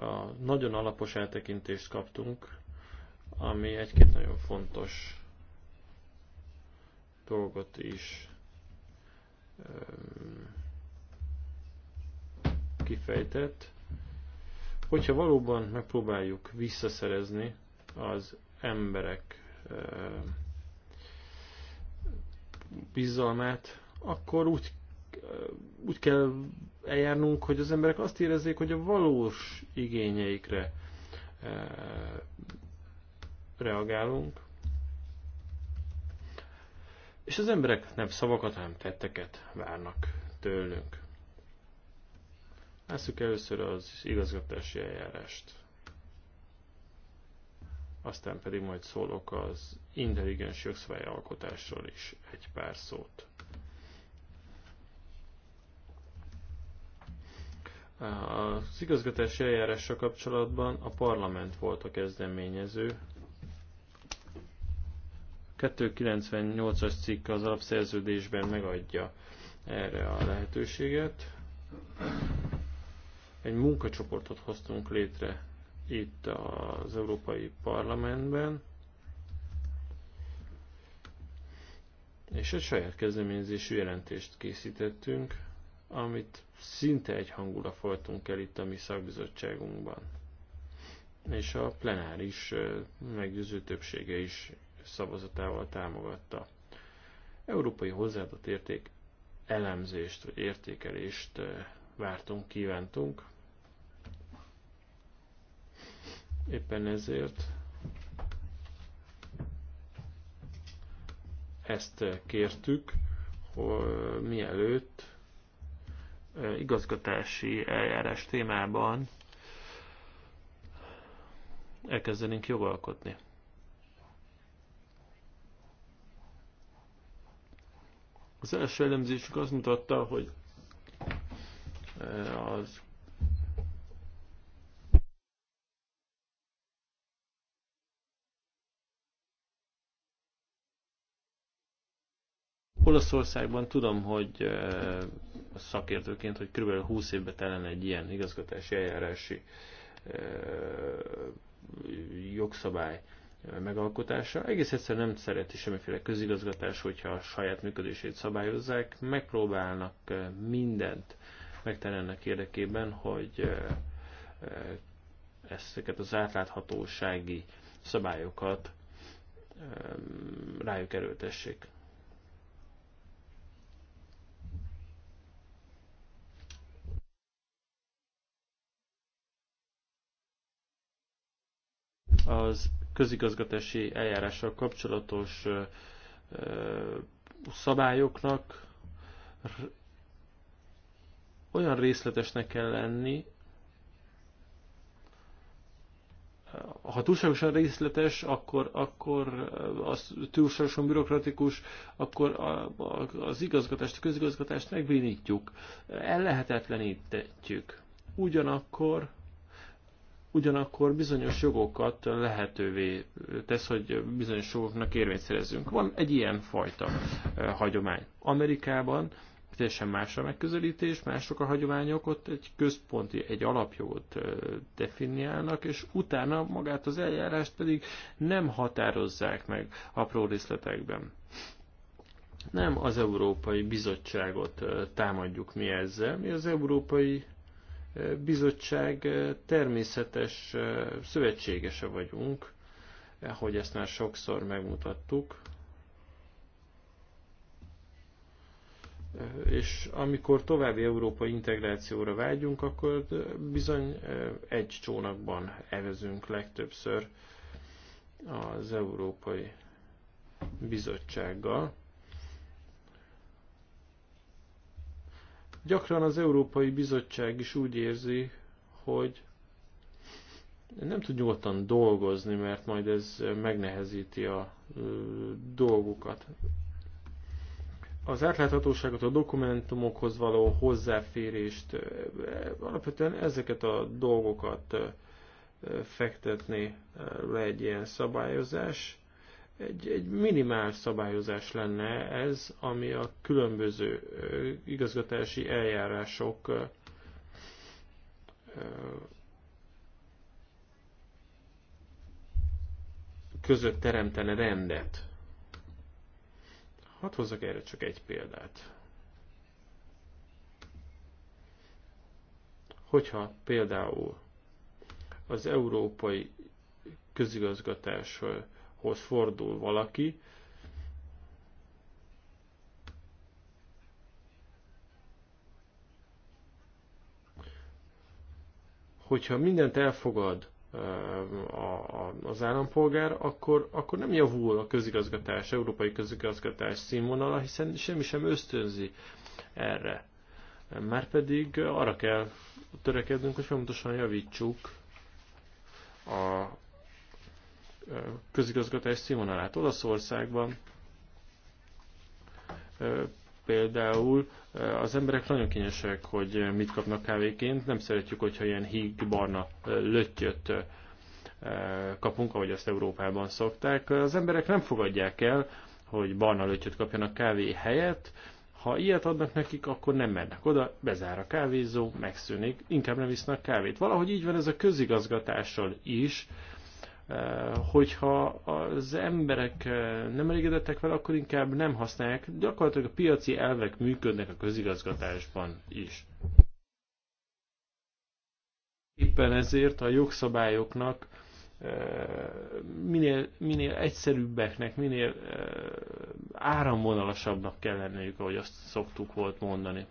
a nagyon alapos eltekintést kaptunk, ami egy-két nagyon fontos dolgot is kifejtett. Hogyha valóban megpróbáljuk visszaszerezni az emberek bizalmát, akkor úgy, úgy kell eljárnunk, hogy az emberek azt érezzék, hogy a valós igényeikre eh, reagálunk. És az emberek nem szavakat, hanem tetteket várnak tőlünk. Lássuk először az igazgatási eljárást. Aztán pedig majd szólok az intelligens jogszabályalkotásról is egy pár szót. Az igazgatási eljárással kapcsolatban a parlament volt a kezdeményező. 298-as cikk az alapszerződésben megadja erre a lehetőséget. Egy munkacsoportot hoztunk létre itt az Európai Parlamentben, és egy saját kezdeményezésű jelentést készítettünk amit szinte egy hangula folytunk el itt a mi szakbizottságunkban. És a plenáris meggyőző többsége is szavazatával támogatta. Európai hozzáadott érték elemzést vagy értékelést vártunk, kívántunk. Éppen ezért ezt kértük, hogy mielőtt igazgatási eljárás témában elkezdenénk jogalkotni. Az első elemzésük azt mutatta, hogy eh, az Olaszországban tudom, hogy eh, szakértőként, hogy kb. 20 évbe telene egy ilyen igazgatási eljárási jogszabály megalkotása. Egész egyszerűen nem szereti semmiféle közigazgatás, hogyha a saját működését szabályozzák, megpróbálnak mindent megtenni ennek érdekében, hogy ezeket az átláthatósági szabályokat rájuk erőltessék. az közigazgatási eljárással kapcsolatos szabályoknak olyan részletesnek kell lenni, ha túlságosan részletes, akkor, akkor az túlságosan bürokratikus, akkor az igazgatást, a közigazgatást megvinítjuk, ellehetetlenítetjük. Ugyanakkor ugyanakkor bizonyos jogokat lehetővé tesz, hogy bizonyos jogoknak érvényt szerezzünk. Van egy ilyen fajta eh, hagyomány. Amerikában teljesen más a megközelítés, mások a hagyományok, ott egy központi, egy alapjogot eh, definiálnak, és utána magát az eljárást pedig nem határozzák meg apró részletekben. Nem az Európai Bizottságot eh, támadjuk mi ezzel, mi az Európai bizottság eh, természetes eh, szövetségese vagyunk, eh, ahogy ezt már sokszor megmutattuk. És amikor további európai integrációra vágyunk, akkor bizony egy csónakban evezünk legtöbbször az Európai Bizottsággal. Gyakran az Európai Bizottság is úgy érzi, hogy nem tud nyugodtan dolgozni, mert majd ez megnehezíti a dolgokat. Az átláthatóságot, a dokumentumokhoz való hozzáférést, alapvetően ezeket a dolgokat fektetni le egy ilyen szabályozás egy, egy minimál szabályozás lenne ez, ami a különböző igazgatási eljárások között teremtene rendet. Hadd hozzak erre csak egy példát. Hogyha például az európai közigazgatásról bankhoz fordul valaki, hogyha mindent elfogad eh, az állampolgár, akkor, akkor nem javul a közigazgatás, európai közigazgatás színvonala, hiszen semmi sem ösztönzi erre. Márpedig arra kell törekednünk, hogy fontosan javítsuk a közigazgatás színvonalát. Olaszországban például az emberek nagyon kényesek, hogy mit kapnak kávéként. Nem szeretjük, hogyha ilyen híg, barna löttyöt kapunk, ahogy azt Európában szokták. Az emberek nem fogadják el, hogy barna löttyöt kapjanak kávé helyett. Ha ilyet adnak nekik, akkor nem mennek oda, bezár a kávézó, megszűnik, inkább nem isznak kávét. Valahogy így van ez a közigazgatással is, Eh, hogyha az emberek eh, nem elégedettek vele, akkor inkább nem használják. Gyakorlatilag a piaci elvek működnek a közigazgatásban is. Éppen ezért a jogszabályoknak eh, minél, minél egyszerűbbeknek, minél áramvonalasabbnak kell lenniük, ahogy azt szoktuk volt mondani.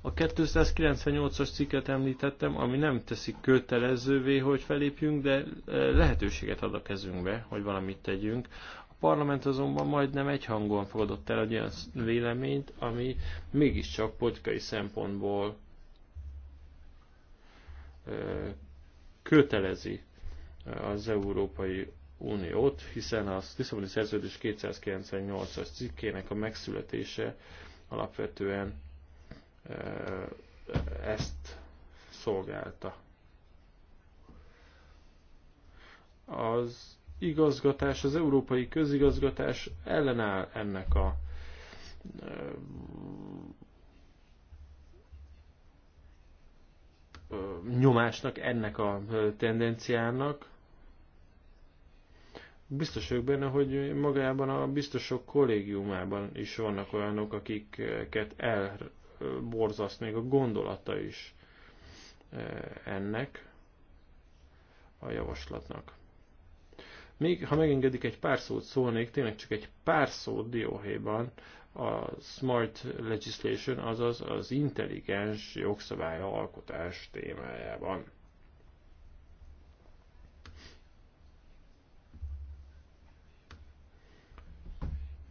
A 298-as cikket említettem, ami nem teszi kötelezővé, hogy felépjünk, de e, lehetőséget ad a kezünkbe, hogy valamit tegyünk. A parlament azonban majdnem egyhangúan fogadott el egy olyan véleményt, ami mégiscsak politikai szempontból e, kötelezi az Európai Uniót, hiszen a Lisszaboni Szerződés 298-as cikkének a megszületése alapvetően ezt szolgálta. Az igazgatás, az európai közigazgatás ellenáll ennek a nyomásnak, ennek a tendenciának. Biztos vagyok benne, hogy magában a biztosok kollégiumában is vannak olyanok, akiket el borzaszt még a gondolata is e, ennek a javaslatnak. Még, ha megengedik, egy pár szót szólnék, tényleg csak egy pár szót dióhéjban a smart legislation, azaz az intelligens jogszabály alkotás témájában.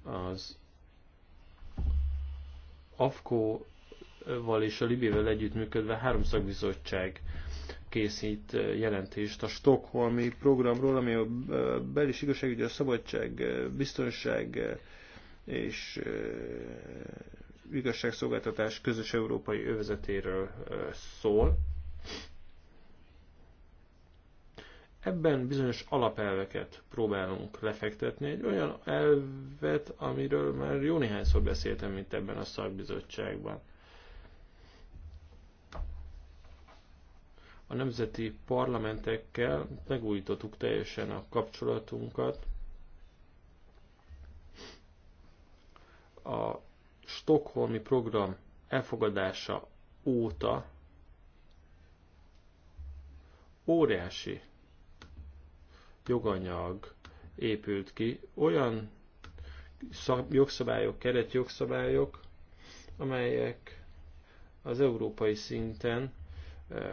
Az AFCO val és a Libével együttműködve háromszakbizottság készít eh, jelentést a Stockholmi programról, ami a eh, belis igazságügyi, a szabadság, eh, biztonság és igazságszolgáltatás közös európai övezetéről szól. Ebben bizonyos alapelveket próbálunk lefektetni, egy olyan elvet, amiről már jó néhányszor beszéltem, mint ebben a szakbizottságban. a nemzeti parlamentekkel megújítottuk teljesen a kapcsolatunkat. A Stockholmi program elfogadása óta óriási joganyag épült ki, olyan jogszabályok, keretjogszabályok, jogszabályok, amelyek az európai szinten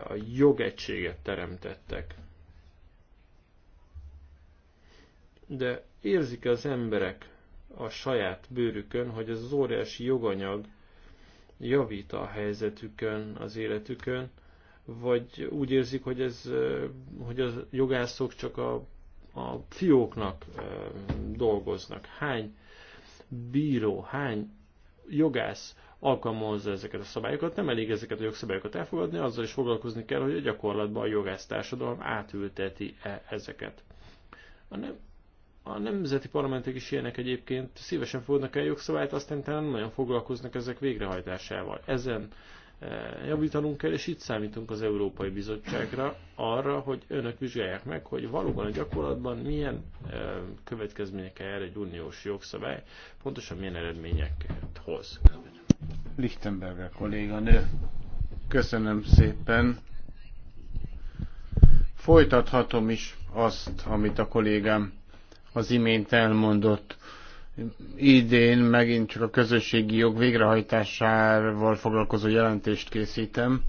a jogegységet teremtettek. De érzik az emberek a saját bőrükön, hogy ez az óriási joganyag javít a helyzetükön, az életükön, vagy úgy érzik, hogy, ez, hogy a jogászok csak a, a fióknak dolgoznak. Hány bíró, hány jogász alkalmazza ezeket a szabályokat. Nem elég ezeket a jogszabályokat elfogadni, azzal is foglalkozni kell, hogy a gyakorlatban a jogásztársadalom átülteti-e ezeket. A, nem, a nemzeti parlamentek is ilyenek egyébként, szívesen fogadnak el jogszabályt, aztán nem nagyon foglalkoznak ezek végrehajtásával. Ezen e, javítanunk kell, és itt számítunk az Európai Bizottságra arra, hogy önök vizsgálják meg, hogy valóban a gyakorlatban milyen e, következményekkel jár egy uniós jogszabály, pontosan milyen eredményeket hoz. Lichtenberger kolléganő. Köszönöm szépen. Folytathatom is azt, amit a kollégám az imént elmondott. Idén megint csak a közösségi jog végrehajtásával foglalkozó jelentést készítem.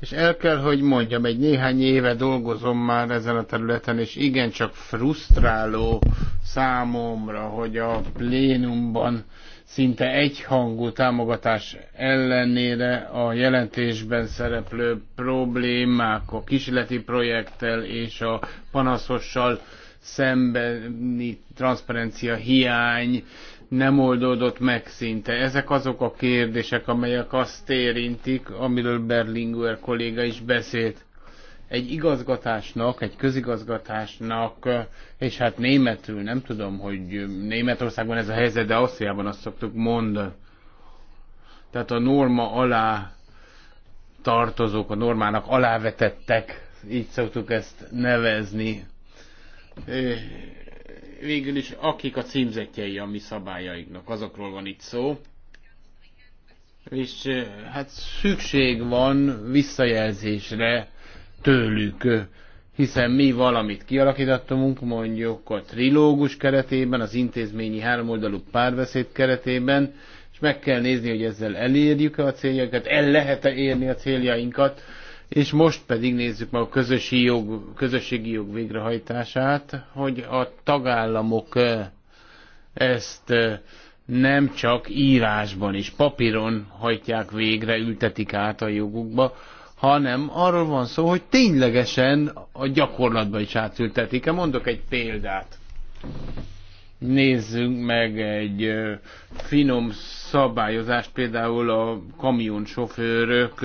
És el kell, hogy mondjam, egy néhány éve dolgozom már ezen a területen, és igencsak frusztráló számomra, hogy a plénumban szinte egyhangú támogatás ellenére a jelentésben szereplő problémák a kísérleti projekttel és a panaszossal szembeni transzparencia hiány nem oldódott meg szinte. Ezek azok a kérdések, amelyek azt érintik, amiről Berlinguer kolléga is beszélt egy igazgatásnak, egy közigazgatásnak, és hát németül nem tudom, hogy Németországban ez a helyzet, de Ausztriában azt szoktuk mondani. Tehát a norma alá tartozók, a normának alávetettek, így szoktuk ezt nevezni. Végül is akik a címzetjei a mi szabályainknak, azokról van itt szó. És eh, hát szükség van visszajelzésre, tőlük, hiszen mi valamit kialakítottunk, mondjuk a trilógus keretében, az intézményi háromoldalú párbeszéd keretében, és meg kell nézni, hogy ezzel elérjük -e a céljainkat, el lehet-e érni a céljainkat, és most pedig nézzük meg a közösségi jog, közösségi jog végrehajtását, hogy a tagállamok eh, ezt eh, nem csak írásban és papíron hajtják végre, ültetik át a jogukba, hanem arról van szó, hogy ténylegesen a gyakorlatban is átültetik. Mondok egy példát. Nézzünk meg egy finom szabályozást, például a kamionsofőrök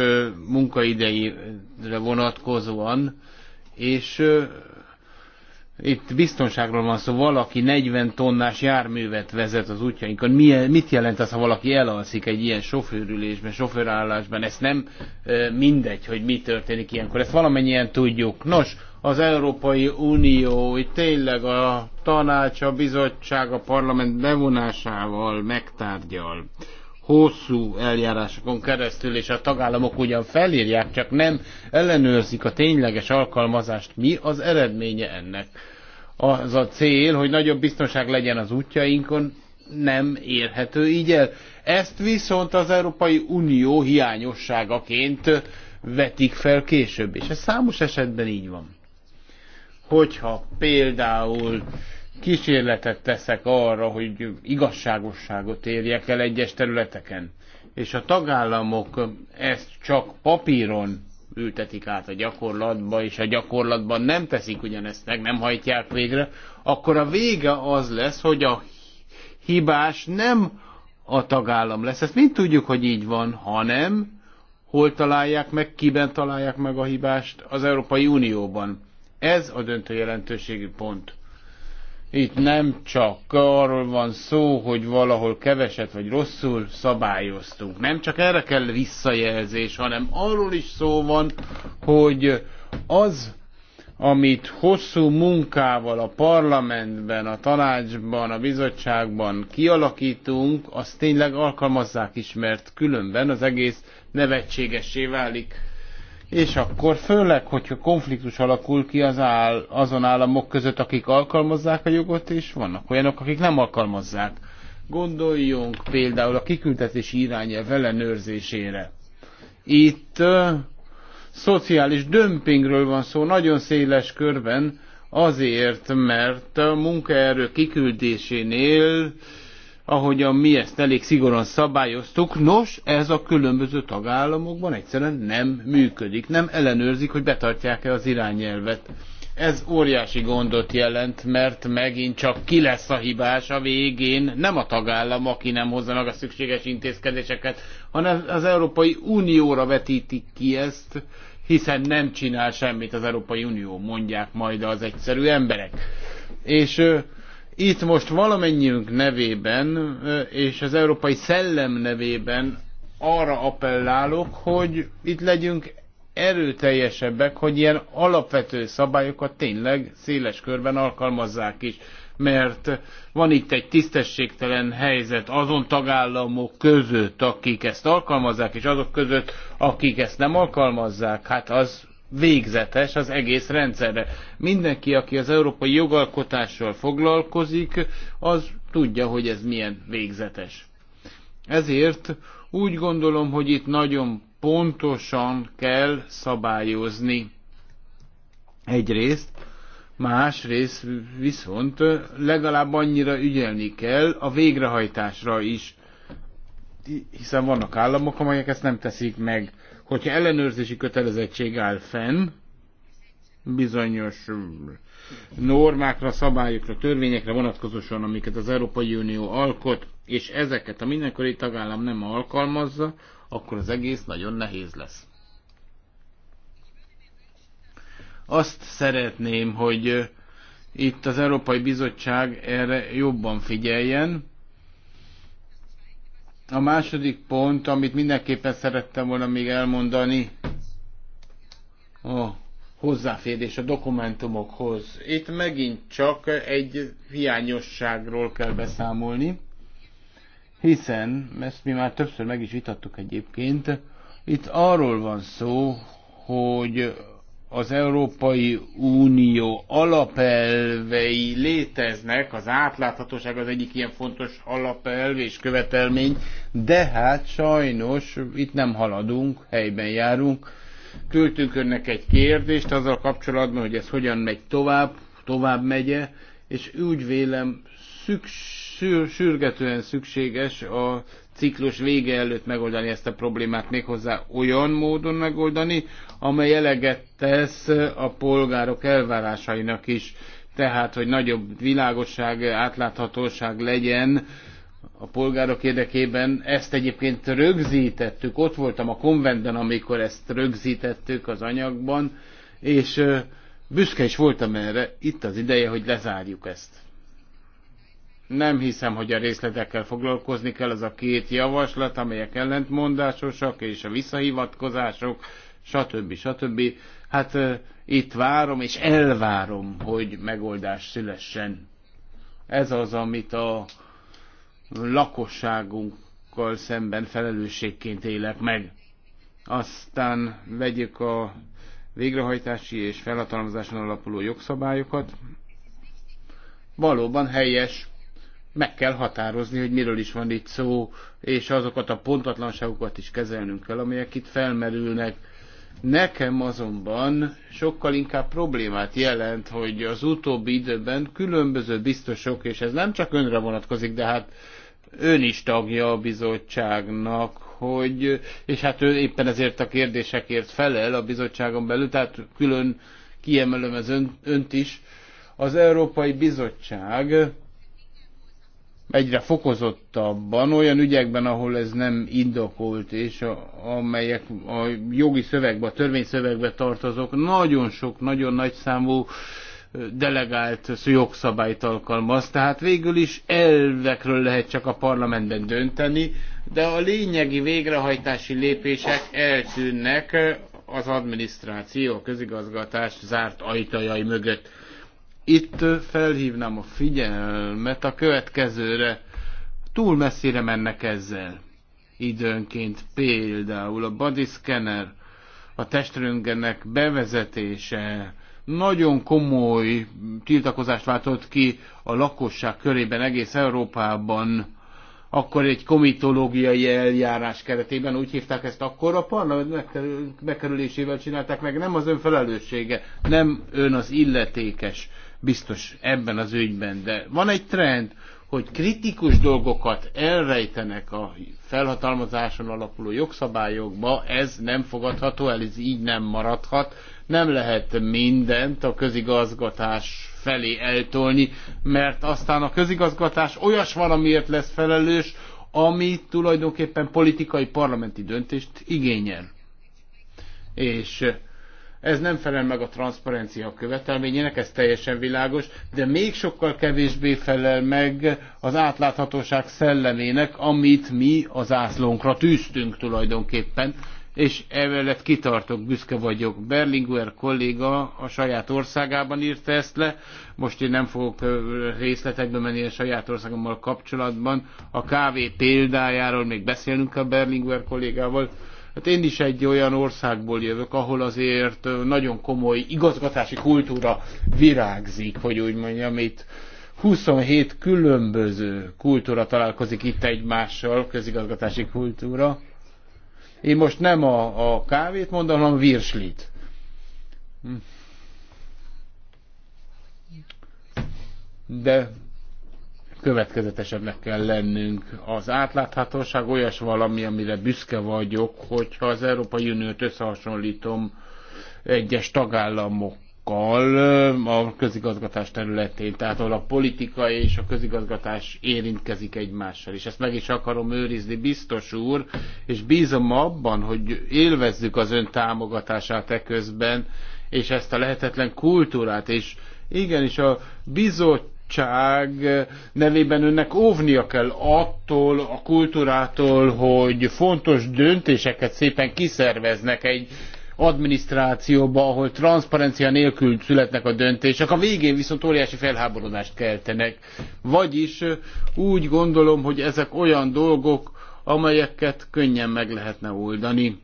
munkaidejére vonatkozóan, és itt biztonságról van szó, valaki 40 tonnás járművet vezet az útjainkon. Milyen, mit jelent az, ha valaki elalszik egy ilyen sofőrülésben, sofőrállásban? Ez nem ö, mindegy, hogy mi történik ilyenkor. Ezt valamennyien tudjuk. Nos, az Európai Unió itt tényleg a tanács, a bizottság, a parlament bevonásával megtárgyal hosszú eljárásokon keresztül, és a tagállamok ugyan felírják, csak nem ellenőrzik a tényleges alkalmazást. Mi az eredménye ennek? az a cél, hogy nagyobb biztonság legyen az útjainkon, nem érhető így el. Ezt viszont az Európai Unió hiányosságaként vetik fel később, és ez számos esetben így van. Hogyha például kísérletet teszek arra, hogy igazságosságot érjek el egyes területeken, és a tagállamok ezt csak papíron ültetik át a gyakorlatba, és a gyakorlatban nem teszik ugyanezt meg, nem hajtják végre, akkor a vége az lesz, hogy a hibás nem a tagállam lesz. Ezt mind tudjuk, hogy így van, hanem hol találják meg, kiben találják meg a hibást az Európai Unióban. Ez a döntő jelentőségű pont. Itt nem csak arról van szó, hogy valahol keveset vagy rosszul szabályoztunk. Nem csak erre kell visszajelzés, hanem arról is szó van, hogy az, amit hosszú munkával a parlamentben, a tanácsban, a bizottságban kialakítunk, azt tényleg alkalmazzák is, mert különben az egész nevetségessé válik és akkor főleg, hogyha konfliktus alakul ki az áll, azon államok között, akik alkalmazzák a jogot, és vannak olyanok, akik nem alkalmazzák. Gondoljunk például a kiküldetési irányelv ellenőrzésére. Itt uh, szociális dömpingről van szó nagyon széles körben, azért, mert a munkaerő kiküldésénél uh, ahogyan mi ezt elég szigorúan szabályoztuk, nos, ez a különböző tagállamokban egyszerűen nem működik, nem ellenőrzik, hogy betartják-e az irányelvet. Ez óriási gondot jelent, mert megint csak ki lesz a hibás a végén, nem a tagállam, aki nem hozza meg a szükséges intézkedéseket, hanem az Európai Unióra vetítik ki ezt, hiszen nem csinál semmit az Európai Unió, mondják majd az egyszerű emberek. És itt most valamennyiünk nevében és az európai szellem nevében arra appellálok, hogy itt legyünk erőteljesebbek, hogy ilyen alapvető szabályokat tényleg széles körben alkalmazzák is. Mert van itt egy tisztességtelen helyzet azon tagállamok között, akik ezt alkalmazzák, és azok között, akik ezt nem alkalmazzák. Hát az végzetes az egész rendszerre. Mindenki, aki az európai jogalkotással foglalkozik, az tudja, hogy ez milyen végzetes. Ezért úgy gondolom, hogy itt nagyon pontosan kell szabályozni. Egyrészt, másrészt viszont legalább annyira ügyelni kell a végrehajtásra is, hiszen vannak államok, amelyek ezt nem teszik meg Hogyha ellenőrzési kötelezettség áll fenn, bizonyos normákra, szabályokra, törvényekre vonatkozóan, amiket az Európai Unió alkot, és ezeket a mindenkori tagállam nem alkalmazza, akkor az egész nagyon nehéz lesz. Azt szeretném, hogy itt az Európai Bizottság erre jobban figyeljen, a második pont, amit mindenképpen szerettem volna még elmondani, a hozzáférés a dokumentumokhoz. Itt megint csak egy hiányosságról kell beszámolni, hiszen, ezt mi már többször meg is vitattuk egyébként, itt arról van szó, hogy az Európai Unió alapelvei léteznek, az átláthatóság az egyik ilyen fontos alapelv és követelmény, de hát sajnos itt nem haladunk, helyben járunk. Küldtünk önnek egy kérdést azzal kapcsolatban, hogy ez hogyan megy tovább, tovább megye, és úgy vélem szüksür, sürgetően szükséges a ciklus vége előtt megoldani ezt a problémát, méghozzá olyan módon megoldani, amely eleget tesz a polgárok elvárásainak is. Tehát, hogy nagyobb világosság, átláthatóság legyen a polgárok érdekében. Ezt egyébként rögzítettük, ott voltam a konventben, amikor ezt rögzítettük az anyagban, és büszke is voltam erre, itt az ideje, hogy lezárjuk ezt. Nem hiszem, hogy a részletekkel foglalkozni kell az a két javaslat, amelyek ellentmondásosak és a visszahivatkozások stb. stb. Hát itt várom és elvárom, hogy megoldás szülessen. Ez az, amit a lakosságunkkal szemben felelősségként élek meg. Aztán vegyük a végrehajtási és felhatalmazáson alapuló jogszabályokat. Valóban helyes, meg kell határozni, hogy miről is van itt szó, és azokat a pontatlanságokat is kezelnünk kell, amelyek itt felmerülnek Nekem azonban sokkal inkább problémát jelent, hogy az utóbbi időben különböző biztosok, és ez nem csak önre vonatkozik, de hát ön is tagja a bizottságnak, hogy, és hát ő éppen ezért a kérdésekért felel a bizottságon belül, tehát külön kiemelöm az ön, önt is. Az Európai Bizottság egyre fokozottabban olyan ügyekben, ahol ez nem indokolt, és a, amelyek a jogi szövegbe, a törvényszövegbe tartozok, nagyon sok, nagyon nagy számú delegált jogszabályt alkalmaz, tehát végül is elvekről lehet csak a parlamentben dönteni, de a lényegi végrehajtási lépések eltűnnek az adminisztráció, a közigazgatás zárt ajtajai mögött itt felhívnám a figyelmet a következőre. Túl messzire mennek ezzel. Időnként például a body scanner, a teströngenek bevezetése, nagyon komoly tiltakozást váltott ki a lakosság körében egész Európában, akkor egy komitológiai eljárás keretében, úgy hívták ezt akkor, a parlament megkerülésével csinálták meg, nem az ön felelőssége, nem ön az illetékes biztos ebben az ügyben, de van egy trend, hogy kritikus dolgokat elrejtenek a felhatalmazáson alapuló jogszabályokba, ez nem fogadható el, ez így nem maradhat. Nem lehet mindent a közigazgatás felé eltolni, mert aztán a közigazgatás olyas valamiért lesz felelős, ami tulajdonképpen politikai parlamenti döntést igényel. És ez nem felel meg a transzparencia követelményének, ez teljesen világos, de még sokkal kevésbé felel meg az átláthatóság szellemének, amit mi az ászlónkra tűztünk tulajdonképpen, és emellett kitartok, büszke vagyok. Berlinguer kolléga a saját országában írta ezt le, most én nem fogok részletekbe menni a saját országommal kapcsolatban. A kávé példájáról még beszélünk a Berlinguer kollégával, Hát én is egy olyan országból jövök, ahol azért nagyon komoly igazgatási kultúra virágzik, hogy úgy mondjam, itt 27 különböző kultúra találkozik itt egymással, közigazgatási kultúra. Én most nem a, a kávét mondom, hanem a virslit. Hm. De következetesebbnek kell lennünk. Az átláthatóság olyas valami, amire büszke vagyok, hogyha az Európai Uniót összehasonlítom egyes tagállamok a közigazgatás területén, tehát ahol a politika és a közigazgatás érintkezik egymással, és ezt meg is akarom őrizni, biztos úr, és bízom abban, hogy élvezzük az ön támogatását eközben, és ezt a lehetetlen kultúrát, és igenis a bizottság bizottság nevében önnek óvnia kell attól a kultúrától, hogy fontos döntéseket szépen kiszerveznek egy adminisztrációba, ahol transzparencia nélkül születnek a döntések, a végén viszont óriási felháborodást keltenek. Vagyis úgy gondolom, hogy ezek olyan dolgok, amelyeket könnyen meg lehetne oldani,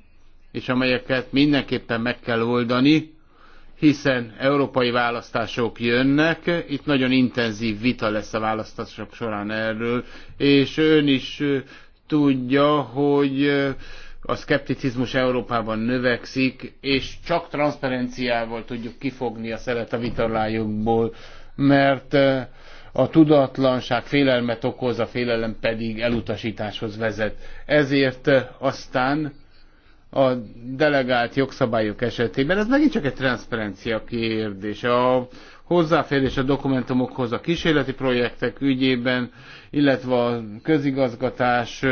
és amelyeket mindenképpen meg kell oldani, hiszen európai választások jönnek, itt nagyon intenzív vita lesz a választások során erről, és ön is tudja, hogy a szkepticizmus Európában növekszik, és csak transzparenciával tudjuk kifogni a szelet a vitalájukból, mert a tudatlanság félelmet okoz, a félelem pedig elutasításhoz vezet. Ezért aztán a delegált jogszabályok esetében. Ez megint csak egy transzparencia kérdés. A hozzáférés a dokumentumokhoz a kísérleti projektek ügyében, illetve a közigazgatás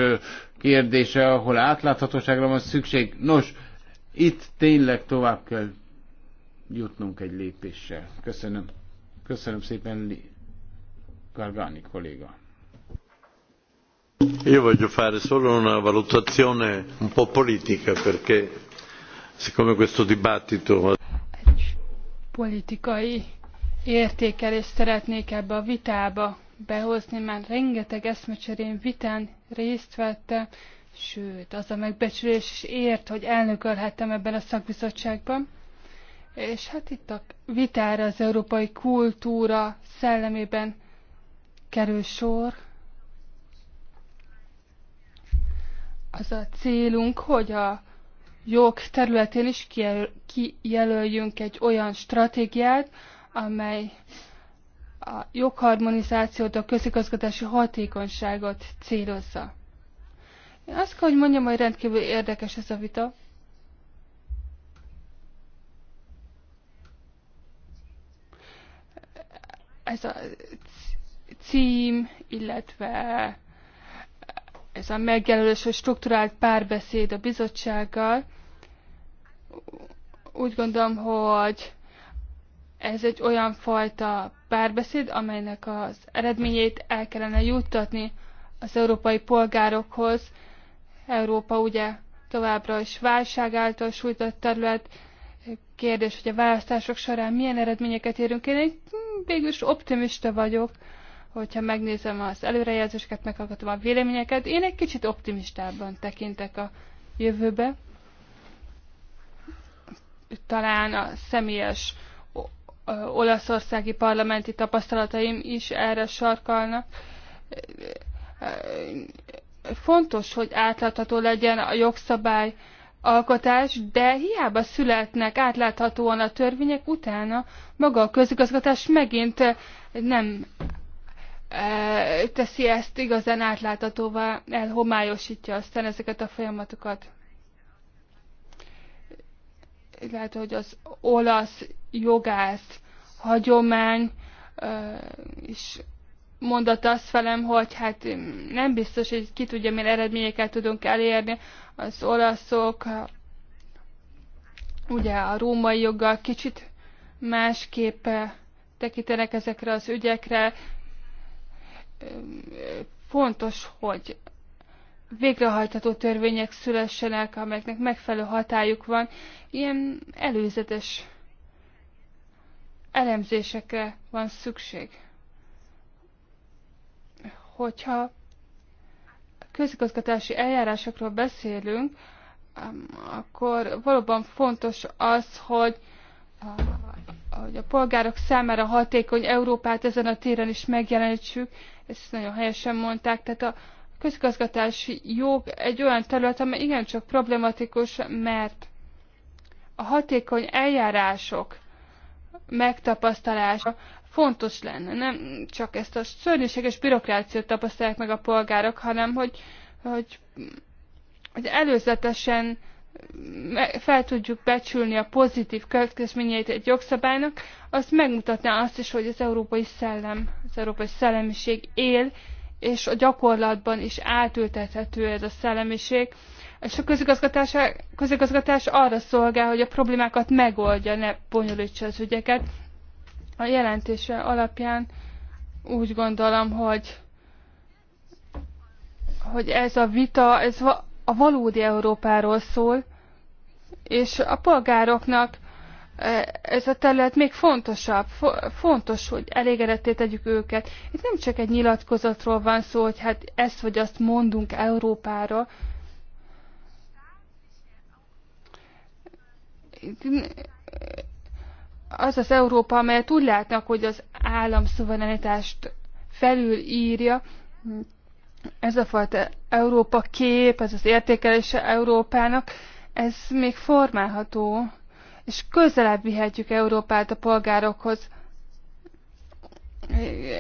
kérdése, ahol átláthatóságra van szükség. Nos, itt tényleg tovább kell jutnunk egy lépéssel. Köszönöm. Köszönöm szépen, Gargani kolléga. Io voglio fare solo una valutazione un po' politica perché siccome questo dibattito egy politikai értékelést szeretnék ebbe a vitába behozni, mert rengeteg eszmecserén vitán részt vette, sőt, az a megbecsülés is ért, hogy elnökölhettem ebben a szakbizottságban. És hát itt a vitára az európai kultúra szellemében kerül sor, az a célunk, hogy a jog területén is kijelöljünk egy olyan stratégiát, amely a jogharmonizációt, a közigazgatási hatékonyságot célozza. Én azt kell, hogy mondjam, hogy rendkívül érdekes ez a vita. Ez a cím, illetve ez a megjelölés, hogy strukturált párbeszéd a bizottsággal. Úgy gondolom, hogy ez egy olyan fajta párbeszéd, amelynek az eredményét el kellene juttatni az európai polgárokhoz. Európa ugye továbbra is válság által sújtott terület. Kérdés, hogy a választások során milyen eredményeket érünk. Én végül is optimista vagyok hogyha megnézem az előrejelzéseket, meghallgatom a véleményeket, én egy kicsit optimistábban tekintek a jövőbe. Talán a személyes olaszországi parlamenti tapasztalataim is erre sarkalnak. Fontos, hogy átlátható legyen a jogszabály alkotás, de hiába születnek átláthatóan a törvények, utána maga a közigazgatás megint nem E, teszi ezt igazán átláthatóvá, elhomályosítja aztán ezeket a folyamatokat. Lehet, hogy az olasz jogász hagyomány e, is mondott azt velem, hogy hát nem biztos, hogy ki tudja, milyen eredményeket tudunk elérni. Az olaszok ugye a római joggal kicsit másképp tekintenek ezekre az ügyekre, fontos, hogy végrehajtható törvények szülessenek, amelyeknek megfelelő hatájuk van. Ilyen előzetes elemzésekre van szükség. Hogyha közigazgatási eljárásokról beszélünk, um, akkor valóban fontos az, hogy hogy a polgárok számára hatékony Európát ezen a téren is megjelenítsük, ezt nagyon helyesen mondták, tehát a közgazgatási jog egy olyan terület, amely igencsak problematikus, mert a hatékony eljárások megtapasztalása fontos lenne. Nem csak ezt a szörnyűséges bürokráciát tapasztalják meg a polgárok, hanem hogy, hogy, hogy előzetesen fel tudjuk becsülni a pozitív következményeit egy jogszabálynak, azt megmutatná azt is, hogy az európai szellem, az európai szellemiség él, és a gyakorlatban is átültethető ez a szellemiség. És a közigazgatás, közigazgatás arra szolgál, hogy a problémákat megoldja, ne bonyolítsa az ügyeket. A jelentése alapján úgy gondolom, hogy hogy ez a vita, ez a valódi Európáról szól, és a polgároknak e, ez a terület még fontosabb, fontos, hogy elégedetté tegyük őket. Itt nem csak egy nyilatkozatról van szó, hogy hát ezt vagy azt mondunk Európára. Az az Európa, amelyet úgy látnak, hogy az állam szuverenitást felülírja, ez a fajta Európa kép, ez az értékelése Európának, ez még formálható, és közelebb vihetjük Európát a polgárokhoz.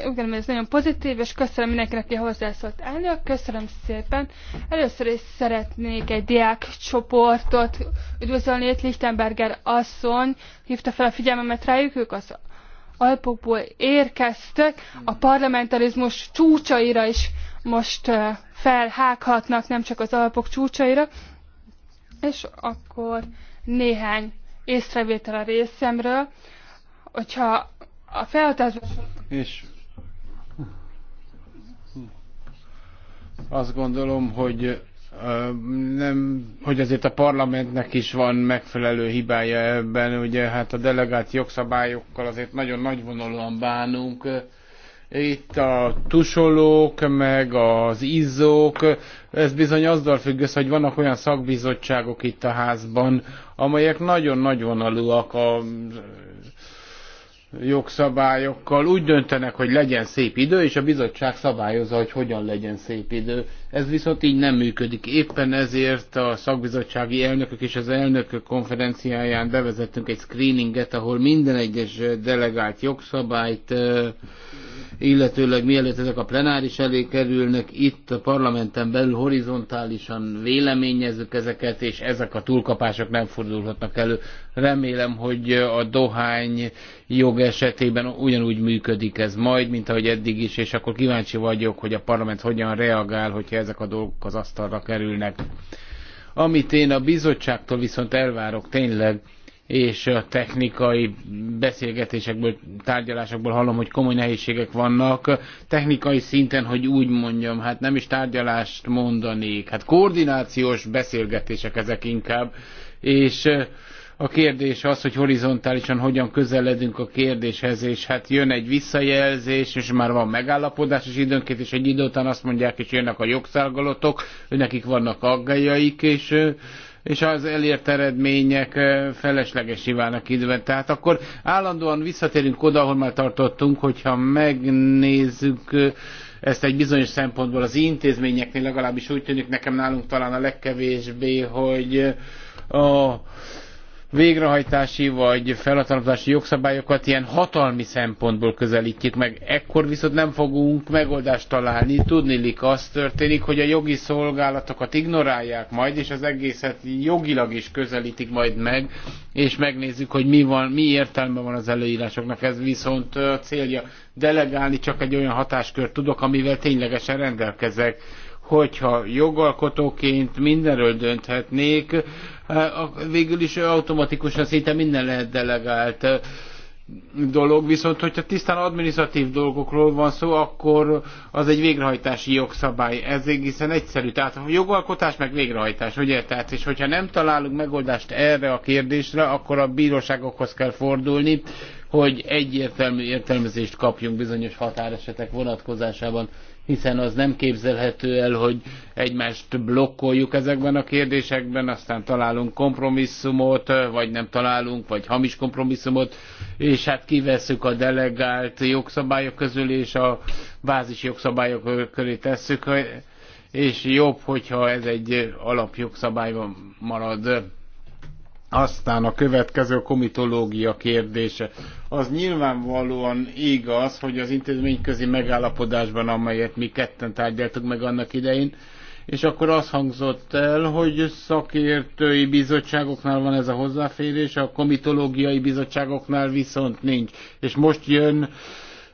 Igen, ez nagyon pozitív, és köszönöm mindenkinek, aki hozzászólt elnök, köszönöm szépen. Először is szeretnék egy diákcsoportot üdvözölni, itt Lichtenberger asszony hívta fel a figyelmemet rájuk, ők az Alpokból érkeztek, a parlamentarizmus csúcsaira is most felhághatnak nem csak az Alpok csúcsaira, és akkor néhány észrevétel a részemről, hogyha a felhatásban... És azt gondolom, hogy nem, hogy azért a parlamentnek is van megfelelő hibája ebben, ugye hát a delegált jogszabályokkal azért nagyon nagyvonalúan bánunk, itt a tusolók, meg az izzók, ez bizony azzal függ össze, hogy vannak olyan szakbizottságok itt a házban, amelyek nagyon nagyvonalúak a jogszabályokkal, úgy döntenek, hogy legyen szép idő, és a bizottság szabályozza, hogy hogyan legyen szép idő. Ez viszont így nem működik. Éppen ezért a szakbizottsági elnökök és az elnökök konferenciáján bevezettünk egy screeninget, ahol minden egyes delegált jogszabályt, illetőleg mielőtt ezek a plenáris elé kerülnek, itt a parlamenten belül horizontálisan véleményezzük ezeket, és ezek a túlkapások nem fordulhatnak elő. Remélem, hogy a dohány jog esetében ugyanúgy működik ez majd, mint ahogy eddig is, és akkor kíváncsi vagyok, hogy a parlament hogyan reagál, hogyha ezek a dolgok az asztalra kerülnek. Amit én a bizottságtól viszont elvárok tényleg, és a technikai beszélgetésekből, tárgyalásokból hallom, hogy komoly nehézségek vannak. Technikai szinten, hogy úgy mondjam, hát nem is tárgyalást mondanék, hát koordinációs beszélgetések ezek inkább, és a kérdés az, hogy horizontálisan hogyan közeledünk a kérdéshez, és hát jön egy visszajelzés, és már van megállapodás, és időnként is egy idő után azt mondják, és jönnek a jogszárgalatok, nekik vannak aggájaik, és és az elért eredmények feleslegesé válnak időben. Tehát akkor állandóan visszatérünk oda, ahol már tartottunk, hogyha megnézzük ezt egy bizonyos szempontból az intézményeknél legalábbis úgy tűnik nekem nálunk talán a legkevésbé, hogy a végrehajtási vagy felhatalmazási jogszabályokat ilyen hatalmi szempontból közelítjük meg. Ekkor viszont nem fogunk megoldást találni. Tudnilik az történik, hogy a jogi szolgálatokat ignorálják majd, és az egészet jogilag is közelítik majd meg, és megnézzük, hogy mi, van, mi értelme van az előírásoknak. Ez viszont a célja. Delegálni csak egy olyan hatáskört tudok, amivel ténylegesen rendelkezek hogyha jogalkotóként mindenről dönthetnék, végül is automatikusan szinte minden lehet delegált dolog, viszont hogyha tisztán administratív dolgokról van szó, akkor az egy végrehajtási jogszabály. Ez egészen egyszerű. Tehát a jogalkotás meg végrehajtás, ugye? Tehát, és hogyha nem találunk megoldást erre a kérdésre, akkor a bíróságokhoz kell fordulni, hogy egyértelmű értelmezést kapjunk bizonyos határesetek vonatkozásában hiszen az nem képzelhető el, hogy egymást blokkoljuk ezekben a kérdésekben, aztán találunk kompromisszumot, vagy nem találunk, vagy hamis kompromisszumot, és hát kivesszük a delegált jogszabályok közül, és a bázis jogszabályok köré tesszük, és jobb, hogyha ez egy alapjogszabályban marad aztán a következő a komitológia kérdése. Az nyilvánvalóan igaz, hogy az intézményközi megállapodásban, amelyet mi ketten tárgyaltuk meg annak idején, és akkor az hangzott el, hogy szakértői bizottságoknál van ez a hozzáférés, a komitológiai bizottságoknál viszont nincs. És most jön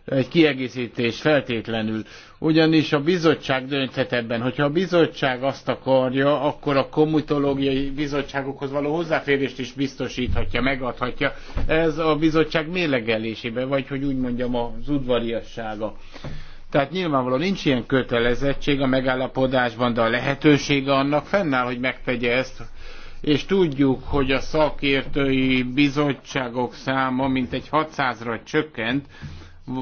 egy kiegészítés feltétlenül ugyanis a bizottság dönthet ebben. Hogyha a bizottság azt akarja, akkor a komitológiai bizottságokhoz való hozzáférést is biztosíthatja, megadhatja. Ez a bizottság mélegelésében, vagy hogy úgy mondjam, az udvariassága. Tehát nyilvánvalóan nincs ilyen kötelezettség a megállapodásban, de a lehetősége annak fennáll, hogy megtegye ezt. És tudjuk, hogy a szakértői bizottságok száma mintegy 600-ra csökkent,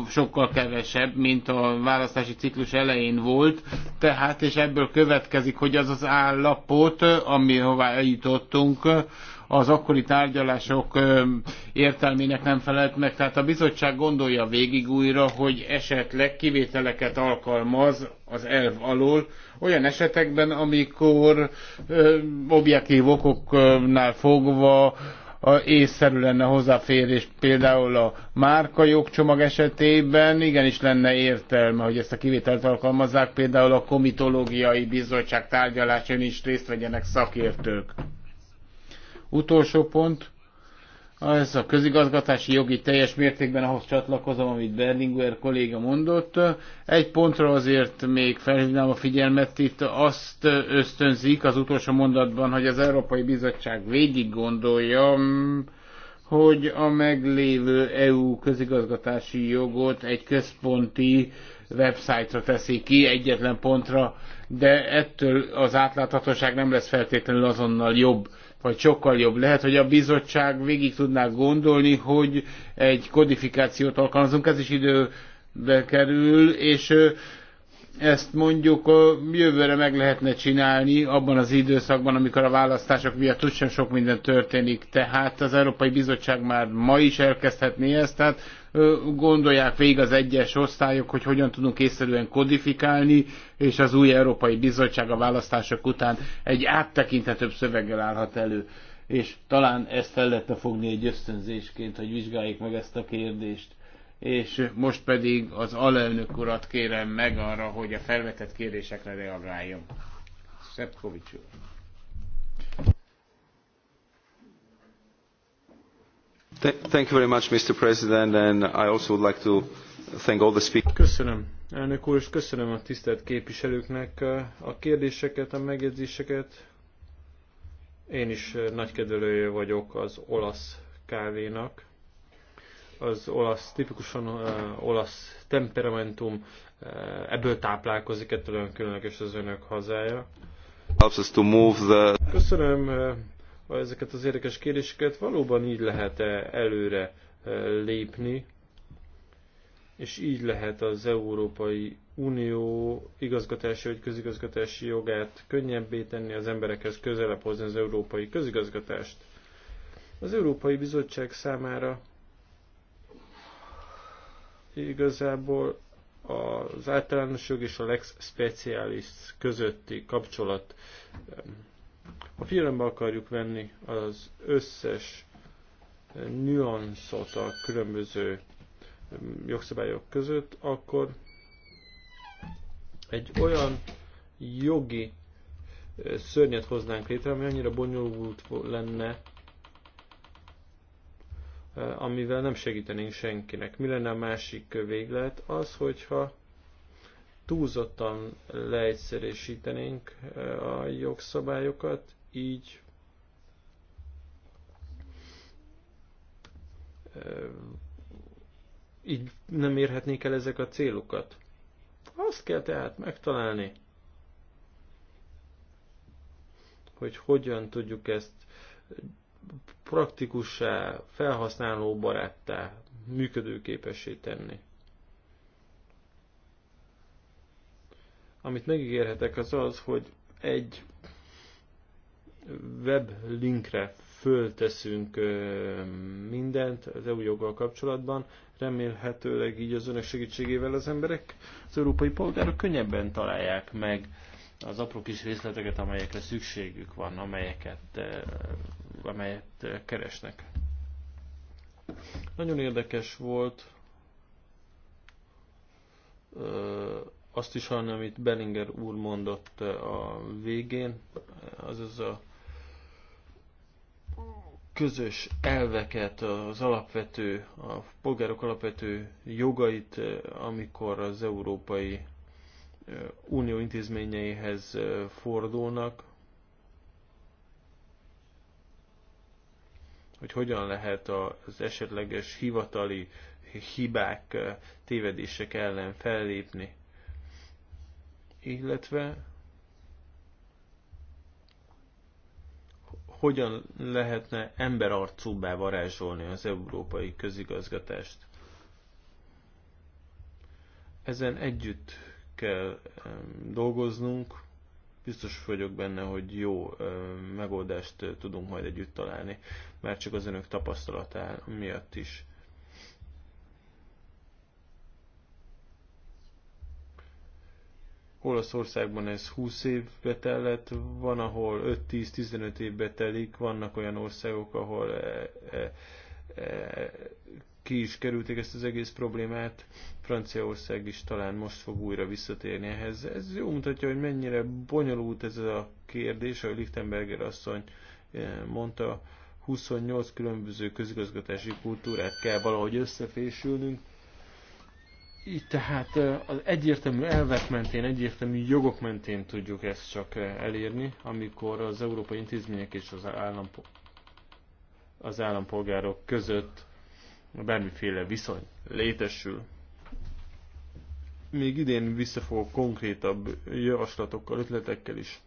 sokkal kevesebb, mint a választási ciklus elején volt, tehát és ebből következik, hogy az az állapot, ami hová eljutottunk, az akkori tárgyalások értelmének nem felelt meg, tehát a bizottság gondolja végig újra, hogy esetleg kivételeket alkalmaz az elv alól, olyan esetekben, amikor ö, objektív okoknál fogva a észszerű lenne hozzáférés például a márka jogcsomag esetében, igenis lenne értelme, hogy ezt a kivételt alkalmazzák, például a komitológiai bizottság tárgyaláson is részt vegyenek szakértők. Utolsó pont, ez a közigazgatási jogi teljes mértékben ahhoz csatlakozom, amit Berlinguer kolléga mondott. Egy pontra azért még felhívnám a figyelmet, itt azt ösztönzik az utolsó mondatban, hogy az Európai Bizottság végig gondolja, hogy a meglévő EU közigazgatási jogot egy központi websájtra teszi ki egyetlen pontra, de ettől az átláthatóság nem lesz feltétlenül azonnal jobb vagy sokkal jobb. Lehet, hogy a bizottság végig tudná gondolni, hogy egy kodifikációt alkalmazunk, ez is időbe kerül, és ezt mondjuk jövőre meg lehetne csinálni abban az időszakban, amikor a választások miatt úgysem sok minden történik. Tehát az Európai Bizottság már ma is elkezdhetné ezt, tehát gondolják végig az egyes osztályok, hogy hogyan tudunk észszerűen kodifikálni, és az új Európai Bizottság a választások után egy áttekinthetőbb szöveggel állhat elő. És talán ezt fel lehetne fogni egy ösztönzésként, hogy vizsgáljuk meg ezt a kérdést és most pedig az alelnök urat kérem meg arra, hogy a felvetett kérdésekre reagáljon. Szepkovics úr. Thank you very much, Mr. President, and I also would like to thank all the speakers. Köszönöm, elnök úr, és köszönöm a tisztelt képviselőknek uh, a kérdéseket, a megjegyzéseket. Én is uh, nagy kedvelője vagyok az olasz kávénak az olasz, tipikusan uh, olasz temperamentum, uh, ebből táplálkozik, ettől olyan különleges az önök hazája. Köszönöm uh, ezeket az érdekes kérdéseket, valóban így lehet -e előre uh, lépni, és így lehet az Európai Unió igazgatási vagy közigazgatási jogát könnyebbé tenni, az emberekhez közelebb hozni az európai közigazgatást. Az Európai Bizottság számára Igazából az általános jog és a lex specialis közötti kapcsolat. a figyelembe akarjuk venni az összes nüanszot a különböző jogszabályok között, akkor egy olyan jogi szörnyet hoznánk létre, ami annyira bonyolult lenne, Eh, amivel nem segítenénk senkinek. Mi lenne a másik véglet? Az, hogyha túlzottan leegyszerűsítenénk eh, a jogszabályokat, így eh, így nem érhetnék el ezek a célokat. Azt kell tehát megtalálni, hogy hogyan tudjuk ezt praktikussá, felhasználóbaráttá, működőképessé tenni. Amit megígérhetek az az, hogy egy weblinkre fölteszünk mindent az EU joggal kapcsolatban, remélhetőleg így az önök segítségével az emberek, az európai polgárok könnyebben találják meg az apró kis részleteket, amelyekre szükségük van, amelyeket amelyet eh, keresnek. Nagyon érdekes volt eh, azt is hallani, amit Bellinger úr mondott eh, a végén, azaz a közös elveket, az alapvető, a polgárok alapvető jogait, amikor az Európai Unió intézményeihez fordulnak, hogy hogyan lehet az esetleges hivatali hibák, eh, tévedések ellen fellépni. Illetve hogyan lehetne emberarcúbbá varázsolni az európai közigazgatást. Ezen együtt kell dolgoznunk, biztos vagyok benne, hogy jó megoldást tudunk majd együtt találni, már csak az önök tapasztalatá miatt is. Olaszországban ez 20 év betellett, van ahol 5-10-15 év betelik, vannak olyan országok, ahol e, e, e, ki is kerülték ezt az egész problémát, Franciaország is talán most fog újra visszatérni ehhez. Ez jó mutatja, hogy mennyire bonyolult ez a kérdés, ahogy Lichtenberger asszony eh, mondta, 28 különböző közigazgatási kultúrát kell valahogy összefésülnünk. Így tehát eh, az egyértelmű elvek mentén, egyértelmű jogok mentén tudjuk ezt csak eh, elérni, amikor az európai intézmények és az, állampol- az állampolgárok között bármiféle viszony létesül. Még idén vissza fogok konkrétabb javaslatokkal, ötletekkel is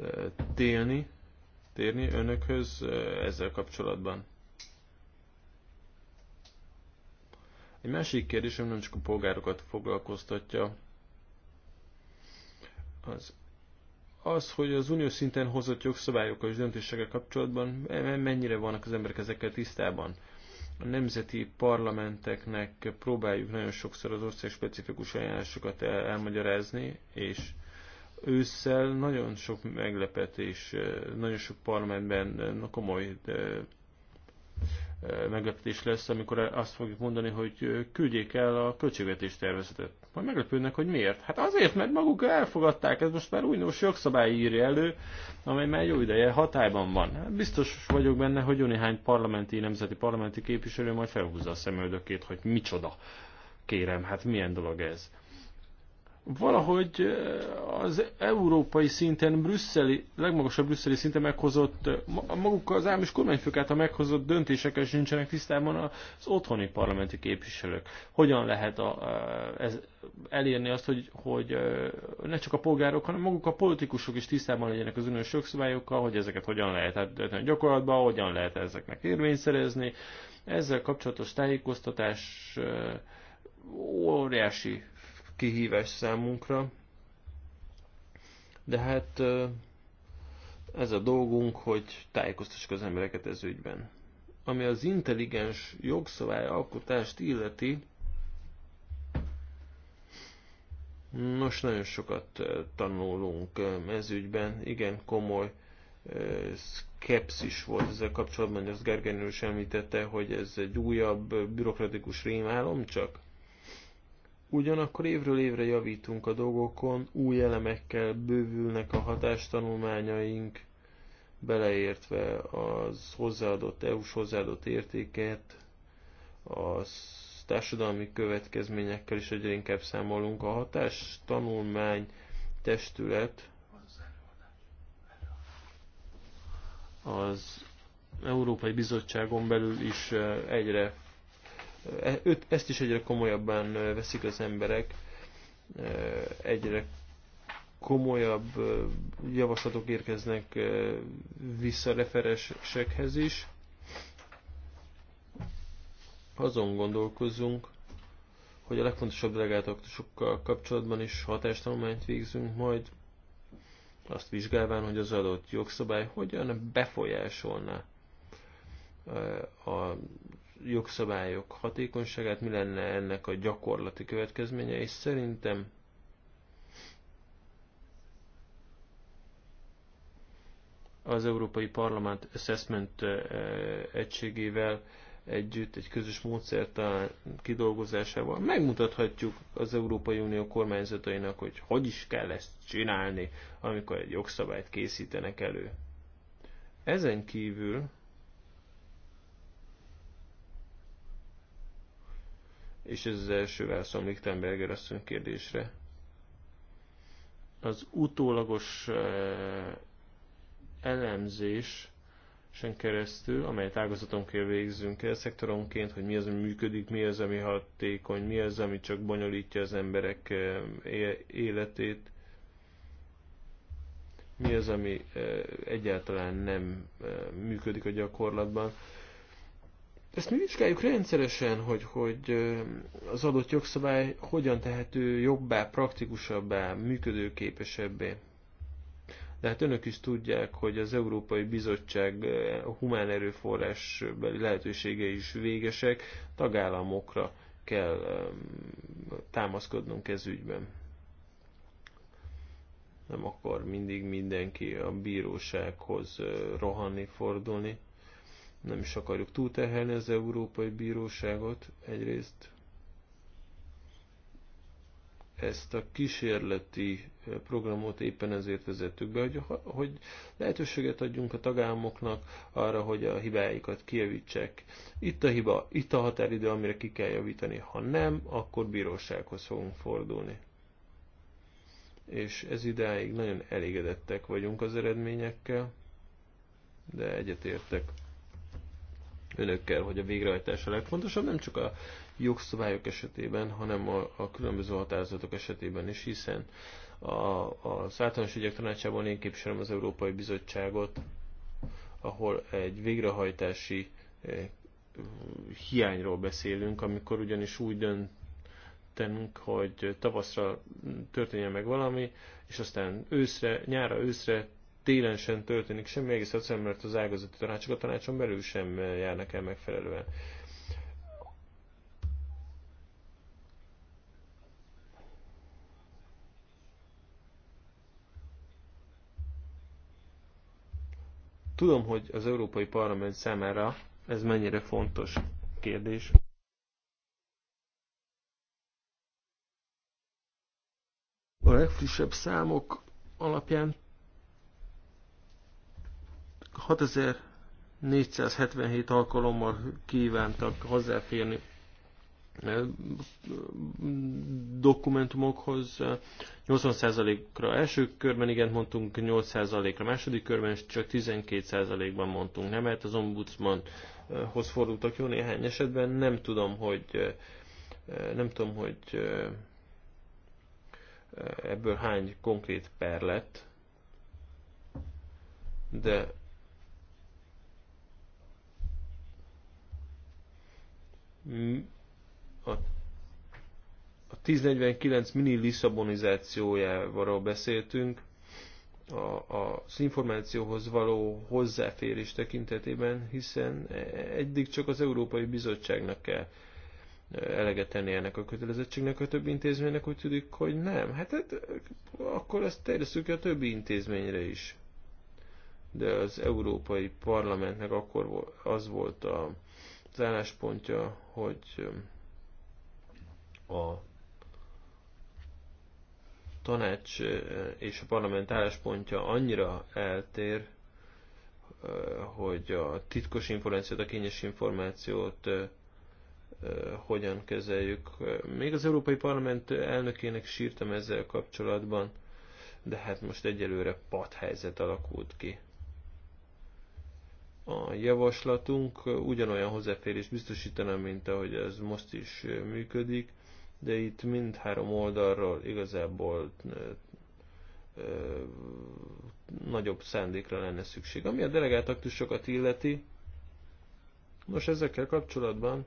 eh, télni, térni önökhöz eh, ezzel kapcsolatban. Egy másik kérdésem nem csak a polgárokat foglalkoztatja, az az, hogy az uniós szinten hozott jogszabályokkal és döntésekkel kapcsolatban mennyire vannak az emberek ezekkel tisztában. A nemzeti parlamenteknek próbáljuk nagyon sokszor az ország specifikus ajánlásokat elmagyarázni, és ősszel nagyon sok meglepetés, eh, nagyon sok parlamentben eh, komoly eh, meglepetés lesz, amikor azt fogjuk mondani, hogy küldjék el a költségvetés tervezetet. Majd meglepődnek, hogy miért. Hát azért, mert maguk elfogadták, ez most már újnós jogszabály írja elő, amely már jó ideje hatályban van. Hát biztos vagyok benne, hogy jó néhány parlamenti, nemzeti parlamenti képviselő majd felhúzza a szemöldökét, hogy micsoda. Kérem, hát milyen dolog ez valahogy eh, az európai szinten, brüsszeli, legmagasabb brüsszeli szinten meghozott, eh, maguk az állam és kormányfők által meghozott döntésekkel is nincsenek tisztában az otthoni parlamenti képviselők. Hogyan lehet a, eh, ez, elérni azt, hogy, hogy ne csak a polgárok, hanem maguk a politikusok is tisztában legyenek az uniós jogszabályokkal, hogy ezeket hogyan lehet hát, a gyakorlatban hogyan lehet ezeknek érvényt szerezni. Ezzel kapcsolatos tájékoztatás óriási kihívás számunkra, de hát ez a dolgunk, hogy tájékoztassuk az embereket ez ügyben. Ami az intelligens alkotást illeti, Nos, nagyon sokat tanulunk mezőgyben. Igen, komoly szkepszis volt ezzel kapcsolatban, hogy az Gergenyő is említette, hogy ez egy újabb bürokratikus rémálom csak. Ugyanakkor évről évre javítunk a dolgokon, új elemekkel bővülnek a hatástanulmányaink, beleértve az hozzáadott EU-s hozzáadott értéket, a társadalmi következményekkel is egyre inkább számolunk. A hatástanulmány testület az Európai Bizottságon belül is eh, egyre ezt is egyre komolyabban veszik az emberek, egyre komolyabb javaslatok érkeznek vissza referesekhez is. Azon gondolkozunk, hogy a legfontosabb delegátoktusokkal kapcsolatban is hatástanulmányt végzünk majd, azt vizsgálván, hogy az adott jogszabály hogyan befolyásolná a jogszabályok hatékonyságát, mi lenne ennek a gyakorlati következménye, és szerintem az Európai Parlament Assessment eh, egységével együtt egy közös módszertan kidolgozásával megmutathatjuk az Európai Unió kormányzatainak, hogy hogy is kell ezt csinálni, amikor egy jogszabályt készítenek elő. Ezen kívül és ez az első válaszom Lichtenberger asszony kérdésre. Az utólagos elemzés sen keresztül, amelyet ágazatonként végzünk el, szektoronként, hogy mi az, ami működik, mi az, ami hatékony, mi az, ami csak bonyolítja az emberek életét, mi az, ami egyáltalán nem működik a gyakorlatban. Ezt mi vizsgáljuk rendszeresen, hogy, hogy az adott jogszabály hogyan tehető jobbá, praktikusabbá, működőképesebbé. De hát önök is tudják, hogy az Európai Bizottság a humán erőforrás lehetőségei is végesek, tagállamokra kell támaszkodnunk ez ügyben. Nem akar mindig mindenki a bírósághoz rohanni, fordulni nem is akarjuk túlterhelni az Európai Bíróságot egyrészt. Ezt a kísérleti eh, programot éppen ezért vezettük be, hogy, hogy lehetőséget adjunk a tagállamoknak arra, hogy a hibáikat kijavítsák. Itt a hiba, itt a határidő, amire ki kell javítani. Ha nem, akkor bírósághoz fogunk fordulni. És ez idáig nagyon elégedettek vagyunk az eredményekkel, de egyetértek önökkel, hogy a végrehajtás a legfontosabb, nem csak a jogszabályok esetében, hanem a, a különböző határozatok esetében is, hiszen a, az általános ügyek tanácsában én képviselem az Európai Bizottságot, ahol egy végrehajtási eh, hiányról beszélünk, amikor ugyanis úgy tennünk, hogy tavaszra történjen meg valami, és aztán őszre, nyára, őszre télen sem történik semmi, egész egyszerűen, mert az ágazati tanácsok a tanácson belül sem járnak el megfelelően. Tudom, hogy az Európai Parlament számára ez mennyire fontos kérdés. A legfrissebb számok alapján 6477 alkalommal kívántak hozzáférni eh, dokumentumokhoz. 80%-ra első körben igent mondtunk, 8%-ra második körben, és csak 12%-ban mondtunk nemet. Az ombudsmanhoz fordultak jó néhány esetben. Nem tudom, hogy eh, nem tudom, hogy eh, ebből hány konkrét per lett, de a, a 1049 mini Lisszabonizációjáról beszéltünk, a, a, az információhoz való hozzáférés tekintetében, hiszen eddig csak az Európai Bizottságnak kell eh, eleget tenni ennek a kötelezettségnek a többi intézménynek, úgy tudjuk, hogy nem. Hát, hát akkor ezt terjesszük a többi intézményre is. De az Európai Parlamentnek akkor az volt a az álláspontja, hogy a tanács és a parlament álláspontja annyira eltér, hogy a titkos információt, a kényes információt hogyan kezeljük. Még az Európai Parlament elnökének sírtam ezzel kapcsolatban, de hát most egyelőre helyzet alakult ki a javaslatunk ugyanolyan hozzáférést biztosítana, mint ahogy ez most is működik, de itt mindhárom oldalról igazából nagyobb szándékra lenne szükség. Ami a delegált aktusokat illeti, nos ezekkel kapcsolatban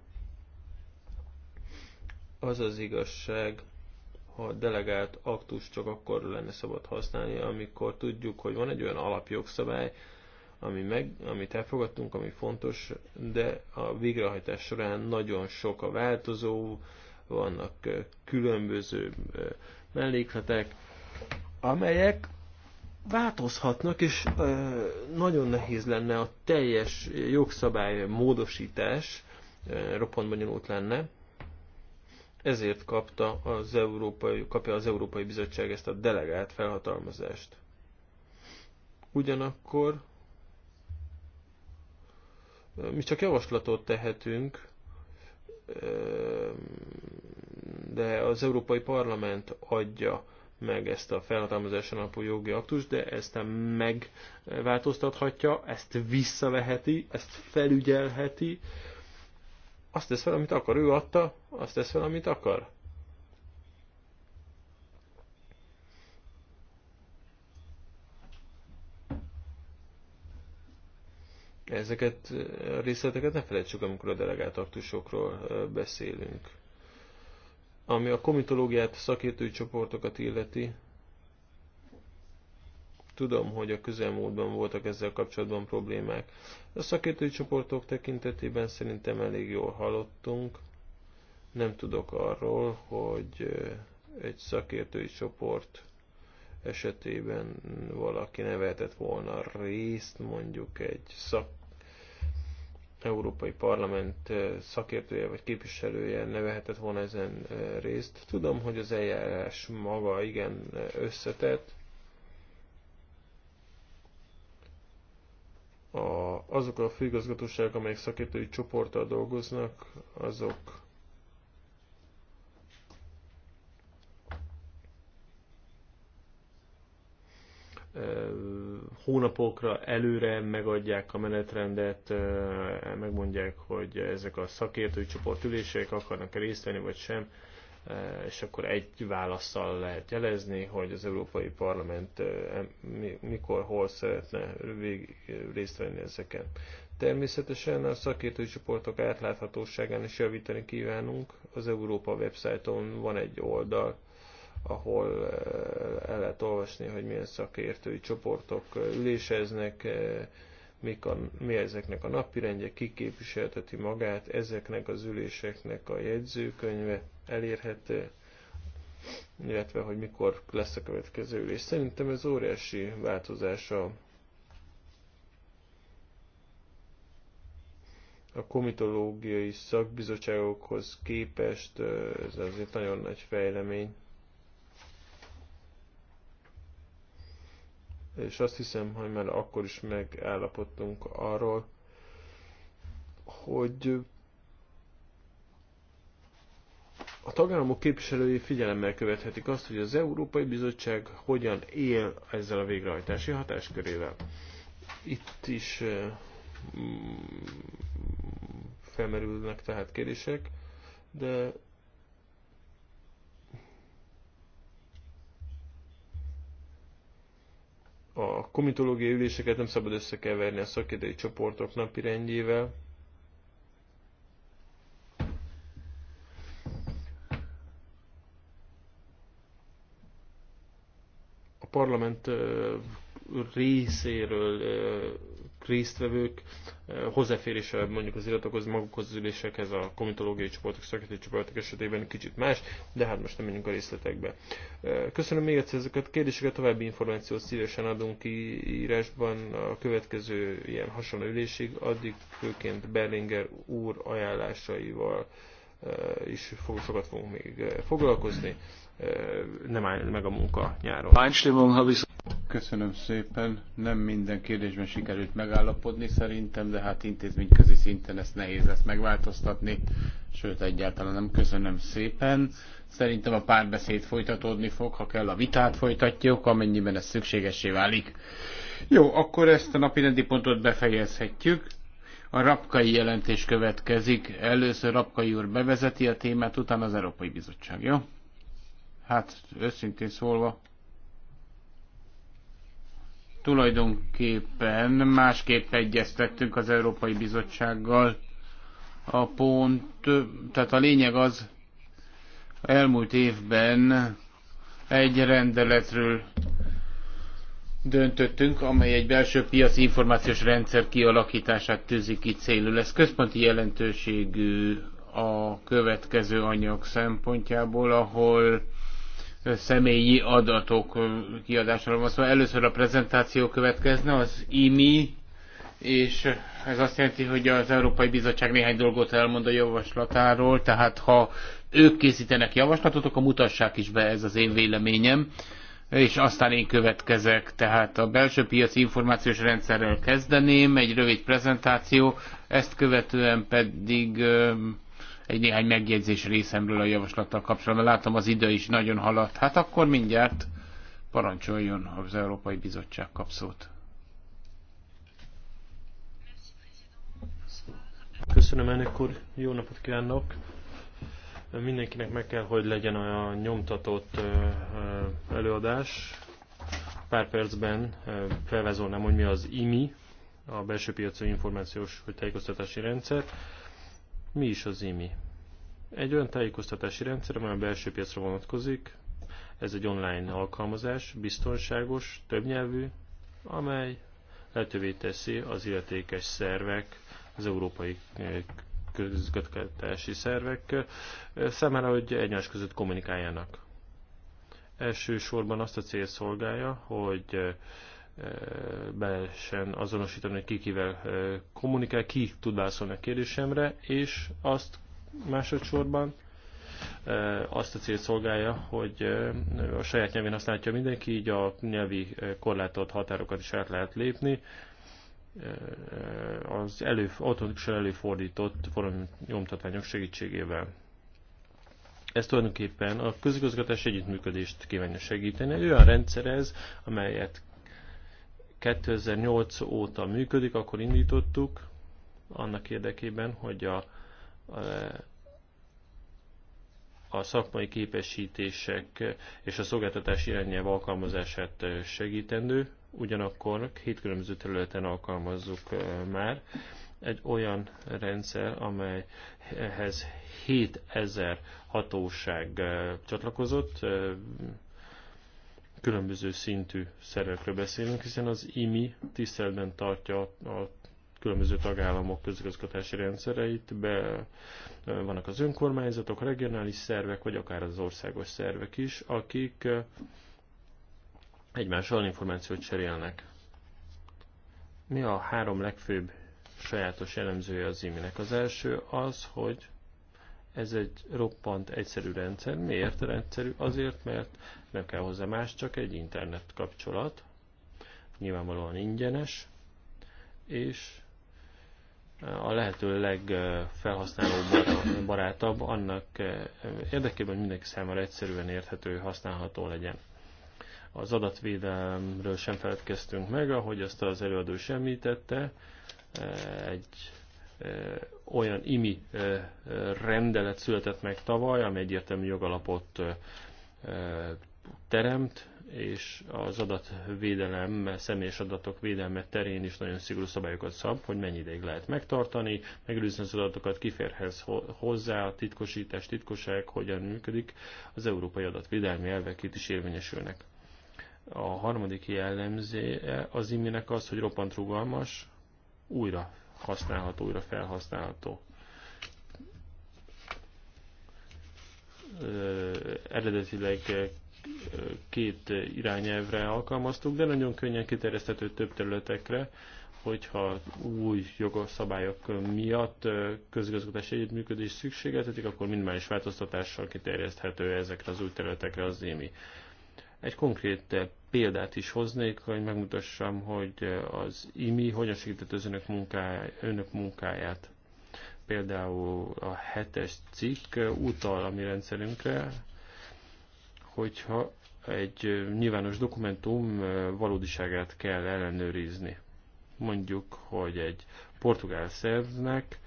az az igazság, ha a delegált aktus csak akkor lenne szabad használni, amikor tudjuk, hogy van egy olyan alapjogszabály, ami meg, amit elfogadtunk, ami fontos, de a végrehajtás során nagyon sok a változó, vannak különböző mellékletek, amelyek változhatnak, és nagyon nehéz lenne a teljes jogszabály módosítás, roppant bonyolult lenne. Ezért kapta az Európai, kapja az Európai Bizottság ezt a delegált felhatalmazást. Ugyanakkor mi csak javaslatot tehetünk, de az Európai Parlament adja meg ezt a felhatalmazáson alapú jogi aktust, de ezt megváltoztathatja, ezt visszaveheti, ezt felügyelheti, azt tesz fel, amit akar. Ő adta, azt tesz fel, amit akar. Ezeket a részleteket ne felejtsük, amikor a delegált aktusokról beszélünk. Ami a komitológiát, szakértői csoportokat illeti, tudom, hogy a közelmúltban voltak ezzel kapcsolatban problémák. A szakértői csoportok tekintetében szerintem elég jól hallottunk. Nem tudok arról, hogy egy szakértői csoport esetében valaki ne vehetett volna részt, mondjuk egy szak Európai Parlament eh, szakértője vagy képviselője ne vehetett volna ezen eh, részt. Tudom, hogy az eljárás maga igen eh, összetett. A, azok a főigazgatóságok, amelyek szakértői csoporttal dolgoznak, azok hónapokra előre megadják a menetrendet, megmondják, hogy ezek a szakértői csoportülések akarnak-e részt venni, vagy sem, és akkor egy válaszsal lehet jelezni, hogy az Európai Parlament mikor, hol szeretne részt venni ezeken. Természetesen a szakértői csoportok átláthatóságán is javítani kívánunk. Az Európa websájton van egy oldal, ahol eh, el lehet olvasni, hogy milyen szakértői csoportok eh, üléseznek, eh, mik a, mi ezeknek a napirendje, ki képviselteti magát, ezeknek az üléseknek a jegyzőkönyve elérhető, illetve hogy mikor lesz a következő ülés. Szerintem ez óriási változása a komitológiai szakbizottságokhoz képest ez azért nagyon nagy fejlemény. és azt hiszem, hogy már akkor is megállapodtunk arról, hogy a tagállamok képviselői figyelemmel követhetik azt, hogy az Európai Bizottság hogyan él ezzel a végrehajtási hatáskörével. Itt is eh, mm, felmerülnek tehát kérdések, de a komitológiai üléseket nem szabad összekeverni a szakértői csoportok napi rendjével, A parlament részéről résztvevők eh, hozzáférése mondjuk az iratokhoz, magukhoz az ülésekhez, a komitológiai csoportok, szakértői csoportok esetében kicsit más, de hát most nem menjünk a részletekbe. Eh, Köszönöm még egyszer ezeket a kérdéseket, további információt szívesen adunk ki írásban a következő ilyen hasonló ülésig, addig főként Berlinger úr ajánlásaival eh, is sokat fogunk még foglalkozni nem áll meg a munka nyáron. Köszönöm szépen. Nem minden kérdésben sikerült megállapodni szerintem, de hát intézményközi szinten ezt nehéz lesz megváltoztatni, sőt egyáltalán nem köszönöm szépen. Szerintem a párbeszéd folytatódni fog, ha kell a vitát folytatjuk, amennyiben ez szükségesé válik. Jó, akkor ezt a rendi pontot befejezhetjük. A Rapkai jelentés következik. Először Rapkai úr bevezeti a témát, utána az Európai Bizottság, jó? Hát őszintén szólva, tulajdonképpen másképp egyeztettünk az Európai Bizottsággal. A pont, tehát a lényeg az, elmúlt évben egy rendeletről döntöttünk, amely egy belső piaci információs rendszer kialakítását tűzi ki célul. Ez központi jelentőségű a következő anyag szempontjából, ahol személyi adatok kiadásáról van szó. Szóval először a prezentáció következne, az IMI, és ez azt jelenti, hogy az Európai Bizottság néhány dolgot elmond a javaslatáról, tehát ha ők készítenek javaslatot, akkor mutassák is be, ez az én véleményem, és aztán én következek. Tehát a belső piaci információs rendszerrel kezdeném, egy rövid prezentáció, ezt követően pedig egy néhány megjegyzés részemről a javaslattal kapcsolatban. Látom, az idő is nagyon haladt. Hát akkor mindjárt parancsoljon az Európai Bizottság kapszót. Köszönöm ennek úr, jó napot kívánok! Mindenkinek meg kell, hogy legyen a nyomtatott előadás. Pár percben felvezolnám, hogy mi az IMI, a belső piacú információs tájékoztatási rendszer mi is az IMI? Egy olyan tájékoztatási rendszer, amely a belső piacra vonatkozik. Ez egy online alkalmazás, biztonságos, többnyelvű, amely lehetővé teszi az illetékes szervek, az európai eh, közigazgatási szervek eh, számára, hogy egymás között kommunikáljanak. Elsősorban azt a cél szolgálja, hogy eh, belesen azonosítani, hogy ki kivel kommunikál, ki tud válaszolni a kérdésemre, és azt másodszorban azt a célt szolgálja, hogy a saját nyelvén használhatja mindenki, így a nyelvi korlátolt határokat is át lehet lépni. Az elő, automatikusan előfordított nyomtatványok segítségével. Ez tulajdonképpen a közigazgatás együttműködést kívánja segíteni. Egy olyan rendszer ez, amelyet 2008 óta működik, akkor indítottuk, annak érdekében, hogy a, a szakmai képesítések és a szolgáltatás irányelv alkalmazását segítendő, ugyanakkor hét különböző területen alkalmazzuk eh, már egy olyan rendszer, amelyhez 7000 hatóság eh, csatlakozott, eh, különböző szintű szervekről beszélünk, hiszen az IMI tiszteletben tartja a különböző tagállamok közigazgatási rendszereit, be vannak az önkormányzatok, regionális szervek, vagy akár az országos szervek is, akik egymással információt cserélnek. Mi a három legfőbb sajátos jellemzője az IMI-nek? Az első az, hogy ez egy roppant egyszerű rendszer. Miért rendszerű? Azért, mert nem kell hozzá más, csak egy internet kapcsolat. Nyilvánvalóan ingyenes, és a lehető legfelhasználó barátabb, annak érdekében mindenki számára egyszerűen érthető, használható legyen. Az adatvédelemről sem feledkeztünk meg, ahogy azt az előadó is említette, egy olyan imi rendelet született meg tavaly, ami egyértelmű jogalapot teremt, és az adatvédelem, személyes adatok védelme terén is nagyon szigorú szabályokat szab, hogy mennyi ideig lehet megtartani, megőrizni az adatokat, kiférhez hozzá, a titkosítás, titkosság hogyan működik, az európai adatvédelmi elvek itt is érvényesülnek. A harmadik jellemzője az iminek az, hogy roppant rugalmas, újra használható, újra felhasználható. Eredetileg két irányelvre alkalmaztuk, de nagyon könnyen kiterjeszthető több területekre, hogyha új jogszabályok miatt közgazgatási együttműködés szükségeltetik, akkor minimális változtatással kiterjeszthető ezekre az új területekre az émi. Egy konkrét példát is hoznék, hogy megmutassam, hogy az IMI hogyan segített az önök, munkáját, önök munkáját. Például a hetes cikk uh, utal a mi rendszerünkre, hogyha egy uh, nyilvános dokumentum uh, valódiságát kell ellenőrizni. Mondjuk, hogy egy portugál szervnek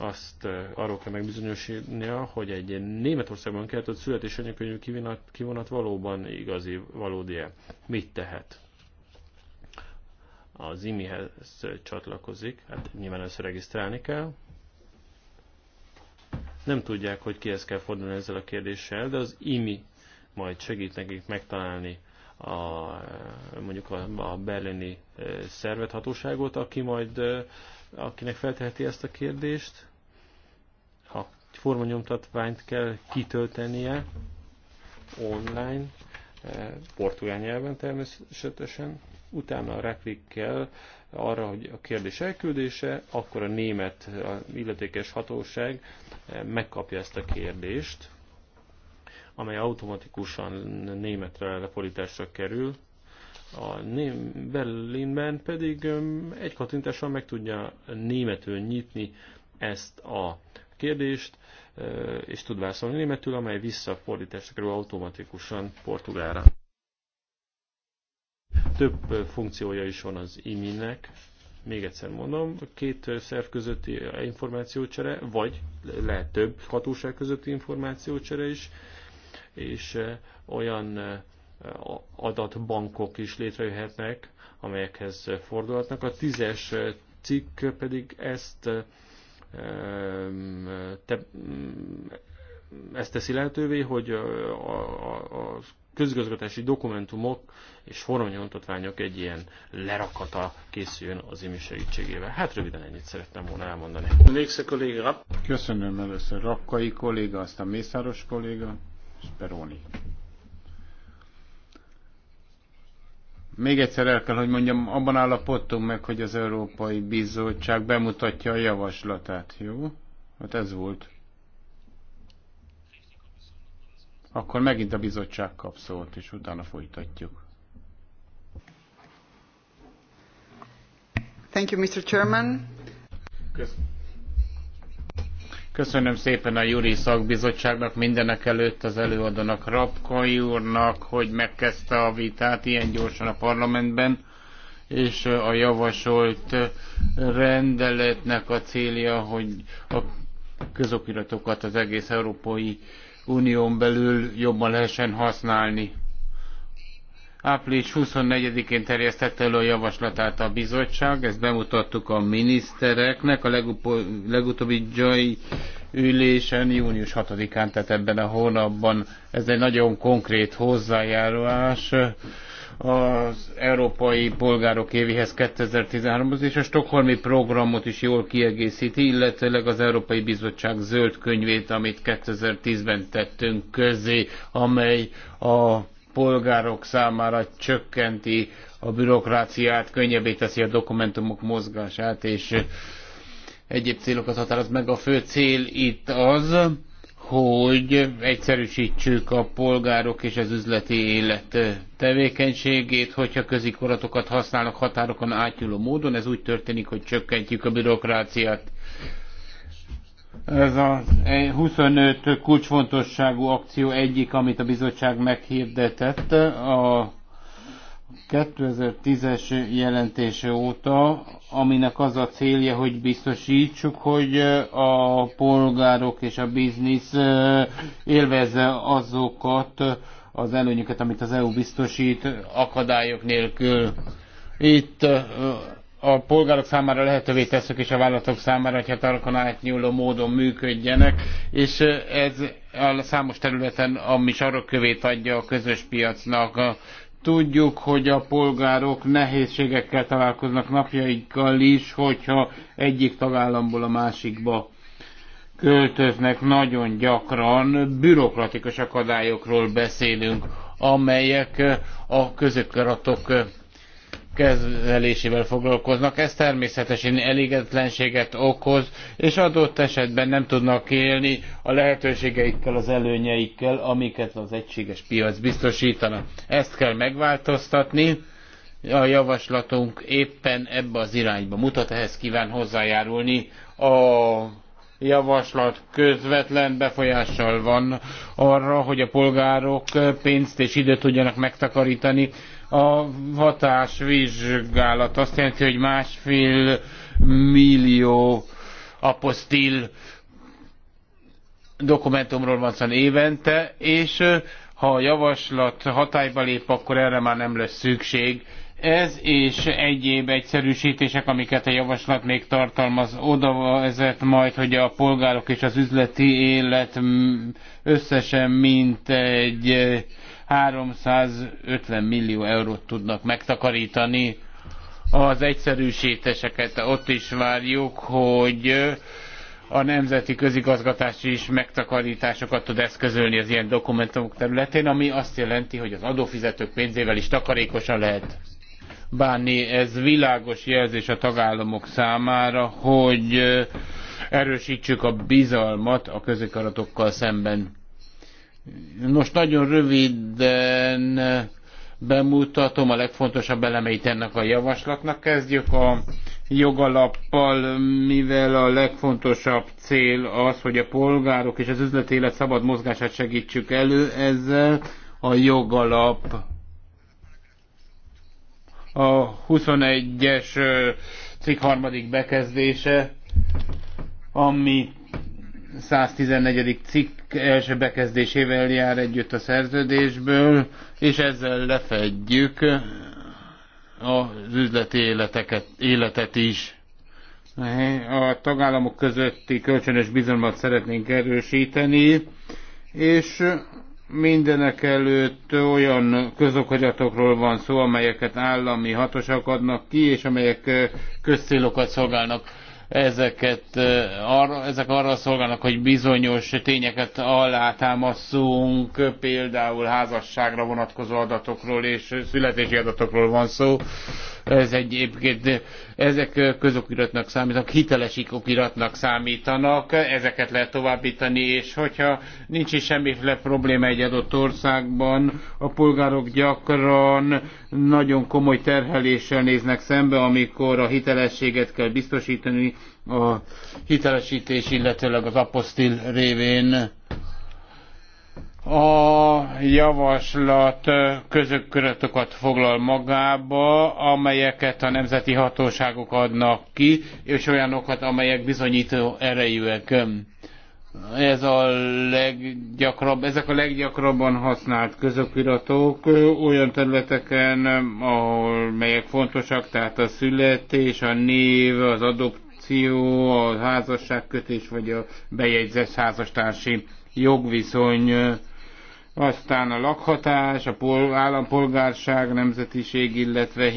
azt arról kell megbizonyosítania, hogy egy Németországban keltett születésanyakönyvű kivonat, kivonat valóban igazi, valódi-e. Mit tehet? Az imihez csatlakozik, hát nyilván ezt regisztrálni kell. Nem tudják, hogy kihez kell fordulni ezzel a kérdéssel, de az imi majd segít nekik megtalálni a, mondjuk a, a berlini szervet hatóságot, aki majd akinek felteheti ezt a kérdést, formanyomtatványt kell kitöltenie online, eh, portugál nyelven természetesen, utána a kell arra, hogy a kérdés elküldése, akkor a német a illetékes hatóság eh, megkapja ezt a kérdést, amely automatikusan németre lefordításra kerül. A ném Berlinben pedig egy kattintással meg tudja németül nyitni ezt a kérdést, és tud válaszolni németül, amely visszafordításra kerül automatikusan portugálra. Több funkciója is van az iminek, még egyszer mondom, két szerv közötti információcsere, vagy lehet több hatóság közötti információcsere is, és olyan adatbankok is létrejöhetnek, amelyekhez fordulhatnak. A tízes cikk pedig ezt te, mm, ezt teszi lehetővé, hogy a, a, a közigazgatási dokumentumok és formanyomtatványok egy ilyen lerakata készüljön az imi segítségével. Hát röviden ennyit szerettem volna elmondani. kolléga. Köszönöm először Rakkai kolléga, aztán Mészáros kolléga, és Peróni. Még egyszer el kell, hogy mondjam, abban állapodtunk meg, hogy az Európai Bizottság bemutatja a javaslatát, jó? Hát ez volt. Akkor megint a bizottság kap szót, és utána folytatjuk. Thank you, Mr. Chairman. Köszönöm. Köszönöm szépen a Juri Szakbizottságnak, mindenek előtt az előadónak, Rapkai úrnak, hogy megkezdte a vitát ilyen gyorsan a parlamentben, és a javasolt rendeletnek a célja, hogy a közokiratokat az egész Európai Unión belül jobban lehessen használni Április 24-én terjesztette elő a javaslatát a bizottság, ezt bemutattuk a minisztereknek a legutóbbi Joy ülésen, június 6-án, tehát ebben a hónapban. Ez egy nagyon konkrét hozzájárulás az Európai Polgárok Évihez 2013-hoz, és a Stockholmi programot is jól kiegészíti, illetőleg az Európai Bizottság zöld könyvét, amit 2010-ben tettünk közé, amely a polgárok számára csökkenti a bürokráciát, könnyebbé teszi a dokumentumok mozgását, és egyéb célokat határoz meg. A fő cél itt az, hogy egyszerűsítsük a polgárok és az üzleti élet tevékenységét, hogyha közikoratokat használnak határokon átnyúló módon, ez úgy történik, hogy csökkentjük a bürokráciát. Ez a 25 kulcsfontosságú akció egyik, amit a bizottság meghirdetett a 2010-es jelentése óta, aminek az a célja, hogy biztosítsuk, hogy a polgárok és a biznisz élvezze azokat az előnyöket, amit az EU biztosít akadályok nélkül. Itt a polgárok számára lehetővé tesszük, és a vállalatok számára, hogy határokon hát átnyúló módon működjenek, és ez a számos területen, ami sarokkövét adja a közös piacnak. Tudjuk, hogy a polgárok nehézségekkel találkoznak napjaikkal is, hogyha egyik tagállamból a másikba költöznek nagyon gyakran, bürokratikus akadályokról beszélünk, amelyek a közökaratok kezelésével foglalkoznak. Ez természetesen elégedetlenséget okoz, és adott esetben nem tudnak élni a lehetőségeikkel, az előnyeikkel, amiket az egységes piac biztosítana. Ezt kell megváltoztatni. A javaslatunk éppen ebbe az irányba mutat, ehhez kíván hozzájárulni a javaslat közvetlen befolyással van arra, hogy a polgárok pénzt és időt tudjanak megtakarítani, a vizsgálat. azt jelenti, hogy másfél millió apostil dokumentumról van szó évente, és ha a javaslat hatályba lép, akkor erre már nem lesz szükség. Ez és egyéb egyszerűsítések, amiket a javaslat még tartalmaz, oda vezet majd, hogy a polgárok és az üzleti élet összesen mint egy 350 millió eurót tudnak megtakarítani. Az egyszerűsítéseket ott is várjuk, hogy a nemzeti közigazgatás is megtakarításokat tud eszközölni az ilyen dokumentumok területén, ami azt jelenti, hogy az adófizetők pénzével is takarékosan lehet bánni. Ez világos jelzés a tagállamok számára, hogy erősítsük a bizalmat a közigazgatókkal szemben. Nos, nagyon röviden eh, bemutatom a legfontosabb elemeit ennek a javaslatnak. Kezdjük a jogalappal, mivel a legfontosabb cél az, hogy a polgárok és az üzleti élet szabad mozgását segítsük elő, ezzel a jogalap a 21-es eh, cikk harmadik bekezdése, amit 114. cikk első bekezdésével jár együtt a szerződésből, és ezzel lefedjük az üzleti életeket, életet is. A tagállamok közötti kölcsönös bizalmat szeretnénk erősíteni, és mindenek előtt olyan közokhagyatokról van szó, amelyeket állami hatosak adnak ki, és amelyek közszélokat szolgálnak ezeket arra, ezek arra szolgálnak, hogy bizonyos tényeket alátámaszunk, például házasságra vonatkozó adatokról és születési adatokról van szó, ez egyébként ezek közokiratnak számítanak, hitelesik okiratnak számítanak, ezeket lehet továbbítani, és hogyha nincs is semmiféle probléma egy adott országban, a polgárok gyakran nagyon komoly terheléssel néznek szembe, amikor a hitelességet kell biztosítani, a hitelesítés, illetőleg az apostil révén a javaslat közökörötökat foglal magába, amelyeket a nemzeti hatóságok adnak ki, és olyanokat, amelyek bizonyító erejűek. Ez a leggyakrabb, ezek a leggyakrabban használt közokiratok olyan területeken, ahol melyek fontosak, tehát a születés, a név, az adopció, a házasságkötés vagy a bejegyzett házastársi jogviszony aztán a lakhatás, a pol, állampolgárság, nemzetiség, illetve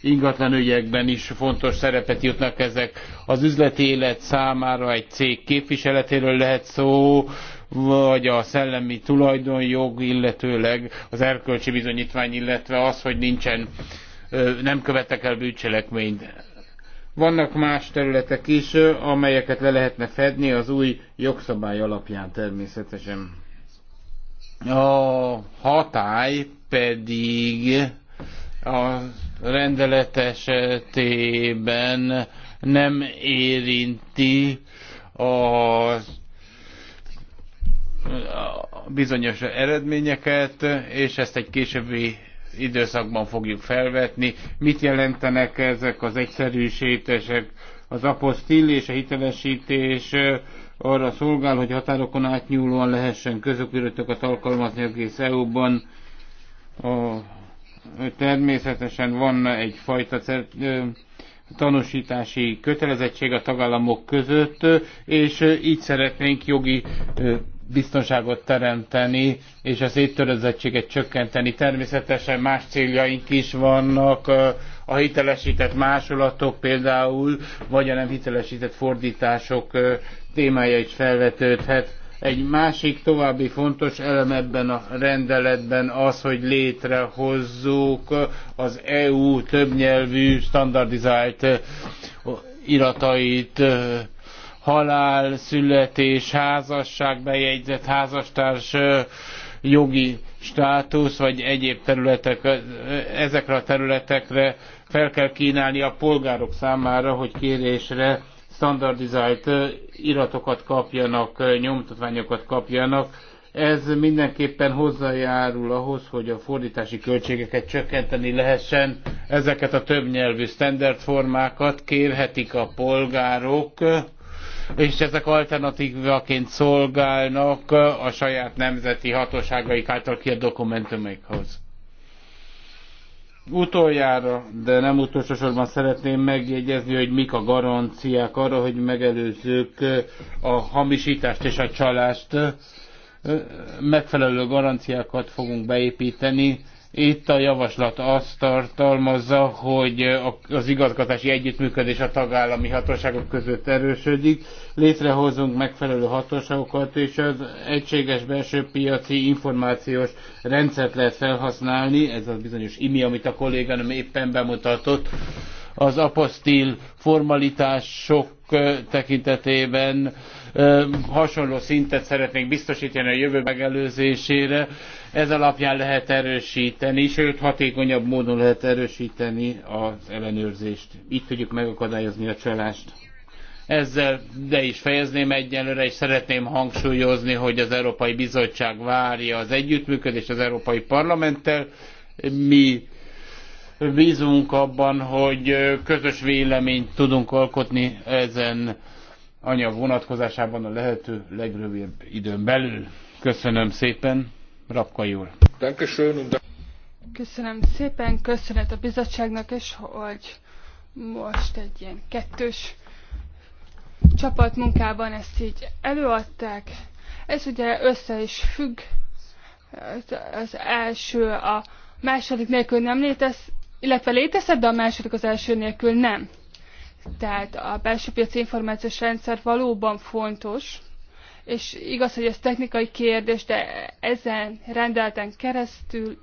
ingatlan ügyekben is fontos szerepet jutnak ezek. Az üzleti élet számára egy cég képviseletéről lehet szó, vagy a szellemi tulajdonjog, illetőleg az erkölcsi bizonyítvány, illetve az, hogy nincsen, nem követek el bűncselekményt. Vannak más területek is, amelyeket le lehetne fedni az új jogszabály alapján természetesen a hatály pedig a rendelet esetében nem érinti a bizonyos eredményeket, és ezt egy későbbi időszakban fogjuk felvetni. Mit jelentenek ezek az egyszerűsítések? Az apostil és a hitelesítés arra szolgál, hogy határokon átnyúlóan lehessen közokiratokat alkalmazni egész EU-ban. A, természetesen van egyfajta tanúsítási kötelezettség a tagállamok között, és így szeretnénk jogi biztonságot teremteni, és a széttörezettséget csökkenteni. Természetesen más céljaink is vannak, a hitelesített másolatok például, vagy a nem hitelesített fordítások témája is felvetődhet. Egy másik további fontos elem ebben a rendeletben az, hogy létrehozzuk az EU többnyelvű standardizált iratait halál, születés, házasság, bejegyzett házastárs jogi státusz, vagy egyéb területek, ezekre a területekre fel kell kínálni a polgárok számára, hogy kérésre standardizált iratokat kapjanak, nyomtatványokat kapjanak. Ez mindenképpen hozzájárul ahhoz, hogy a fordítási költségeket csökkenteni lehessen. Ezeket a többnyelvű standard formákat kérhetik a polgárok és ezek alternatívaként szolgálnak a saját nemzeti hatóságaik által kiadott dokumentumokhoz. Utoljára, de nem utolsó sorban szeretném megjegyezni, hogy mik a garanciák arra, hogy megelőzzük a hamisítást és a csalást. Megfelelő garanciákat fogunk beépíteni itt a javaslat azt tartalmazza, hogy az igazgatási együttműködés a tagállami hatóságok között erősödik, létrehozunk megfelelő hatóságokat, és az egységes belső piaci információs rendszert lehet felhasználni, ez az bizonyos imi, amit a kolléganom éppen bemutatott, az apostil formalitások tekintetében hasonló szintet szeretnénk biztosítani a jövő megelőzésére, ez alapján lehet erősíteni, sőt hatékonyabb módon lehet erősíteni az ellenőrzést. Így tudjuk megakadályozni a csalást. Ezzel de is fejezném egyenlőre, és szeretném hangsúlyozni, hogy az Európai Bizottság várja az együttműködést az Európai Parlamenttel. Mi bízunk abban, hogy közös véleményt tudunk alkotni ezen anyag vonatkozásában a lehető legrövidebb időn belül. Köszönöm szépen. Rapkai úr. Köszönöm szépen, köszönet a bizottságnak is, hogy most egy ilyen kettős csapatmunkában ezt így előadták. Ez ugye össze is függ, az első a második nélkül nem létez, illetve létezett, de a második az első nélkül nem. Tehát a belső piaci információs rendszer valóban fontos, és igaz, hogy ez technikai kérdés, de ezen rendelten keresztül,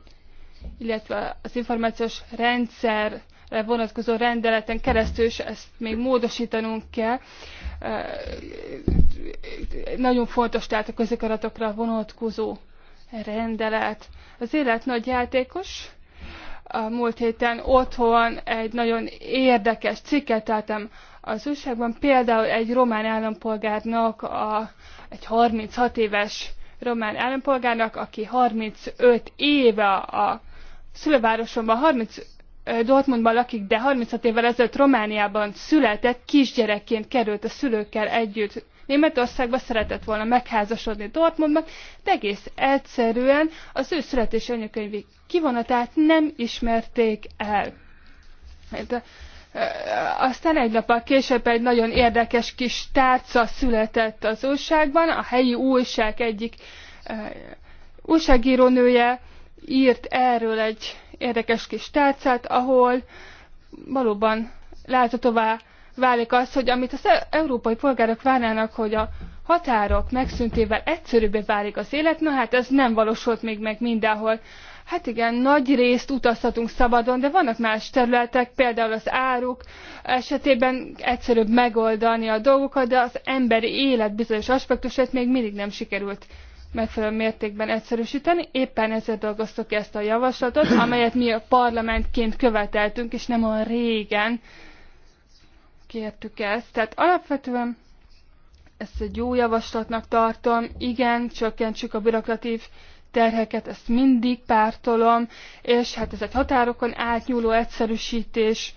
illetve az információs rendszerre vonatkozó rendeleten keresztül, és ezt még módosítanunk kell. Nagyon fontos tehát a közikaratokra vonatkozó rendelet. Az élet nagy játékos. A múlt héten otthon egy nagyon érdekes cikket álltam az újságban, például egy román állampolgárnak a, egy 36 éves román állampolgárnak, aki 35 éve a szülővárosomban, 30 Dortmundban lakik, de 36 évvel ezelőtt Romániában született, kisgyerekként került a szülőkkel együtt Németországba, szeretett volna megházasodni Dortmundban, de egész egyszerűen az ő születési anyakönyvi kivonatát nem ismerték el. Hát, aztán egy nappal később egy nagyon érdekes kis tárca született az újságban, a helyi újság egyik újságírónője írt erről egy érdekes kis tárcát, ahol valóban láthatóvá válik az, hogy amit az e- európai polgárok várnának, hogy a határok megszüntével egyszerűbbé válik az élet, na hát ez nem valósult még meg mindenhol. Hát igen, nagy részt utazhatunk szabadon, de vannak más területek, például az áruk esetében egyszerűbb megoldani a dolgokat, de az emberi élet bizonyos aspektusát még mindig nem sikerült megfelelő mértékben egyszerűsíteni. Éppen ezért dolgoztuk ki ezt a javaslatot, amelyet mi a parlamentként követeltünk, és nem olyan régen kértük ezt. Tehát alapvetően ezt egy jó javaslatnak tartom. Igen, csökkentsük a bürokratív terheket, ezt mindig pártolom, és hát ez egy határokon átnyúló egyszerűsítés,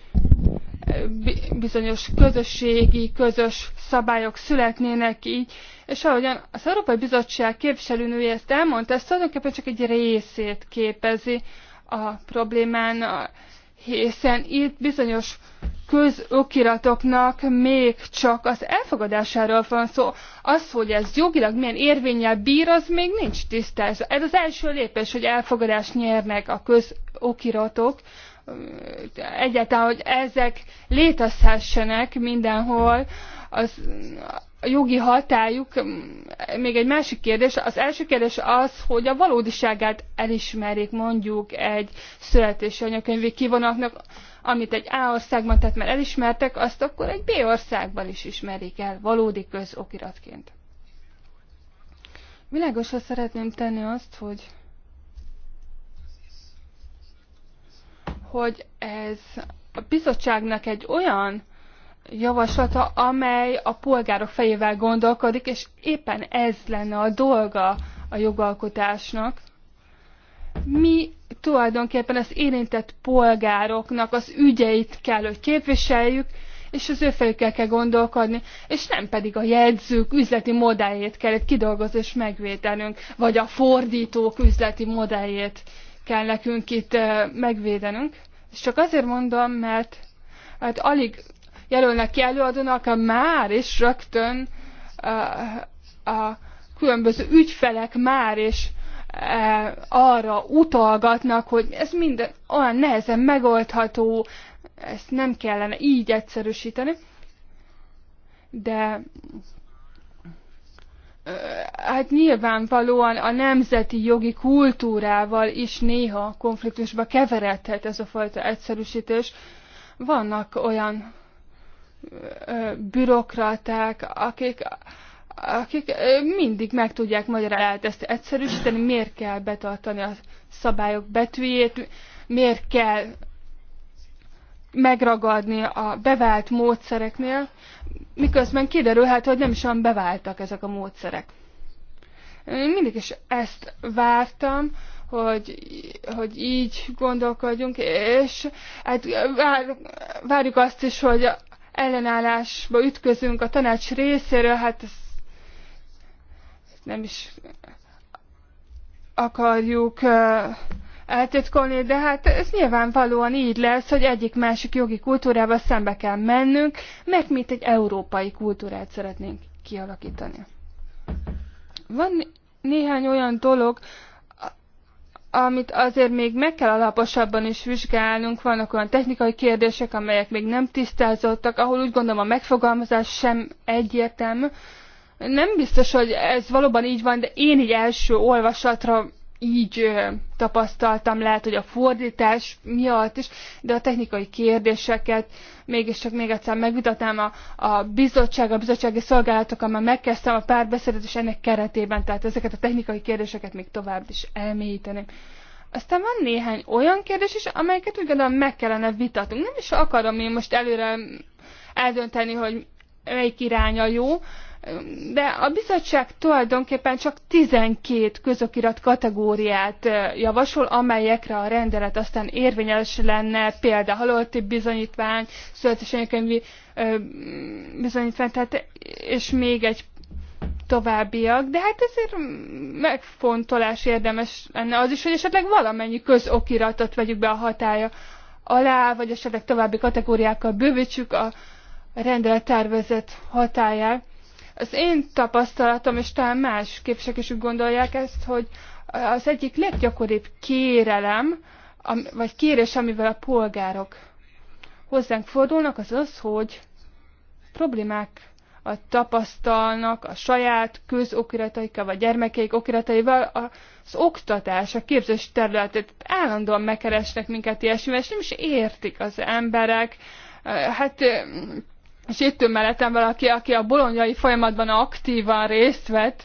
bizonyos közösségi, közös szabályok születnének így, és ahogyan az Európai Bizottság képviselőnője ezt elmondta, ez tulajdonképpen csak egy részét képezi a problémának, hiszen itt bizonyos közokiratoknak még csak az elfogadásáról van szó. Az, hogy ez jogilag milyen érvényel bír, az még nincs tisztázva. Ez az első lépés, hogy elfogadást nyernek a közokiratok, egyáltalán, hogy ezek létezhessenek mindenhol, az, jogi hatájuk, mm, még egy másik kérdés. Az első kérdés az, hogy a valódiságát elismerik, mondjuk egy születési anyakönyvi kivonatnak, amit egy A országban, tehát már elismertek, azt akkor egy B országban is ismerik el valódi közokiratként. Világosra szeretném tenni azt, hogy hogy ez a bizottságnak egy olyan javaslata, amely a polgárok fejével gondolkodik, és éppen ez lenne a dolga a jogalkotásnak. Mi tulajdonképpen az érintett polgároknak az ügyeit kell, hogy képviseljük, és az ő fejükkel kell gondolkodni, és nem pedig a jegyzők üzleti modelljét kell itt kidolgozni és megvédenünk, vagy a fordítók üzleti modelljét kell nekünk itt eh, megvédenünk. És csak azért mondom, mert hát alig jelölnek ki előadónak, már és rögtön a, a különböző ügyfelek már és arra utalgatnak, hogy ez minden olyan nehezen megoldható, ezt nem kellene így egyszerűsíteni. De hát nyilvánvalóan a nemzeti jogi kultúrával is néha konfliktusba keveredhet ez a fajta egyszerűsítés. Vannak olyan bürokraták, akik, akik mindig meg tudják magyarázni ezt egyszerűsíteni, miért kell betartani a szabályok betűjét, miért kell megragadni a bevált módszereknél, miközben kiderülhet, hogy nem is olyan beváltak ezek a módszerek. Én mindig is ezt vártam, hogy, hogy így gondolkodjunk, és hát vár, várjuk azt is, hogy ellenállásba ütközünk a tanács részéről, hát ez nem is akarjuk eltitkolni, de hát ez nyilvánvalóan így lesz, hogy egyik-másik jogi kultúrával szembe kell mennünk, mert mint egy európai kultúrát szeretnénk kialakítani. Van néhány olyan dolog, amit azért még meg kell alaposabban is vizsgálnunk, vannak olyan technikai kérdések, amelyek még nem tisztázottak, ahol úgy gondolom a megfogalmazás sem egyértelmű. Nem biztos, hogy ez valóban így van, de én így első olvasatra így tapasztaltam, lehet, hogy a fordítás miatt is, de a technikai kérdéseket mégiscsak még egyszer megvitatnám a, a bizottság, a bizottsági szolgálatok, amely megkezdtem a párbeszédet, és ennek keretében, tehát ezeket a technikai kérdéseket még tovább is elmélyíteném. Aztán van néhány olyan kérdés is, amelyeket úgy gondolom meg kellene vitatnunk. Nem is akarom én most előre eldönteni, hogy melyik a jó, de a bizottság tulajdonképpen csak 12 közokirat kategóriát javasol, amelyekre a rendelet aztán érvényes lenne, például halotti bizonyítvány, születésenyekönyvi bizonyítvány, tehát, és még egy továbbiak, de hát ezért megfontolás érdemes lenne az is, hogy esetleg valamennyi közokiratot vegyük be a hatája alá, vagy esetleg további kategóriákkal bővítsük a rendelet tervezett hatáját az én tapasztalatom, és talán más képsek is úgy gondolják ezt, hogy az egyik leggyakoribb kérelem, vagy kérés, amivel a polgárok hozzánk fordulnak, az az, hogy problémák a tapasztalnak a saját közokirataikkal, vagy gyermekeik okirataival az oktatás, a képzés területét. Állandóan megkeresnek minket ilyesmivel, és nem is értik az emberek. Hát és itt ül mellettem valaki, aki a bolonyai folyamatban aktívan részt vett,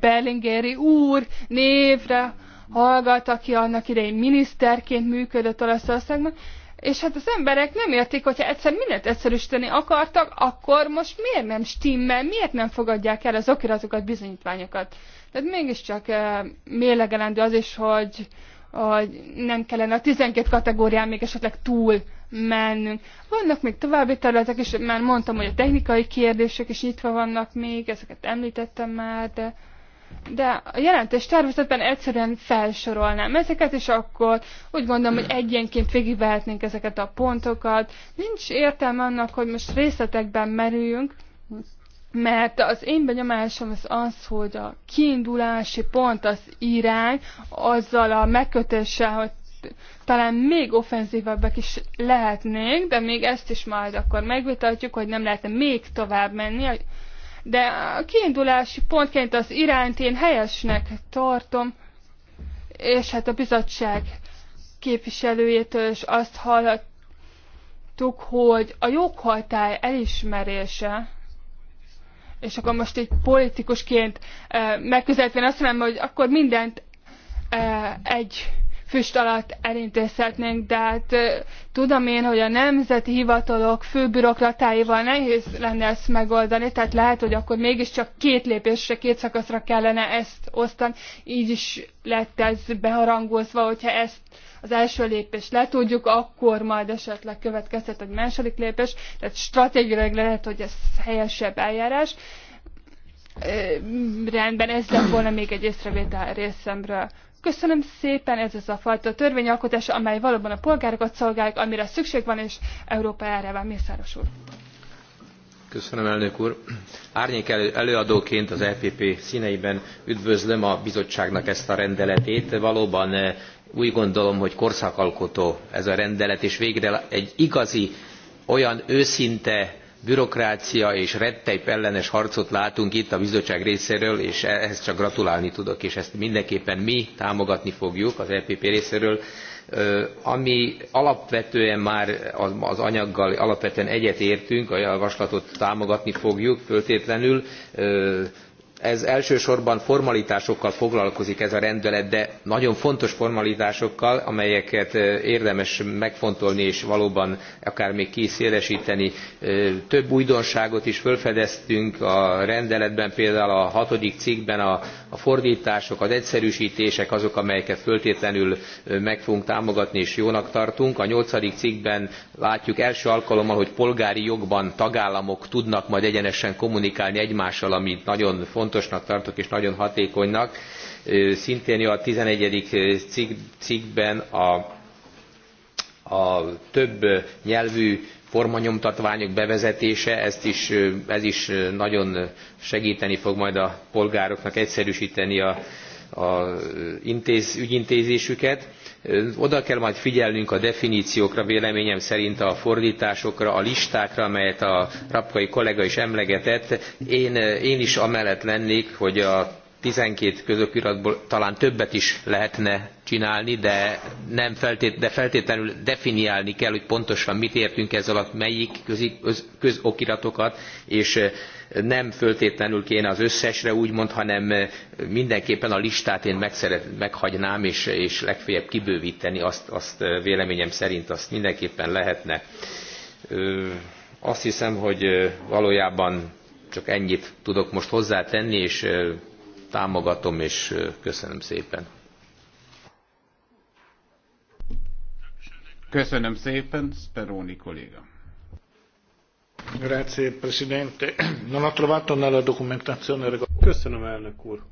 Berlingeri úr névre hallgat, aki annak idején miniszterként működött Olaszországban, és hát az emberek nem értik, hogyha egyszer mindent egyszerűsíteni akartak, akkor most miért nem stimmel, miért nem fogadják el az okiratokat, bizonyítványokat. Tehát mégiscsak mélegelendő az is, hogy, hogy nem kellene a 12 kategórián még esetleg túl mennünk. Vannak még további területek, és már mondtam, hogy a technikai kérdések is nyitva vannak még, ezeket említettem már, de, de a jelentés tervezetben egyszerűen felsorolnám ezeket, és akkor úgy gondolom, hogy egyenként végigvehetnénk ezeket a pontokat. Nincs értelme annak, hogy most részletekben merüljünk, mert az én benyomásom az az, hogy a kiindulási pont, az irány, azzal a megkötéssel, hogy talán még offenzívabbak is lehetnék, de még ezt is majd akkor megvitatjuk, hogy nem lehetne még tovább menni. De a kiindulási pontként az irányt én helyesnek tartom, és hát a bizottság képviselőjétől is azt hallhattuk, hogy a joghajtály elismerése, és akkor most egy politikusként eh, megközelítve azt mondom, hogy akkor mindent eh, egy füst alatt elintézhetnénk, de hát tudom én, hogy a nemzeti hivatalok főbürokratáival nehéz lenne ezt megoldani, tehát lehet, hogy akkor mégiscsak két lépésre, két szakaszra kellene ezt osztani, így is lett ez beharangozva, hogyha ezt az első lépést letudjuk, akkor majd esetleg következhet egy második lépés, tehát stratégiailag lehet, hogy ez helyesebb eljárás. Rendben, ez lett volna még egy észrevétel részemről. Köszönöm szépen, ez az a fajta törvényalkotás, amely valóban a polgárokat szolgálja, amire szükség van, és Európa erre van. Mészáros úr. Köszönöm, elnök úr. Árnyék elő, előadóként az EPP színeiben üdvözlöm a bizottságnak ezt a rendeletét. Valóban eh, úgy gondolom, hogy korszakalkotó ez a rendelet, és végre egy igazi, olyan őszinte bürokrácia és redtape ellenes harcot látunk itt a bizottság részéről, és ehhez csak gratulálni tudok, és ezt mindenképpen mi támogatni fogjuk az EPP részéről, ami alapvetően már az anyaggal alapvetően egyetértünk, a javaslatot támogatni fogjuk föltétlenül, ez elsősorban formalitásokkal foglalkozik ez a rendelet de nagyon fontos formalitásokkal amelyeket érdemes megfontolni és valóban akár még ki is szélesteni. több újdonságot is fölfedeztünk a rendeletben például a hatodik cikkben a, a fordtások az egyszerűstések azok amelyeket föltétlenül meg fogunk támogatni és jónak tartunk. a nyolcadik cikkben látjuk első alkalommal hogy polgári jogban tagállamok tudnak majd egyenesen kommunikálni egymással ami nagyon fontos fontosnak tartok és nagyon hatékonynak. Szintén a 11. Cikk, cikkben a, a több nyelvű formanyomtatványok bevezetése, ezt is, ez is nagyon segíteni fog majd a polgároknak egyszerűsíteni a, a intéz, ügyintézésüket oda kell majd figyelnünk a definíciókra, véleményem szerint a fordításokra, a listákra, amelyet a rapkai kollega is emlegetett. Én, én is amellett lennék, hogy a 12 közokiratból talán többet is lehetne csinálni, de, nem feltét, de feltétlenül definiálni kell, hogy pontosan mit értünk ez alatt, melyik köz, közokiratokat, és nem föltétlenül kéne az összesre úgymond, hanem eh, mindenképpen a listát én megszeret, meghagynám, és, és legfeljebb kibővíteni, azt, azt eh, véleményem szerint azt mindenképpen lehetne. Azt hiszem, hogy eh, valójában csak ennyit tudok most hozzátenni, és támogatom, és köszönöm szépen. Köszönöm szépen, Speroni kolléga. Grazie, Presidente. Non ho trovato nella documentazione... Köszönöm, elnök úr.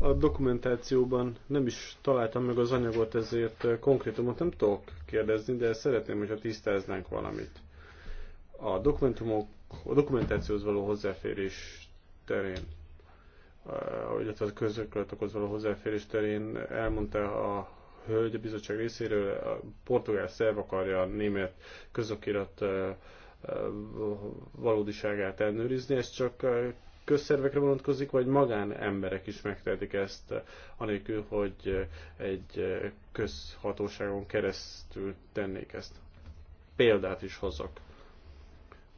a dokumentációban nem is találtam meg az anyagot, ezért konkrétumot nem tudok kérdezni, de szeretném, hogyha tisztáznánk valamit. A dokumentumok, a dokumentációhoz való hozzáférés terén, illetve a közökületokhoz való hozzáférés terén elmondta a hogy a bizottság részéről a portugál szerv akarja a német közokirat valódiságát ellenőrizni, ez csak közszervekre vonatkozik, vagy magán emberek is megtehetik ezt, anélkül, hogy egy közhatóságon keresztül tennék ezt. Példát is hozok.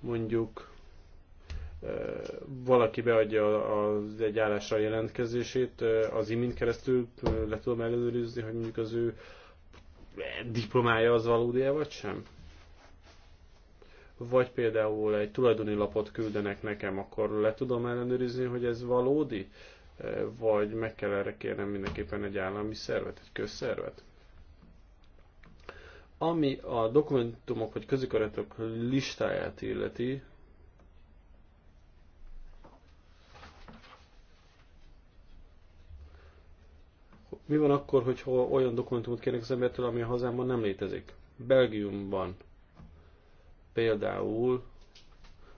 Mondjuk valaki beadja az egy állásra jelentkezését, az imin keresztül le tudom előrizni, hogy mondjuk az ő diplomája az valódi-e vagy sem? Vagy például egy tulajdoni lapot küldenek nekem, akkor le tudom ellenőrizni, hogy ez valódi? Vagy meg kell erre kérnem mindenképpen egy állami szervet, egy közszervet? Ami a dokumentumok vagy közikaratok listáját illeti, Mi van akkor, hogyha olyan dokumentumot kérnek az embertől, ami a hazámban nem létezik? Belgiumban például,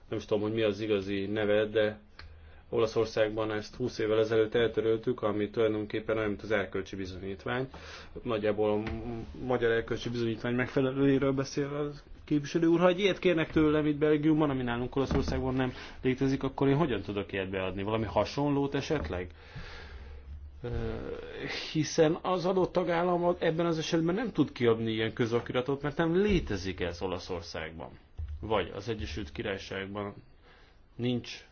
nem is tudom, hogy mi az igazi neve, de Olaszországban ezt 20 évvel ezelőtt eltöröltük, ami tulajdonképpen olyan, mint az erkölcsi bizonyítvány. Nagyjából a magyar erkölcsi bizonyítvány megfelelőjéről beszél az képviselő úr. Ha egy ilyet kérnek tőlem itt Belgiumban, ami nálunk Olaszországban nem létezik, akkor én hogyan tudok ilyet beadni? Valami hasonlót esetleg? hiszen az adott tagállam ebben az esetben nem tud kiadni ilyen közokiratot, mert nem létezik ez Olaszországban. Vagy az Egyesült Királyságban nincs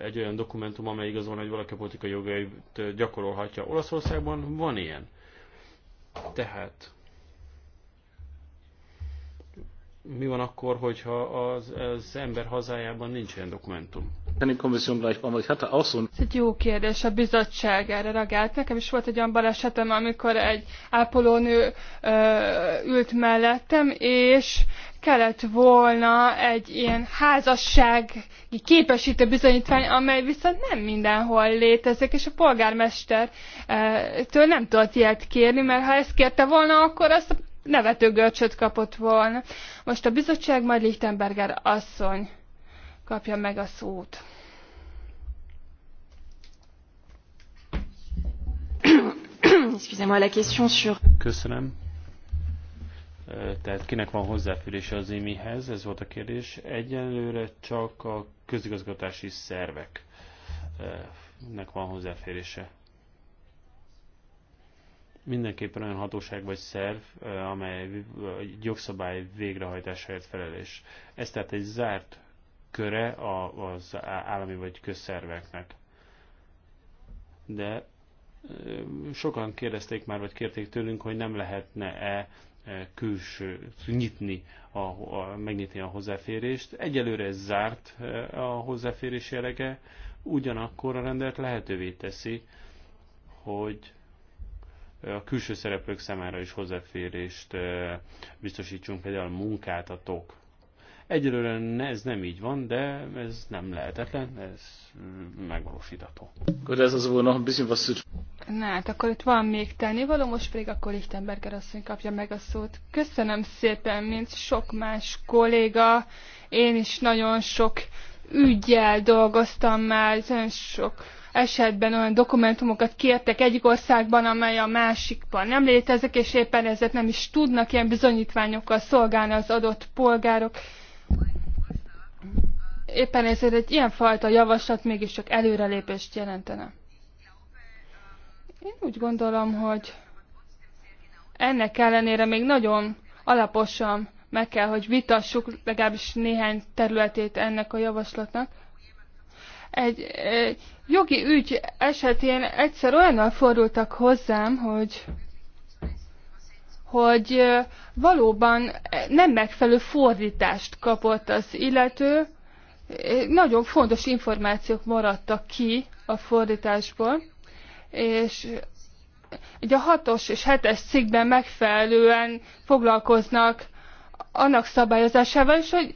egy olyan dokumentum, amely igazolna, hogy valaki politikai jogait gyakorolhatja. Olaszországban van ilyen. Tehát mi van akkor, hogyha az, az ember hazájában nincs ilyen dokumentum? Ez egy jó kérdés, a bizottság erre reagált. Nekem is volt egy olyan balesetem, amikor egy ápolónő ö, ült mellettem, és kellett volna egy ilyen házassági képesítő bizonyítvány, amely viszont nem mindenhol létezik, és a polgármester től nem tudott ilyet kérni, mert ha ezt kérte volna, akkor azt Nevető görcsöt kapott volna. Most a bizottság, majd Lichtenberger asszony kapja meg a szót. Köszönöm. Tehát kinek van hozzáférése az imihez? Ez volt a kérdés. Egyenlőre csak a közigazgatási szerveknek van hozzáférése mindenképpen olyan hatóság vagy szerv, amely jogszabály végrehajtásáért felelős. Ez tehát egy zárt köre az állami vagy közszerveknek. De sokan kérdezték már, vagy kérték tőlünk, hogy nem lehetne-e külső, nyitni, a, a, megnyitni a hozzáférést. Egyelőre ez zárt a hozzáférés jelege, ugyanakkor a rendelet lehetővé teszi, hogy a külső szereplők számára is hozzáférést biztosítsunk, például munkáltatók. Egyelőre ez nem így van, de ez nem lehetetlen, ez megvalósítható. Akkor ez az volna, bizony vasszút. Na hát akkor itt van még tennivaló, most pedig akkor Lichtenberger asszony kapja meg a szót. Köszönöm szépen, mint sok más kolléga, én is nagyon sok ügyjel dolgoztam már, nagyon sok esetben olyan dokumentumokat kértek egyik országban, amely a másikban nem létezik, és éppen ezért nem is tudnak ilyen bizonyítványokkal szolgálni az adott polgárok. Éppen ezért egy ilyenfajta javaslat mégiscsak előrelépést jelentene. Én úgy gondolom, hogy ennek ellenére még nagyon alaposan meg kell, hogy vitassuk legalábbis néhány területét ennek a javaslatnak egy, egy jogi ügy esetén egyszer olyannal fordultak hozzám, hogy hogy valóban nem megfelelő fordítást kapott az illető, nagyon fontos információk maradtak ki a fordításból, és ugye a hatos és hetes cikkben megfelelően foglalkoznak annak szabályozásával és hogy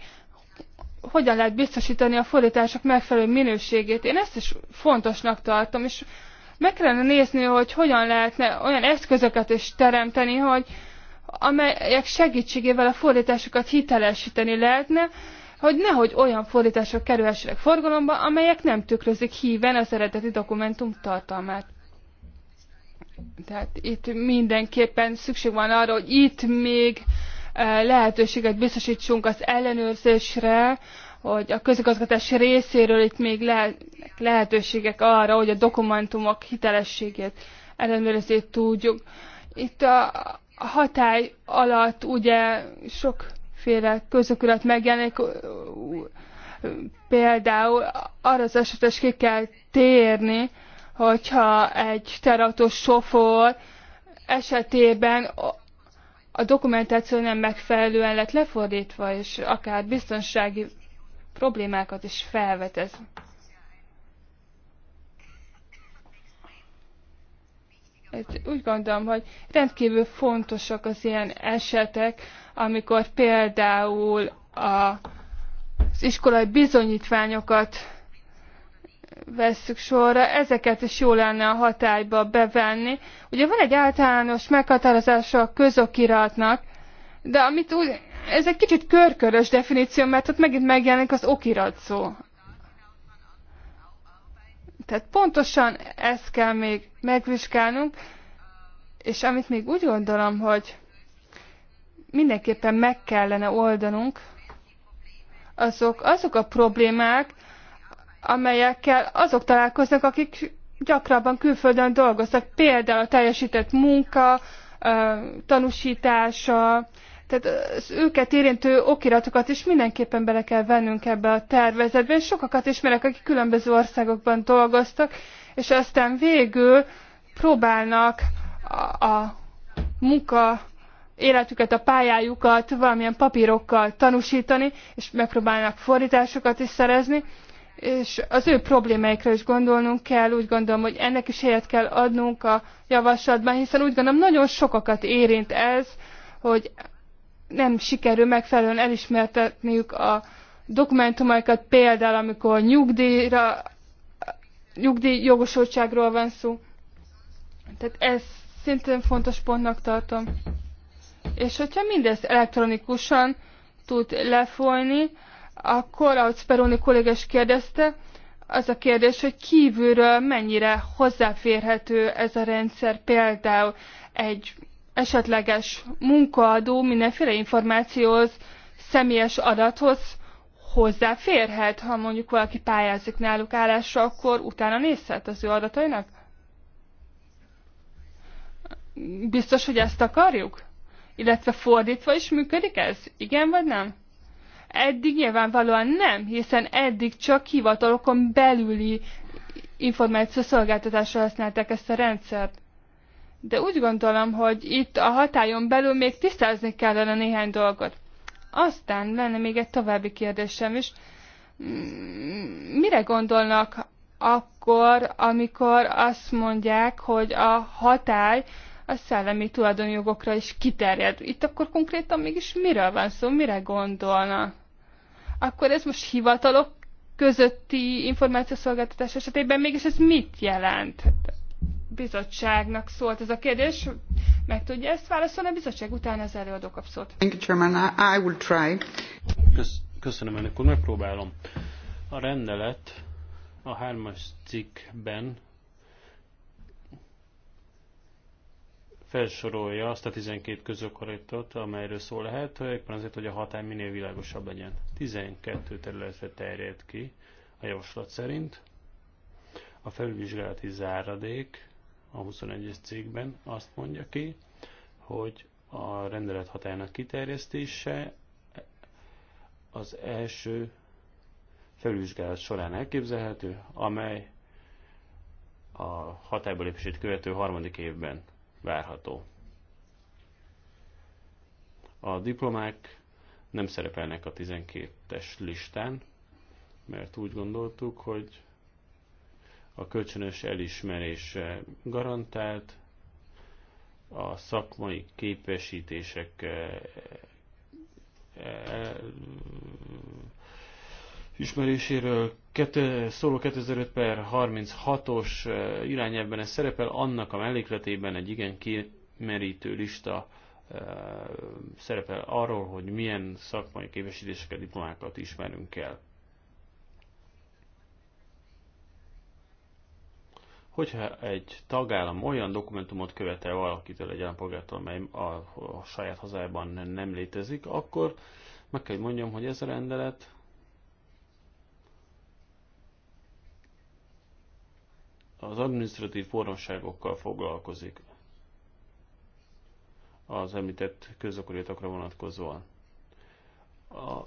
hogyan lehet biztosítani a fordítások megfelelő minőségét. Én ezt is fontosnak tartom, és meg kellene nézni, hogy hogyan lehetne olyan eszközöket is teremteni, hogy amelyek segítségével a fordításokat hitelesíteni lehetne, hogy nehogy olyan fordítások kerülhessenek forgalomba, amelyek nem tükrözik híven az eredeti dokumentum tartalmát. Tehát itt mindenképpen szükség van arra, hogy itt még lehetőséget biztosítsunk az ellenőrzésre, hogy a közigazgatás részéről itt még le, lehetőségek arra, hogy a dokumentumok hitelességét ellenőrizni tudjuk. Itt a hatály alatt ugye sokféle közökület megjelenik, például arra az esetre is ki kell térni, hogyha egy terautós sofőr esetében a dokumentáció nem megfelelően lett lefordítva, és akár biztonsági problémákat is felvetez. úgy gondolom, hogy rendkívül fontosak az ilyen esetek, amikor például a, az iskolai bizonyítványokat vesszük sorra, ezeket is jó lenne a hatályba bevenni. Ugye van egy általános meghatározása a közokiratnak, de amit úgy, ez egy kicsit körkörös definíció, mert ott megint megjelenik az okirat szó. Tehát pontosan ezt kell még megvizsgálnunk, és amit még úgy gondolom, hogy mindenképpen meg kellene oldanunk, azok, azok a problémák, amelyekkel azok találkoznak, akik gyakrabban külföldön dolgoztak. Például a teljesített munka, tanúsítása, tehát az őket érintő okiratokat is mindenképpen bele kell vennünk ebbe a tervezetbe. Én sokakat ismerek, akik különböző országokban dolgoztak, és aztán végül próbálnak a, a munka életüket, a pályájukat valamilyen papírokkal tanúsítani, és megpróbálnak fordításokat is szerezni, és az ő problémáikra is gondolnunk kell, úgy gondolom, hogy ennek is helyet kell adnunk a javaslatban, hiszen úgy gondolom nagyon sokakat érint ez, hogy nem sikerül megfelelően elismertetniük a dokumentumaikat, például amikor nyugdíjra, nyugdíj jogosultságról van szó. Tehát ez szintén fontos pontnak tartom. És hogyha mindezt elektronikusan tud lefolni, akkor, ahogy Speroni kolléga is kérdezte, az a kérdés, hogy kívülről mennyire hozzáférhető ez a rendszer például egy esetleges munkaadó mindenféle információhoz, személyes adathoz hozzáférhet, ha mondjuk valaki pályázik náluk állásra, akkor utána nézhet az ő adatainak? Biztos, hogy ezt akarjuk? Illetve fordítva is működik ez? Igen vagy nem? Eddig nyilvánvalóan nem, hiszen eddig csak hivatalokon belüli információszolgáltatásra használták ezt a rendszert. De úgy gondolom, hogy itt a hatályon belül még tisztázni kellene néhány dolgot. Aztán lenne még egy további kérdésem is. Mm, mire gondolnak akkor, amikor azt mondják, hogy a hatály a szellemi tulajdonjogokra is kiterjed. Itt akkor konkrétan mégis miről van szó, mire gondolna? akkor ez most hivatalok közötti információszolgáltatás esetében mégis ez mit jelent? Bizottságnak szólt ez a kérdés. Meg tudja ezt válaszolni a bizottság után az előadó kapszót. Köszönöm ennek, akkor megpróbálom. A rendelet a hármas cikkben felsorolja azt a 12 közokaratot, amelyről szó lehet, éppen azért, hogy a hatály minél világosabb legyen. 12 területre terjed ki a javaslat szerint. A felülvizsgálati záradék a 21-es cégben azt mondja ki, hogy a rendelet hatájának kiterjesztése az első felülvizsgálat során elképzelhető, amely a hatályba lépését követő harmadik évben várható. A diplomák nem szerepelnek a 12-es listán, mert úgy gondoltuk, hogy a kölcsönös elismerés garantált, a szakmai képesítések eh, eh, ismeréséről szóló 2005 per 36-os irányelvben ez szerepel, annak a mellékletében egy igen kimerítő lista szerepel arról, hogy milyen szakmai képesítéseket, diplomákat ismerünk el. Hogyha egy tagállam olyan dokumentumot követel valakitől, egy állampolgártól, amely a, a saját hazájában nem létezik, akkor meg kell mondjam, hogy ez a rendelet az administratív forronságokkal foglalkozik az említett közokorítakra vonatkozóan. A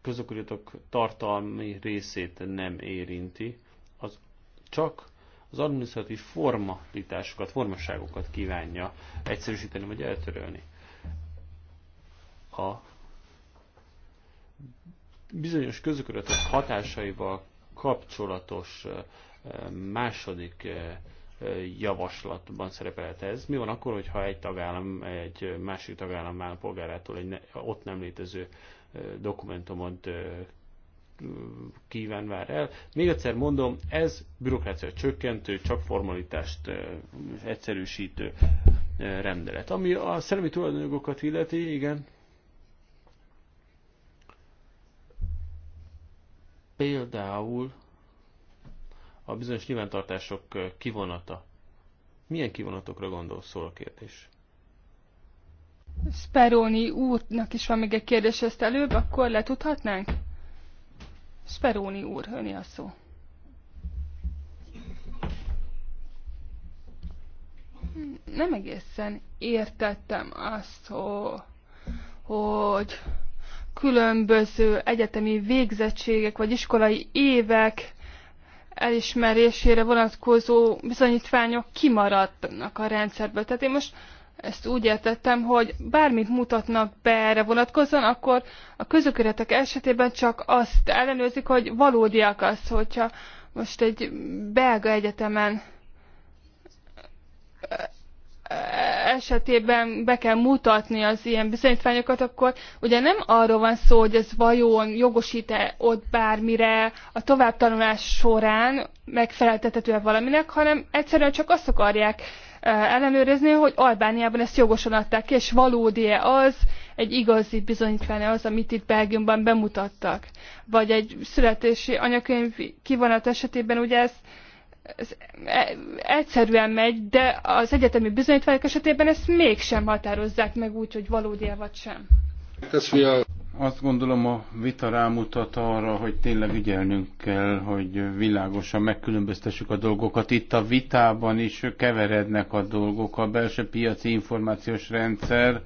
közokorítok tartalmi részét nem érinti, az csak az administratív formalitásokat, formaságokat kívánja egyszerűsíteni vagy eltörölni. A bizonyos közökörötök hatásaival kapcsolatos második javaslatban szerepelt ez. Mi van akkor, hogyha egy tagállam, egy másik tagállam állampolgárától egy ne, ott nem létező dokumentumot kíván vár el. Még egyszer mondom, ez bürokrácia csökkentő, csak formalitást egyszerűsítő rendelet. Ami a szellemi tulajdonjogokat illeti, igen, Például a bizonyos nyilvántartások kivonata. Milyen kivonatokra gondolsz, szól a kérdés? Speroni úrnak is van még egy kérdés ezt előbb, akkor letudhatnánk? Speroni úr, öné a szó. Nem egészen értettem azt, hogy különböző egyetemi végzettségek vagy iskolai évek elismerésére vonatkozó bizonyítványok kimaradnak a rendszerből. Tehát én most ezt úgy értettem, hogy bármit mutatnak be erre vonatkozóan, akkor a közökéretek esetében csak azt ellenőrzik, hogy valódiak az, hogyha most egy belga egyetemen esetében be kell mutatni az ilyen bizonyítványokat, akkor ugye nem arról van szó, hogy ez vajon jogosít-e ott bármire a továbbtanulás során megfeleltethető-e valaminek, hanem egyszerűen csak azt akarják e, ellenőrizni, hogy Albániában ezt jogosan adták ki, és valódi-e az, egy igazi bizonyítványa az, amit itt Belgiumban bemutattak. Vagy egy születési anyakönyv kivonat esetében ugye ezt E, egyszerűen megy, de az egyetemi bizonyítványok esetében ezt mégsem határozzák meg úgy, hogy valódi vagy sem. Azt gondolom a vita rámutat arra, hogy tényleg ügyelnünk kell, hogy világosan megkülönböztessük a dolgokat. Itt a vitában is keverednek a dolgok, a belső piaci információs rendszer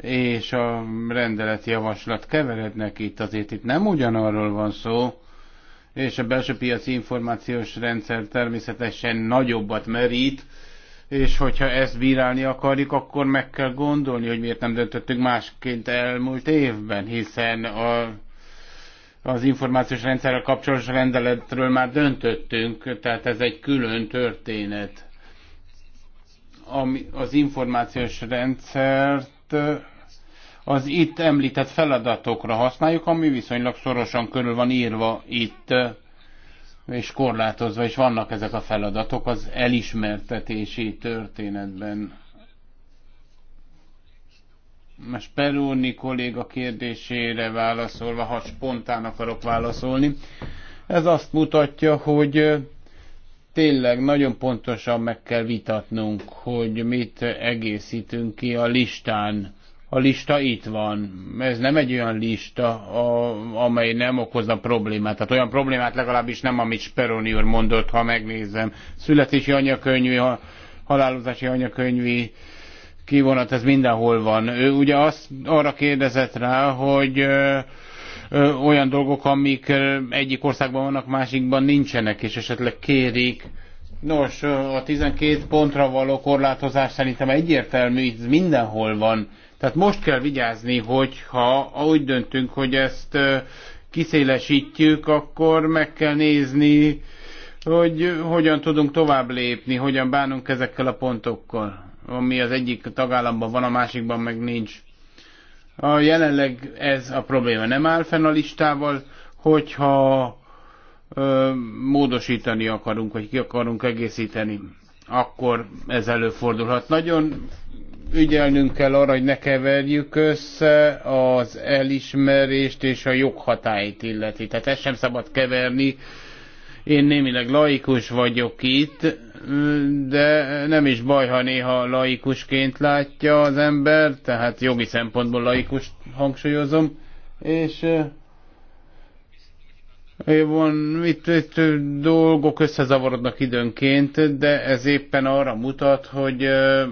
és a rendeletjavaslat keverednek itt. Azért itt nem ugyanarról van szó, és a belső piaci információs rendszer természetesen nagyobbat merít, és hogyha ezt bírálni akarjuk, akkor meg kell gondolni, hogy miért nem döntöttünk másként elmúlt évben, hiszen a, az információs rendszerrel kapcsolatos rendeletről már döntöttünk, tehát ez egy külön történet. Ami, az információs rendszert az itt említett feladatokra használjuk, ami viszonylag szorosan körül van írva itt, és korlátozva, és vannak ezek a feladatok az elismertetési történetben. Most Perúni kolléga kérdésére válaszolva, ha spontán akarok válaszolni, ez azt mutatja, hogy tényleg nagyon pontosan meg kell vitatnunk, hogy mit egészítünk ki a listán a lista itt van. Ez nem egy olyan lista, a, amely nem okozna problémát. Tehát olyan problémát legalábbis nem, amit Speroni úr mondott, ha megnézem. Születési anyakönyvi, halálozási anyakönyvi kivonat, ez mindenhol van. Ő ugye azt arra kérdezett rá, hogy ö, ö, olyan dolgok, amik egyik országban vannak, másikban nincsenek, és esetleg kérik. Nos, a 12 pontra való korlátozás szerintem egyértelmű, ez mindenhol van tehát most kell vigyázni, hogyha úgy döntünk, hogy ezt kiszélesítjük, akkor meg kell nézni, hogy hogyan tudunk tovább lépni, hogyan bánunk ezekkel a pontokkal, ami az egyik tagállamban van, a másikban meg nincs. A jelenleg ez a probléma nem áll fenn a listával, hogyha ö, módosítani akarunk, vagy ki akarunk egészíteni, akkor ez előfordulhat. Nagyon ügyelnünk kell arra, hogy ne keverjük össze az elismerést és a joghatályt illeti. Tehát ezt sem szabad keverni. Én némileg laikus vagyok itt, de nem is baj, ha néha laikusként látja az ember, tehát jogi szempontból laikus hangsúlyozom, és van, itt, itt dolgok összezavarodnak időnként, de ez éppen arra mutat, hogy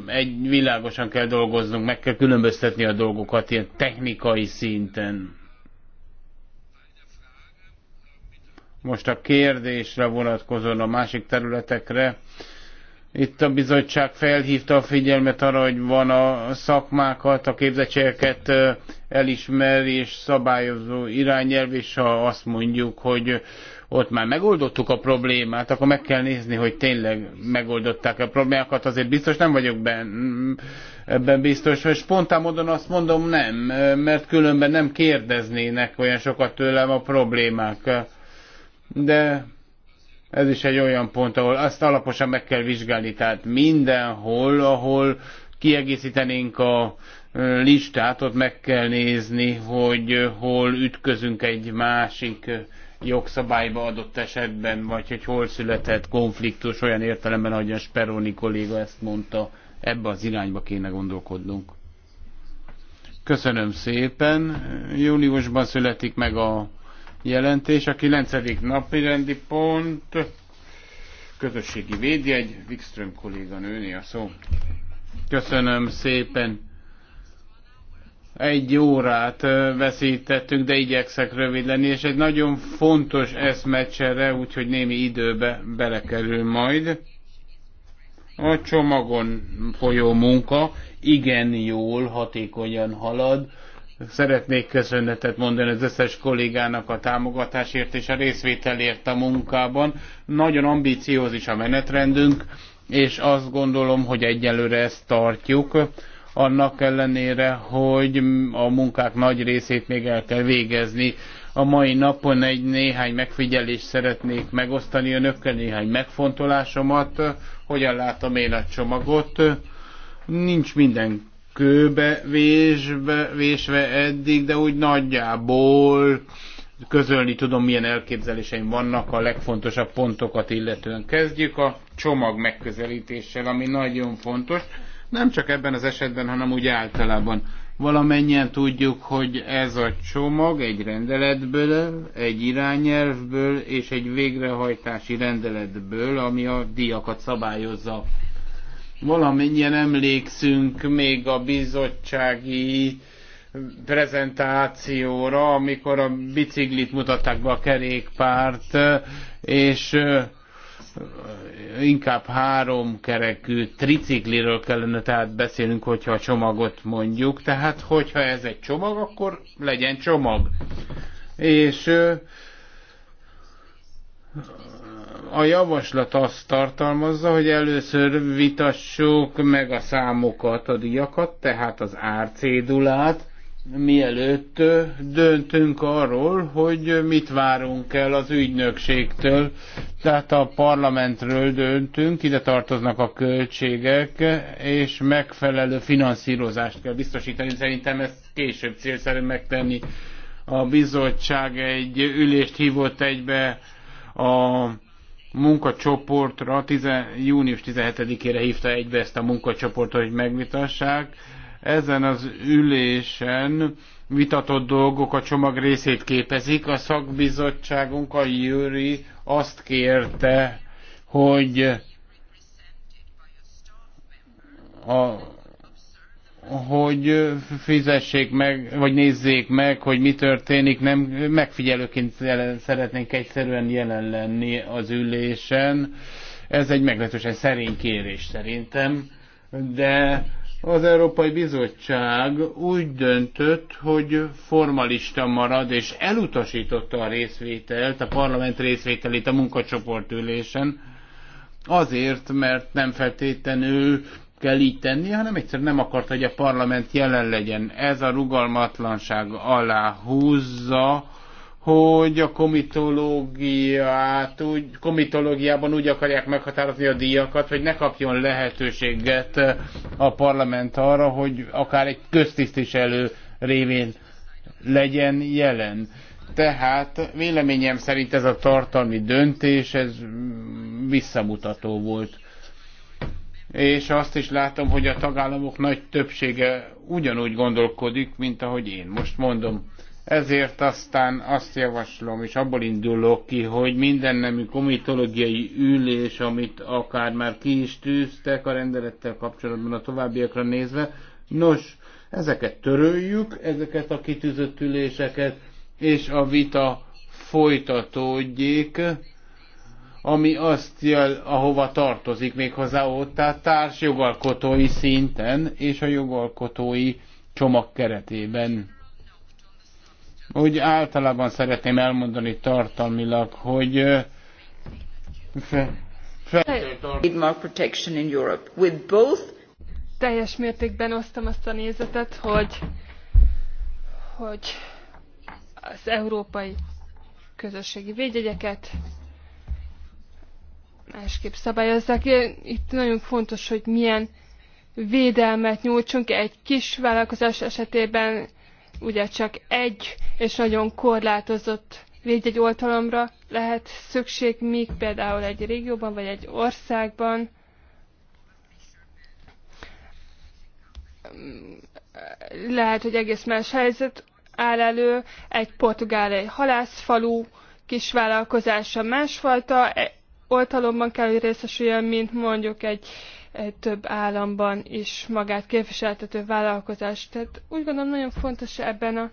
egy világosan kell dolgoznunk, meg kell különböztetni a dolgokat ilyen technikai szinten. Most a kérdésre vonatkozóan a másik területekre itt a bizottság felhívta a figyelmet arra, hogy van a szakmákat, a képzettségeket elismeri és szabályozó irányelv, és ha azt mondjuk, hogy ott már megoldottuk a problémát, akkor meg kell nézni, hogy tényleg megoldották a problémákat. Azért biztos nem vagyok benne, ebben biztos, hogy spontán módon azt mondom nem, mert különben nem kérdeznének olyan sokat tőlem a problémák. De ez is egy olyan pont, ahol azt alaposan meg kell vizsgálni, tehát mindenhol, ahol kiegészítenénk a listát, ott meg kell nézni, hogy hol ütközünk egy másik jogszabályba adott esetben, vagy hogy hol született konfliktus olyan értelemben, ahogy a Speroni kolléga ezt mondta, ebbe az irányba kéne gondolkodnunk. Köszönöm szépen. Júniusban születik meg a jelentés. A kilencedik napi rendi pont, közösségi védjegy, Wikström nőni a szó. Köszönöm szépen. Egy órát veszítettünk, de igyekszek rövid lenni, és egy nagyon fontos eszmecsere, úgyhogy némi időbe belekerül majd. A csomagon folyó munka igen jól, hatékonyan halad Szeretnék köszönetet mondani az összes kollégának a támogatásért és a részvételért a munkában. Nagyon ambiciózis a menetrendünk, és azt gondolom, hogy egyelőre ezt tartjuk, annak ellenére, hogy a munkák nagy részét még el kell végezni. A mai napon egy néhány megfigyelést szeretnék megosztani önökkel, néhány megfontolásomat, hogyan látom én a csomagot. Nincs minden kőbe vésbe, vésve eddig, de úgy nagyjából közölni tudom, milyen elképzeléseim vannak a legfontosabb pontokat illetően. Kezdjük a csomag megközelítéssel, ami nagyon fontos. Nem csak ebben az esetben, hanem úgy általában. Valamennyien tudjuk, hogy ez a csomag egy rendeletből, egy irányelvből és egy végrehajtási rendeletből, ami a díjakat szabályozza valamennyien emlékszünk még a bizottsági prezentációra, amikor a biciklit mutatták be a kerékpárt, és inkább három kerekű tricikliről kellene tehát beszélünk, hogyha a csomagot mondjuk. Tehát, hogyha ez egy csomag, akkor legyen csomag. És a javaslat azt tartalmazza, hogy először vitassuk meg a számokat, a díjakat, tehát az árcédulát, mielőtt döntünk arról, hogy mit várunk el az ügynökségtől. Tehát a parlamentről döntünk, ide tartoznak a költségek, és megfelelő finanszírozást kell biztosítani. Szerintem ezt később célszerű megtenni. A bizottság egy ülést hívott egybe a munkacsoportra, 10, június 17-ére hívta egybe ezt a munkacsoportot, hogy megvitassák. Ezen az ülésen vitatott dolgok a csomag részét képezik. A szakbizottságunk, a Jüri azt kérte, hogy a hogy fizessék meg, vagy nézzék meg, hogy mi történik. Nem megfigyelőként szeretnénk egyszerűen jelen lenni az ülésen. Ez egy meglehetősen szerény kérés szerintem, de az Európai Bizottság úgy döntött, hogy formalista marad, és elutasította a részvételt, a parlament részvételét a munkacsoport ülésen, azért, mert nem feltétlenül kell így tenni, hanem egyszer nem akart, hogy a parlament jelen legyen. Ez a rugalmatlanság alá húzza, hogy a komitológiát úgy, komitológiában úgy akarják meghatározni a díjakat, hogy ne kapjon lehetőséget a parlament arra, hogy akár egy köztisztviselő révén legyen jelen. Tehát véleményem szerint ez a tartalmi döntés, ez visszamutató volt és azt is látom, hogy a tagállamok nagy többsége ugyanúgy gondolkodik, mint ahogy én most mondom. Ezért aztán azt javaslom, és abból indulok ki, hogy minden nemű komitológiai ülés, amit akár már ki is tűztek a rendelettel kapcsolatban a továbbiakra nézve, nos, ezeket töröljük, ezeket a kitűzött üléseket, és a vita folytatódjék, ami azt jel, ahova tartozik méghozzá ott, tehát társ jogalkotói szinten és a jogalkotói csomag keretében. Úgy általában szeretném elmondani tartalmilag, hogy fe, both teljes mértékben osztom azt a nézetet, hogy, hogy az európai közösségi védjegyeket másképp szabályozzák. Itt nagyon fontos, hogy milyen védelmet nyújtsunk egy kis vállalkozás esetében, ugye csak egy és nagyon korlátozott védjegyoltalomra lehet szükség, míg például egy régióban vagy egy országban lehet, hogy egész más helyzet áll elő, egy portugál egy halászfalú kisvállalkozása másfajta, oltalomban kell, hogy részesüljön, mint mondjuk egy, egy több államban is magát képviseltető vállalkozás. Tehát úgy gondolom nagyon fontos ebben a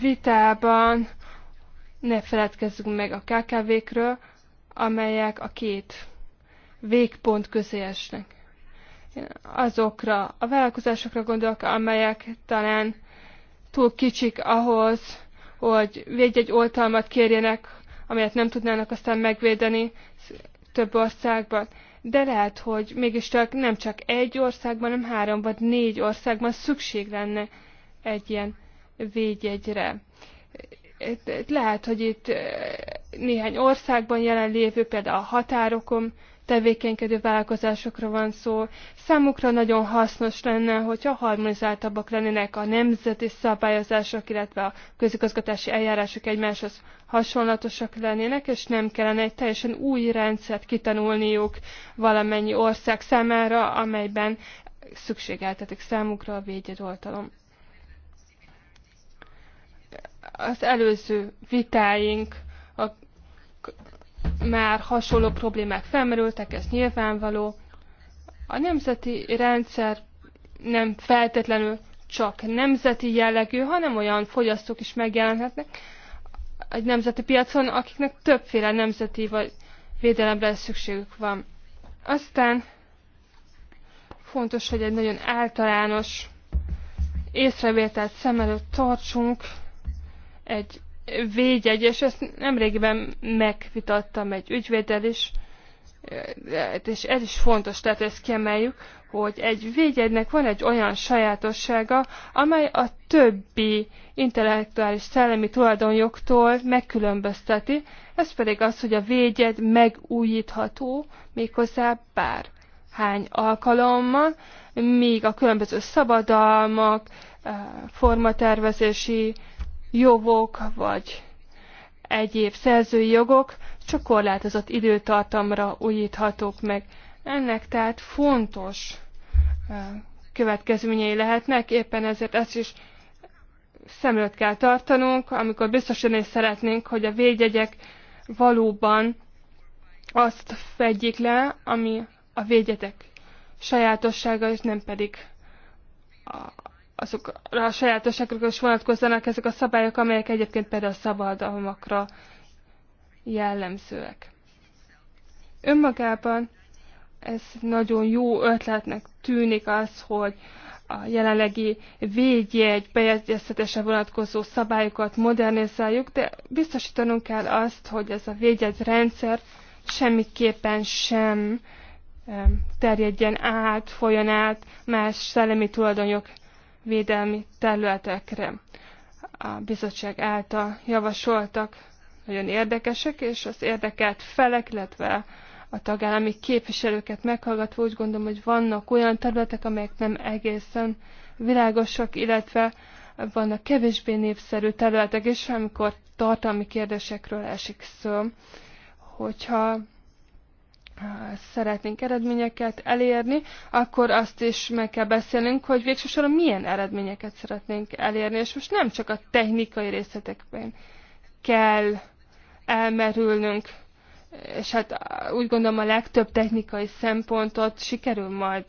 vitában ne feledkezzünk meg a KKV-kről, amelyek a két végpont közé esnek. Azokra a vállalkozásokra gondolok, amelyek talán túl kicsik ahhoz, hogy egy oltalmat kérjenek amelyet nem tudnának aztán megvédeni több országban. De lehet, hogy mégis csak nem csak egy országban, hanem három vagy négy országban szükség lenne egy ilyen védjegyre. Lehet, hogy itt eh, néhány országban jelenlévő, például a határokon tevékenykedő vállalkozásokra van szó. Számukra nagyon hasznos lenne, hogyha harmonizáltabbak lennének a nemzeti szabályozások, illetve a közigazgatási eljárások egymáshoz hasonlatosak lennének, és nem kellene egy teljesen új rendszert kitanulniuk valamennyi ország számára, amelyben szükségeltetik számukra a védjegy oltalom. Az előző vitáink a már hasonló problémák felmerültek, ez nyilvánvaló. A nemzeti rendszer nem feltétlenül csak nemzeti jellegű, hanem olyan fogyasztók is megjelenhetnek egy nemzeti piacon, akiknek többféle nemzeti vagy védelemre szükségük van. Aztán fontos, hogy egy nagyon általános észrevételt szem előtt tartsunk, egy védjegy, és ezt nemrégiben megvitattam egy ügyvéddel is, e, és ez is fontos, tehát ezt kiemeljük, hogy egy védjegynek van egy olyan sajátossága, amely a többi intellektuális szellemi tulajdonjogtól megkülönbözteti, ez pedig az, hogy a védjegy megújítható méghozzá bár hány alkalommal, míg a különböző szabadalmak, e, formatervezési jogok, vagy egyéb szerzői jogok csak korlátozott időtartamra újíthatók meg. Ennek tehát fontos következményei lehetnek, éppen ezért ezt is szem előtt kell tartanunk, amikor biztosan is szeretnénk, hogy a védjegyek valóban azt fedjék le, ami a védjegyek sajátossága, és nem pedig azokra a sajátosságokra is vonatkozzanak ezek a szabályok, amelyek egyébként például a szabadalmakra jellemzőek. Önmagában ez nagyon jó ötletnek tűnik az, hogy a jelenlegi védjegy bejegyeztetésre vonatkozó szabályokat modernizáljuk, de biztosítanunk kell azt, hogy ez a védjegy rendszer semmiképpen sem terjedjen át, folyjon át más szellemi tulajdonjog védelmi területekre. A bizottság által javasoltak nagyon érdekesek, és az érdekelt felek, illetve a tagállami képviselőket meghallgatva úgy gondolom, hogy vannak olyan területek, amelyek nem egészen világosak, illetve vannak kevésbé népszerű területek, és amikor tartalmi kérdésekről esik szó, hogyha szeretnénk eredményeket elérni, akkor azt is meg kell beszélnünk, hogy végsősorban milyen eredményeket szeretnénk elérni, és most nem csak a technikai részletekben kell elmerülnünk, és hát úgy gondolom a legtöbb technikai szempontot sikerül majd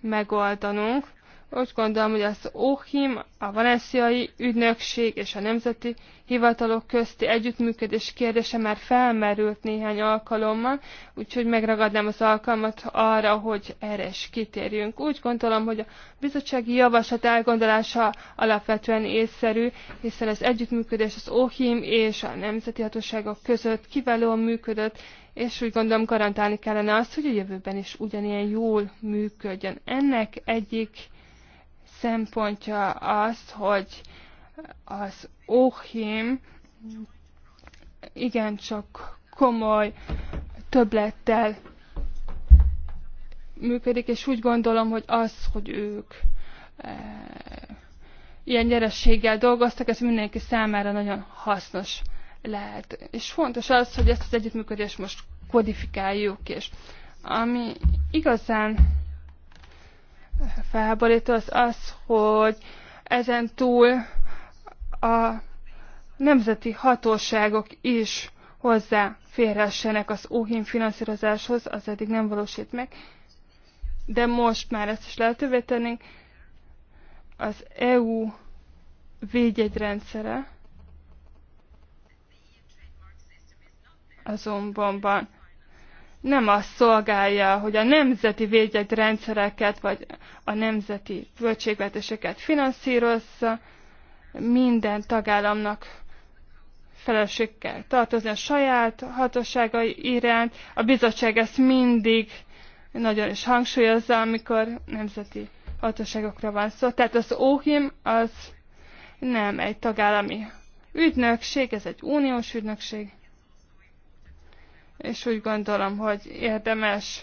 megoldanunk, úgy gondolom, hogy az OHIM, a valenciai ügynökség és a nemzeti hivatalok közti együttműködés kérdése már felmerült néhány alkalommal, úgyhogy megragadnám az alkalmat arra, hogy erre is kitérjünk. Úgy gondolom, hogy a bizottsági javaslat elgondolása alapvetően észszerű, hiszen az együttműködés az OHIM és a nemzeti hatóságok között kiválóan működött, és úgy gondolom garantálni kellene azt, hogy a jövőben is ugyanilyen jól működjön. Ennek egyik szempontja az, hogy az Óhim igencsak komoly töblettel működik, és úgy gondolom, hogy az, hogy ők e, ilyen nyerességgel dolgoztak, ez mindenki számára nagyon hasznos lehet. És fontos az, hogy ezt az együttműködést most kodifikáljuk, és ami igazán felháborító az az, hogy ezen túl a nemzeti hatóságok is hozzáférhessenek az óhim finanszírozáshoz, az eddig nem valósít meg, de most már ezt is lehetővé tennénk. Az EU védjegyrendszere azonban nem azt szolgálja, hogy a nemzeti rendszereket, vagy a nemzeti költségvetéseket finanszírozza, minden tagállamnak felelősség kell tartozni a saját hatóságai iránt. A bizottság ezt mindig nagyon is hangsúlyozza, amikor nemzeti hatóságokra van szó. Tehát az OHIM az nem egy tagállami ügynökség, ez egy uniós ügynökség, és úgy gondolom, hogy érdemes,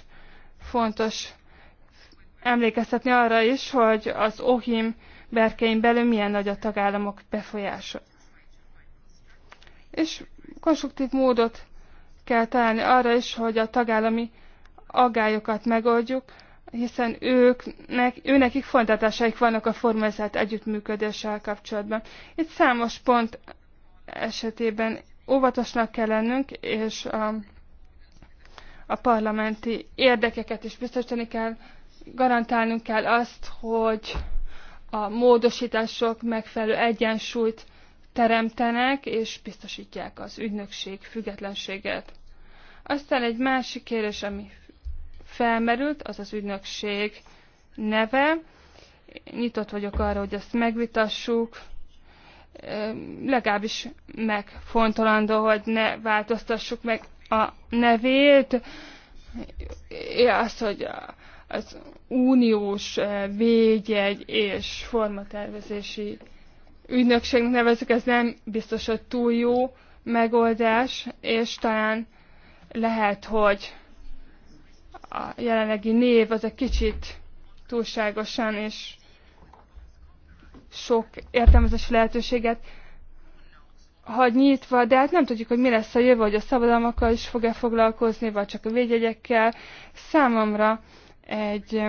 fontos emlékeztetni arra is, hogy az OHIM berkein belül milyen nagy a tagállamok befolyása. És konstruktív módot kell találni arra is, hogy a tagállami aggályokat megoldjuk, hiszen őknek, őnekik fontatásaik vannak a formalizált együttműködéssel kapcsolatban. Itt számos pont esetében óvatosnak kell lennünk, és a a parlamenti érdekeket is biztosítani kell, garantálnunk kell azt, hogy a módosítások megfelelő egyensúlyt teremtenek és biztosítják az ügynökség függetlenséget. Aztán egy másik kérdés, ami felmerült, az az ügynökség neve. Nyitott vagyok arra, hogy ezt megvitassuk. Legalábbis megfontolandó, hogy ne változtassuk meg a nevét, az, hogy az uniós eh, védjegy és formatervezési ügynökségnek nevezik, ez nem biztos, hogy túl jó megoldás, és talán lehet, hogy a jelenlegi név az egy kicsit túlságosan és sok értelmezési lehetőséget hagy nyitva, de hát nem tudjuk, hogy mi lesz a jövő, hogy a szabadalmakkal is fog-e foglalkozni, vagy csak a védjegyekkel. Számomra egy,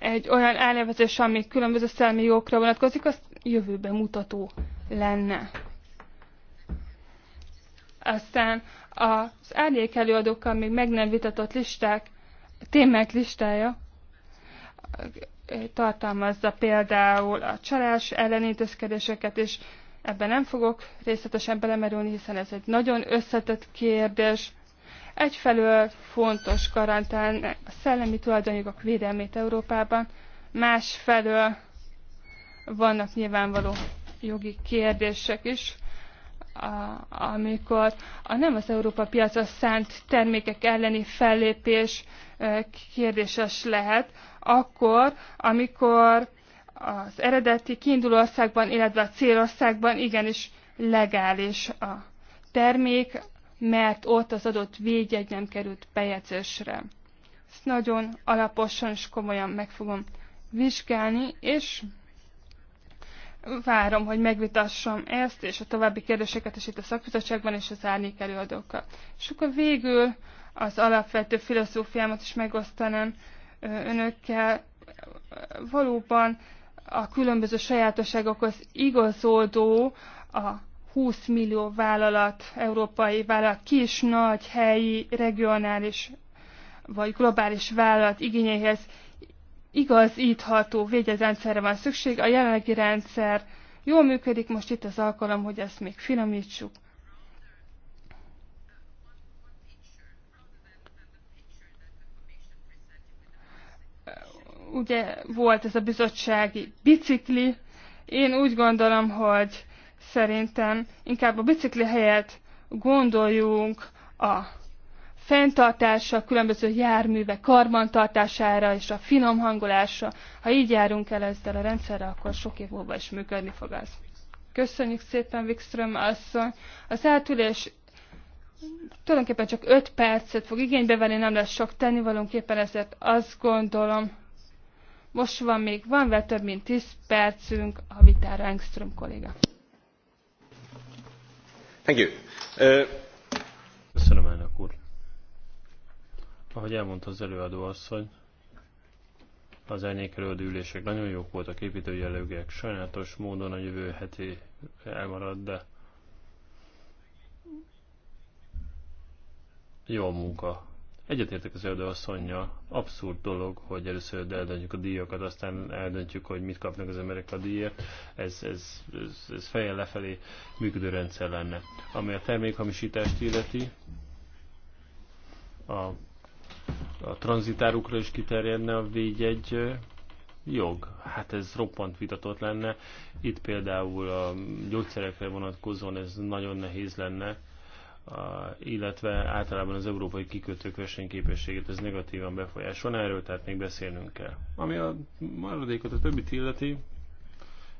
egy olyan elnevezés, ami különböző szellemi jogokra vonatkozik, az jövőben mutató lenne. Aztán az árnyék előadókkal még meg nem vitatott listák, témák listája tartalmazza például a csalás ellenintézkedéseket és Ebben nem fogok részletesen belemerülni, hiszen ez egy nagyon összetett kérdés. Egyfelől fontos garantálni a szellemi tulajdonjogok védelmét Európában, másfelől vannak nyilvánvaló jogi kérdések is, amikor a nem az Európa piacra szánt termékek elleni fellépés kérdéses lehet, akkor, amikor az eredeti kiinduló országban, illetve a célországban igenis legális a termék, mert ott az adott védjegy nem került bejegyzésre. Ezt nagyon alaposan és komolyan meg fogom vizsgálni, és várom, hogy megvitassam ezt, és a további kérdéseket is itt a szakbizottságban, és az árnyék előadókkal. És akkor végül az alapvető filozófiámat is megosztanám önökkel. Valóban a különböző sajátosságokhoz igazoldó a 20 millió vállalat, európai vállalat, kis, nagy, helyi, regionális vagy globális vállalat igényeihez igazítható védjegyzrendszerre van szükség. A jelenlegi rendszer jól működik, most itt az alkalom, hogy ezt még finomítsuk, ugye volt ez a bizottsági bicikli. Én úgy gondolom, hogy szerintem inkább a bicikli helyett gondoljunk a a különböző járművek karbantartására és a finom hangolásra. Ha így járunk el ezzel a rendszerrel, akkor sok év múlva is működni fog az. Köszönjük szépen, Wikström asszony. Az átülés tulajdonképpen csak 5 percet fog igénybe venni, nem lesz sok tennivalónképpen, ezért azt gondolom, most van még, van vele több mint 10 percünk a vitára, Engström kolléga. Thank you. Uh... Köszönöm, elnök úr. Ahogy elmondta az előadó asszony, az elnékelődő ülések nagyon jók voltak, építőjellegűek. Sajnálatos módon a jövő heti elmarad, de jó munka Egyetértek az előasszonyja, abszurd dolog, hogy először eldöntjük a díjakat, aztán eldöntjük, hogy mit kapnak az emberek a díjért. Ez, ez, ez, ez fejjel lefelé működő rendszer lenne. Ami a termékhamisítást illeti, a, a tranzitárukra is kiterjedne a egy jog. Hát ez roppant vitatott lenne. Itt például a gyógyszerekre vonatkozóan ez nagyon nehéz lenne illetve általában az európai kikötők versenyképességét ez negatívan befolyásolna, erről tehát még beszélnünk kell. Ami a maradékot a többit illeti,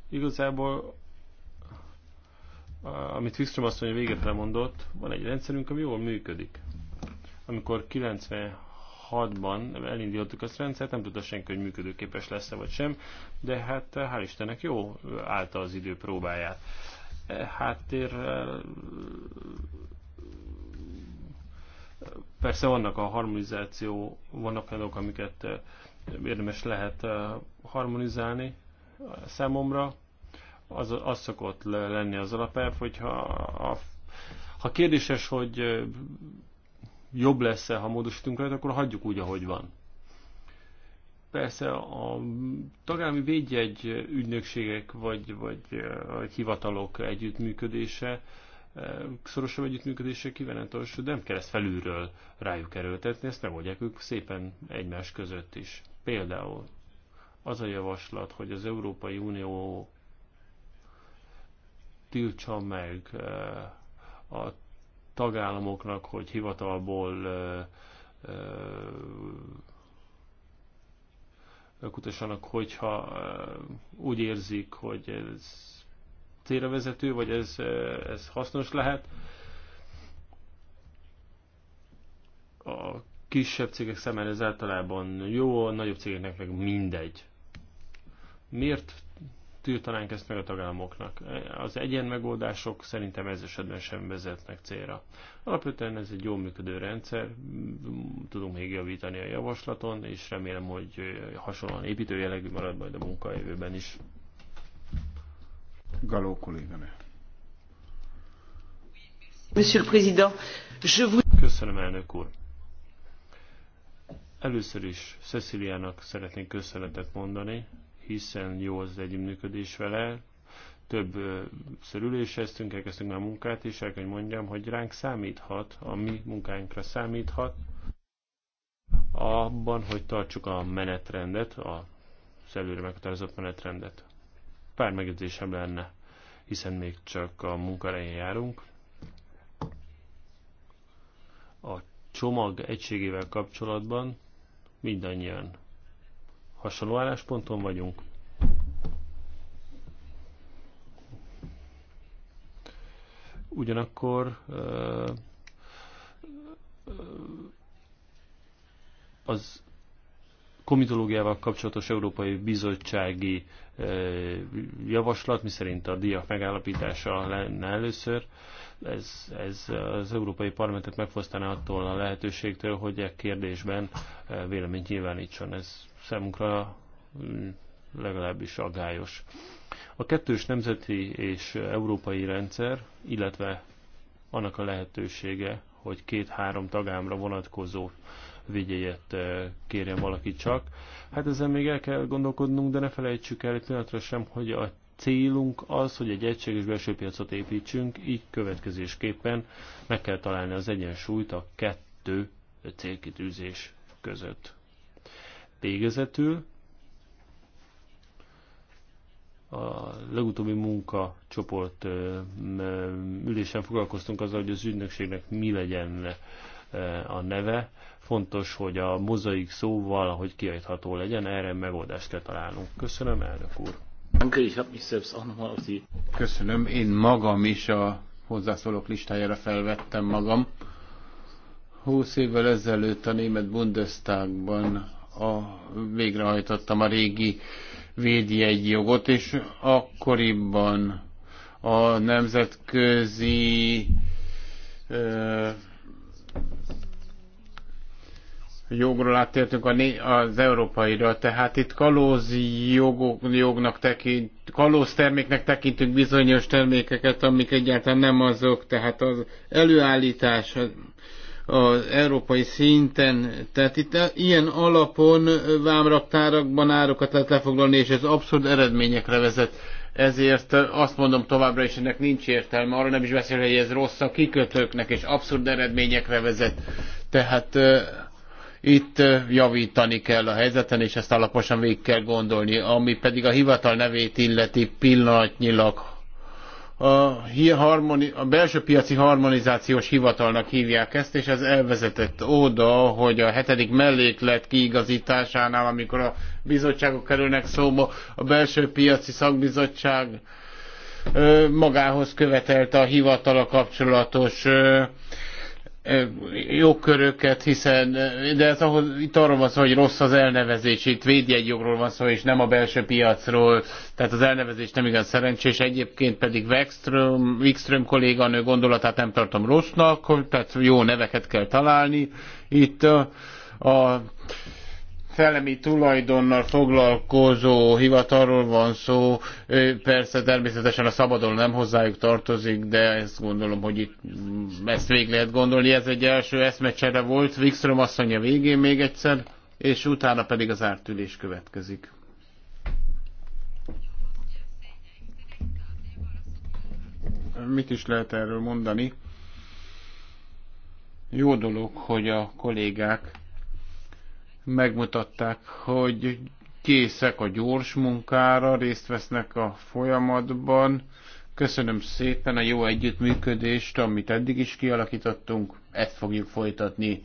igazából amit Wikström azt mondja, véget mondott, van egy rendszerünk, ami jól működik. Amikor 96-ban elindítottuk azt a rendszert, nem tudta senki, hogy működőképes lesz-e vagy sem, de hát hál' Istennek jó állta az idő próbáját. E Háttérrel Persze vannak a harmonizáció, vannak olyanok, amiket eh, érdemes lehet eh, harmonizálni eh, számomra. Az, az szokott lenni az alapelv, hogyha a, ha kérdéses, hogy jobb lesz-e, ha módosítunk rajta, akkor hagyjuk úgy, ahogy van. Persze a tagállami védjegy ügynökségek vagy, vagy, vagy hivatalok együttműködése Eh, szorosabb együttműködésre kívánatos, de nem kell ezt felülről rájuk erőltetni, ezt megoldják ők szépen egymás között is. Például az a javaslat, hogy az Európai Unió tiltsa meg eh, a tagállamoknak, hogy hivatalból eh, kutassanak, hogyha úgy érzik, hogy ez célrevezető, vagy ez, eh, ez hasznos lehet. A kisebb cégek számára ez általában jó, a nagyobb cégeknek meg mindegy. Miért tiltanánk ezt meg a tagállamoknak? Az egyen megoldások szerintem ez esetben sem vezetnek célra. Alapvetően ez egy jól működő rendszer, tudunk még javítani a javaslaton, és remélem, hogy hasonlóan építőjelegű marad majd a munkajövőben is. Galó kolléganő. Monsieur le Président, je vous... Köszönöm, elnök úr. Először is Ceciliának szeretnék köszönetet mondani, hiszen jó az együttműködés vele. Több szerüléseztünk, elkezdtünk már munkát, és el kell, hogy mondjam, hogy ránk számíthat, a mi munkánkra számíthat, abban, hogy tartsuk a menetrendet, a előre meghatározott menetrendet. Pár megjegyzésem lenne hiszen még csak a munkarején járunk. A csomag egységével kapcsolatban mindannyian hasonló állásponton vagyunk. Ugyanakkor az komitológiával kapcsolatos Európai Bizottsági javaslat, miszerint a díjak megállapítása lenne először. Ez, ez az Európai Parlamentet megfosztaná attól a lehetőségtől, hogy egy kérdésben véleményt nyilvánítson. Ez számunkra legalábbis aggályos. A kettős nemzeti és európai rendszer, illetve annak a lehetősége, hogy két-három tagámra vonatkozó vigyélyet kérjen valaki csak, Hát ezzel még el kell gondolkodnunk, de ne felejtsük el egy pillanatra sem, hogy a célunk az, hogy egy egységes belső piacot építsünk, így következésképpen meg kell találni az egyensúlyt a kettő célkitűzés között. Végezetül a legutóbbi munkacsoport ülésen foglalkoztunk azzal, hogy az ügynökségnek mi legyen a neve. Fontos, hogy a mozaik szó valahogy kiajtható legyen, erre megoldást kell találnunk. Köszönöm, elnök úr. Köszönöm, én magam is a hozzászólók listájára felvettem magam. Húsz évvel ezelőtt a német Bundestagban a, végrehajtottam a régi jogot és akkoriban a nemzetközi jogról áttértünk az európaira, tehát itt kalóz jogok, jognak tekint, kalóz terméknek tekintünk bizonyos termékeket, amik egyáltalán nem azok, tehát az előállítás az európai szinten, tehát itt ilyen alapon vámraktárakban árokat lehet lefoglalni, és ez abszurd eredményekre vezet. Ezért azt mondom továbbra is, ennek nincs értelme, arra nem is beszél, hogy ez rossz a kikötőknek, és abszurd eredményekre vezet. Tehát itt javítani kell a helyzeten, és ezt alaposan végig kell gondolni. Ami pedig a hivatal nevét illeti pillanatnyilag a, harmoni, a belső piaci harmonizációs hivatalnak hívják ezt, és ez elvezetett oda, hogy a hetedik melléklet kiigazításánál, amikor a bizottságok kerülnek szóba, a belső piaci szakbizottság magához követelte a hivatala kapcsolatos jogköröket, hiszen de ez ahhoz, itt arról van szó, hogy rossz az elnevezés, itt védjegyjogról van szó, és nem a belső piacról, tehát az elnevezés nem igazán szerencsés, egyébként pedig Wikström, Wikström kolléganő gondolatát nem tartom rossznak, tehát jó neveket kell találni. Itt a, a szellemi tulajdonnal foglalkozó hivatalról van szó, persze természetesen a szabadon nem hozzájuk tartozik, de ezt gondolom, hogy itt mm, ezt végig lehet gondolni. Ez egy első eszmecsere volt, Wikström asszonya végén még egyszer, és utána pedig az ártülés következik. Mit is lehet erről mondani? Jó dolog, hogy a kollégák megmutatták, hogy készek a gyors munkára, részt vesznek a folyamatban. Köszönöm szépen a jó együttműködést, amit eddig is kialakítottunk, ezt fogjuk folytatni.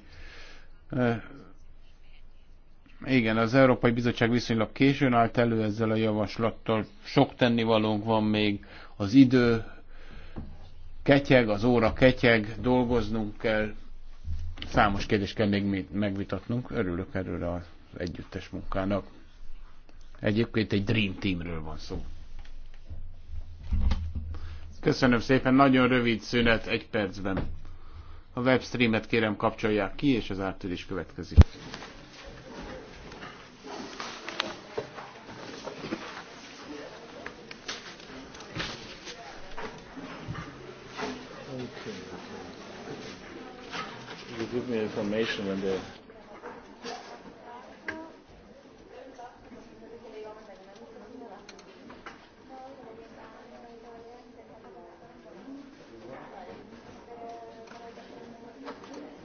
Igen, az Európai Bizottság viszonylag későn állt elő ezzel a javaslattal. Sok tennivalónk van még, az idő ketyeg, az óra ketyeg, dolgoznunk kell, Számos kérdést kell még megvitatnunk. Örülök erről az együttes munkának. Egyébként egy Dream Teamről van szó. Köszönöm szépen, nagyon rövid szünet, egy percben. A webstreamet kérem kapcsolják ki, és az ártűr is következik. give me information when they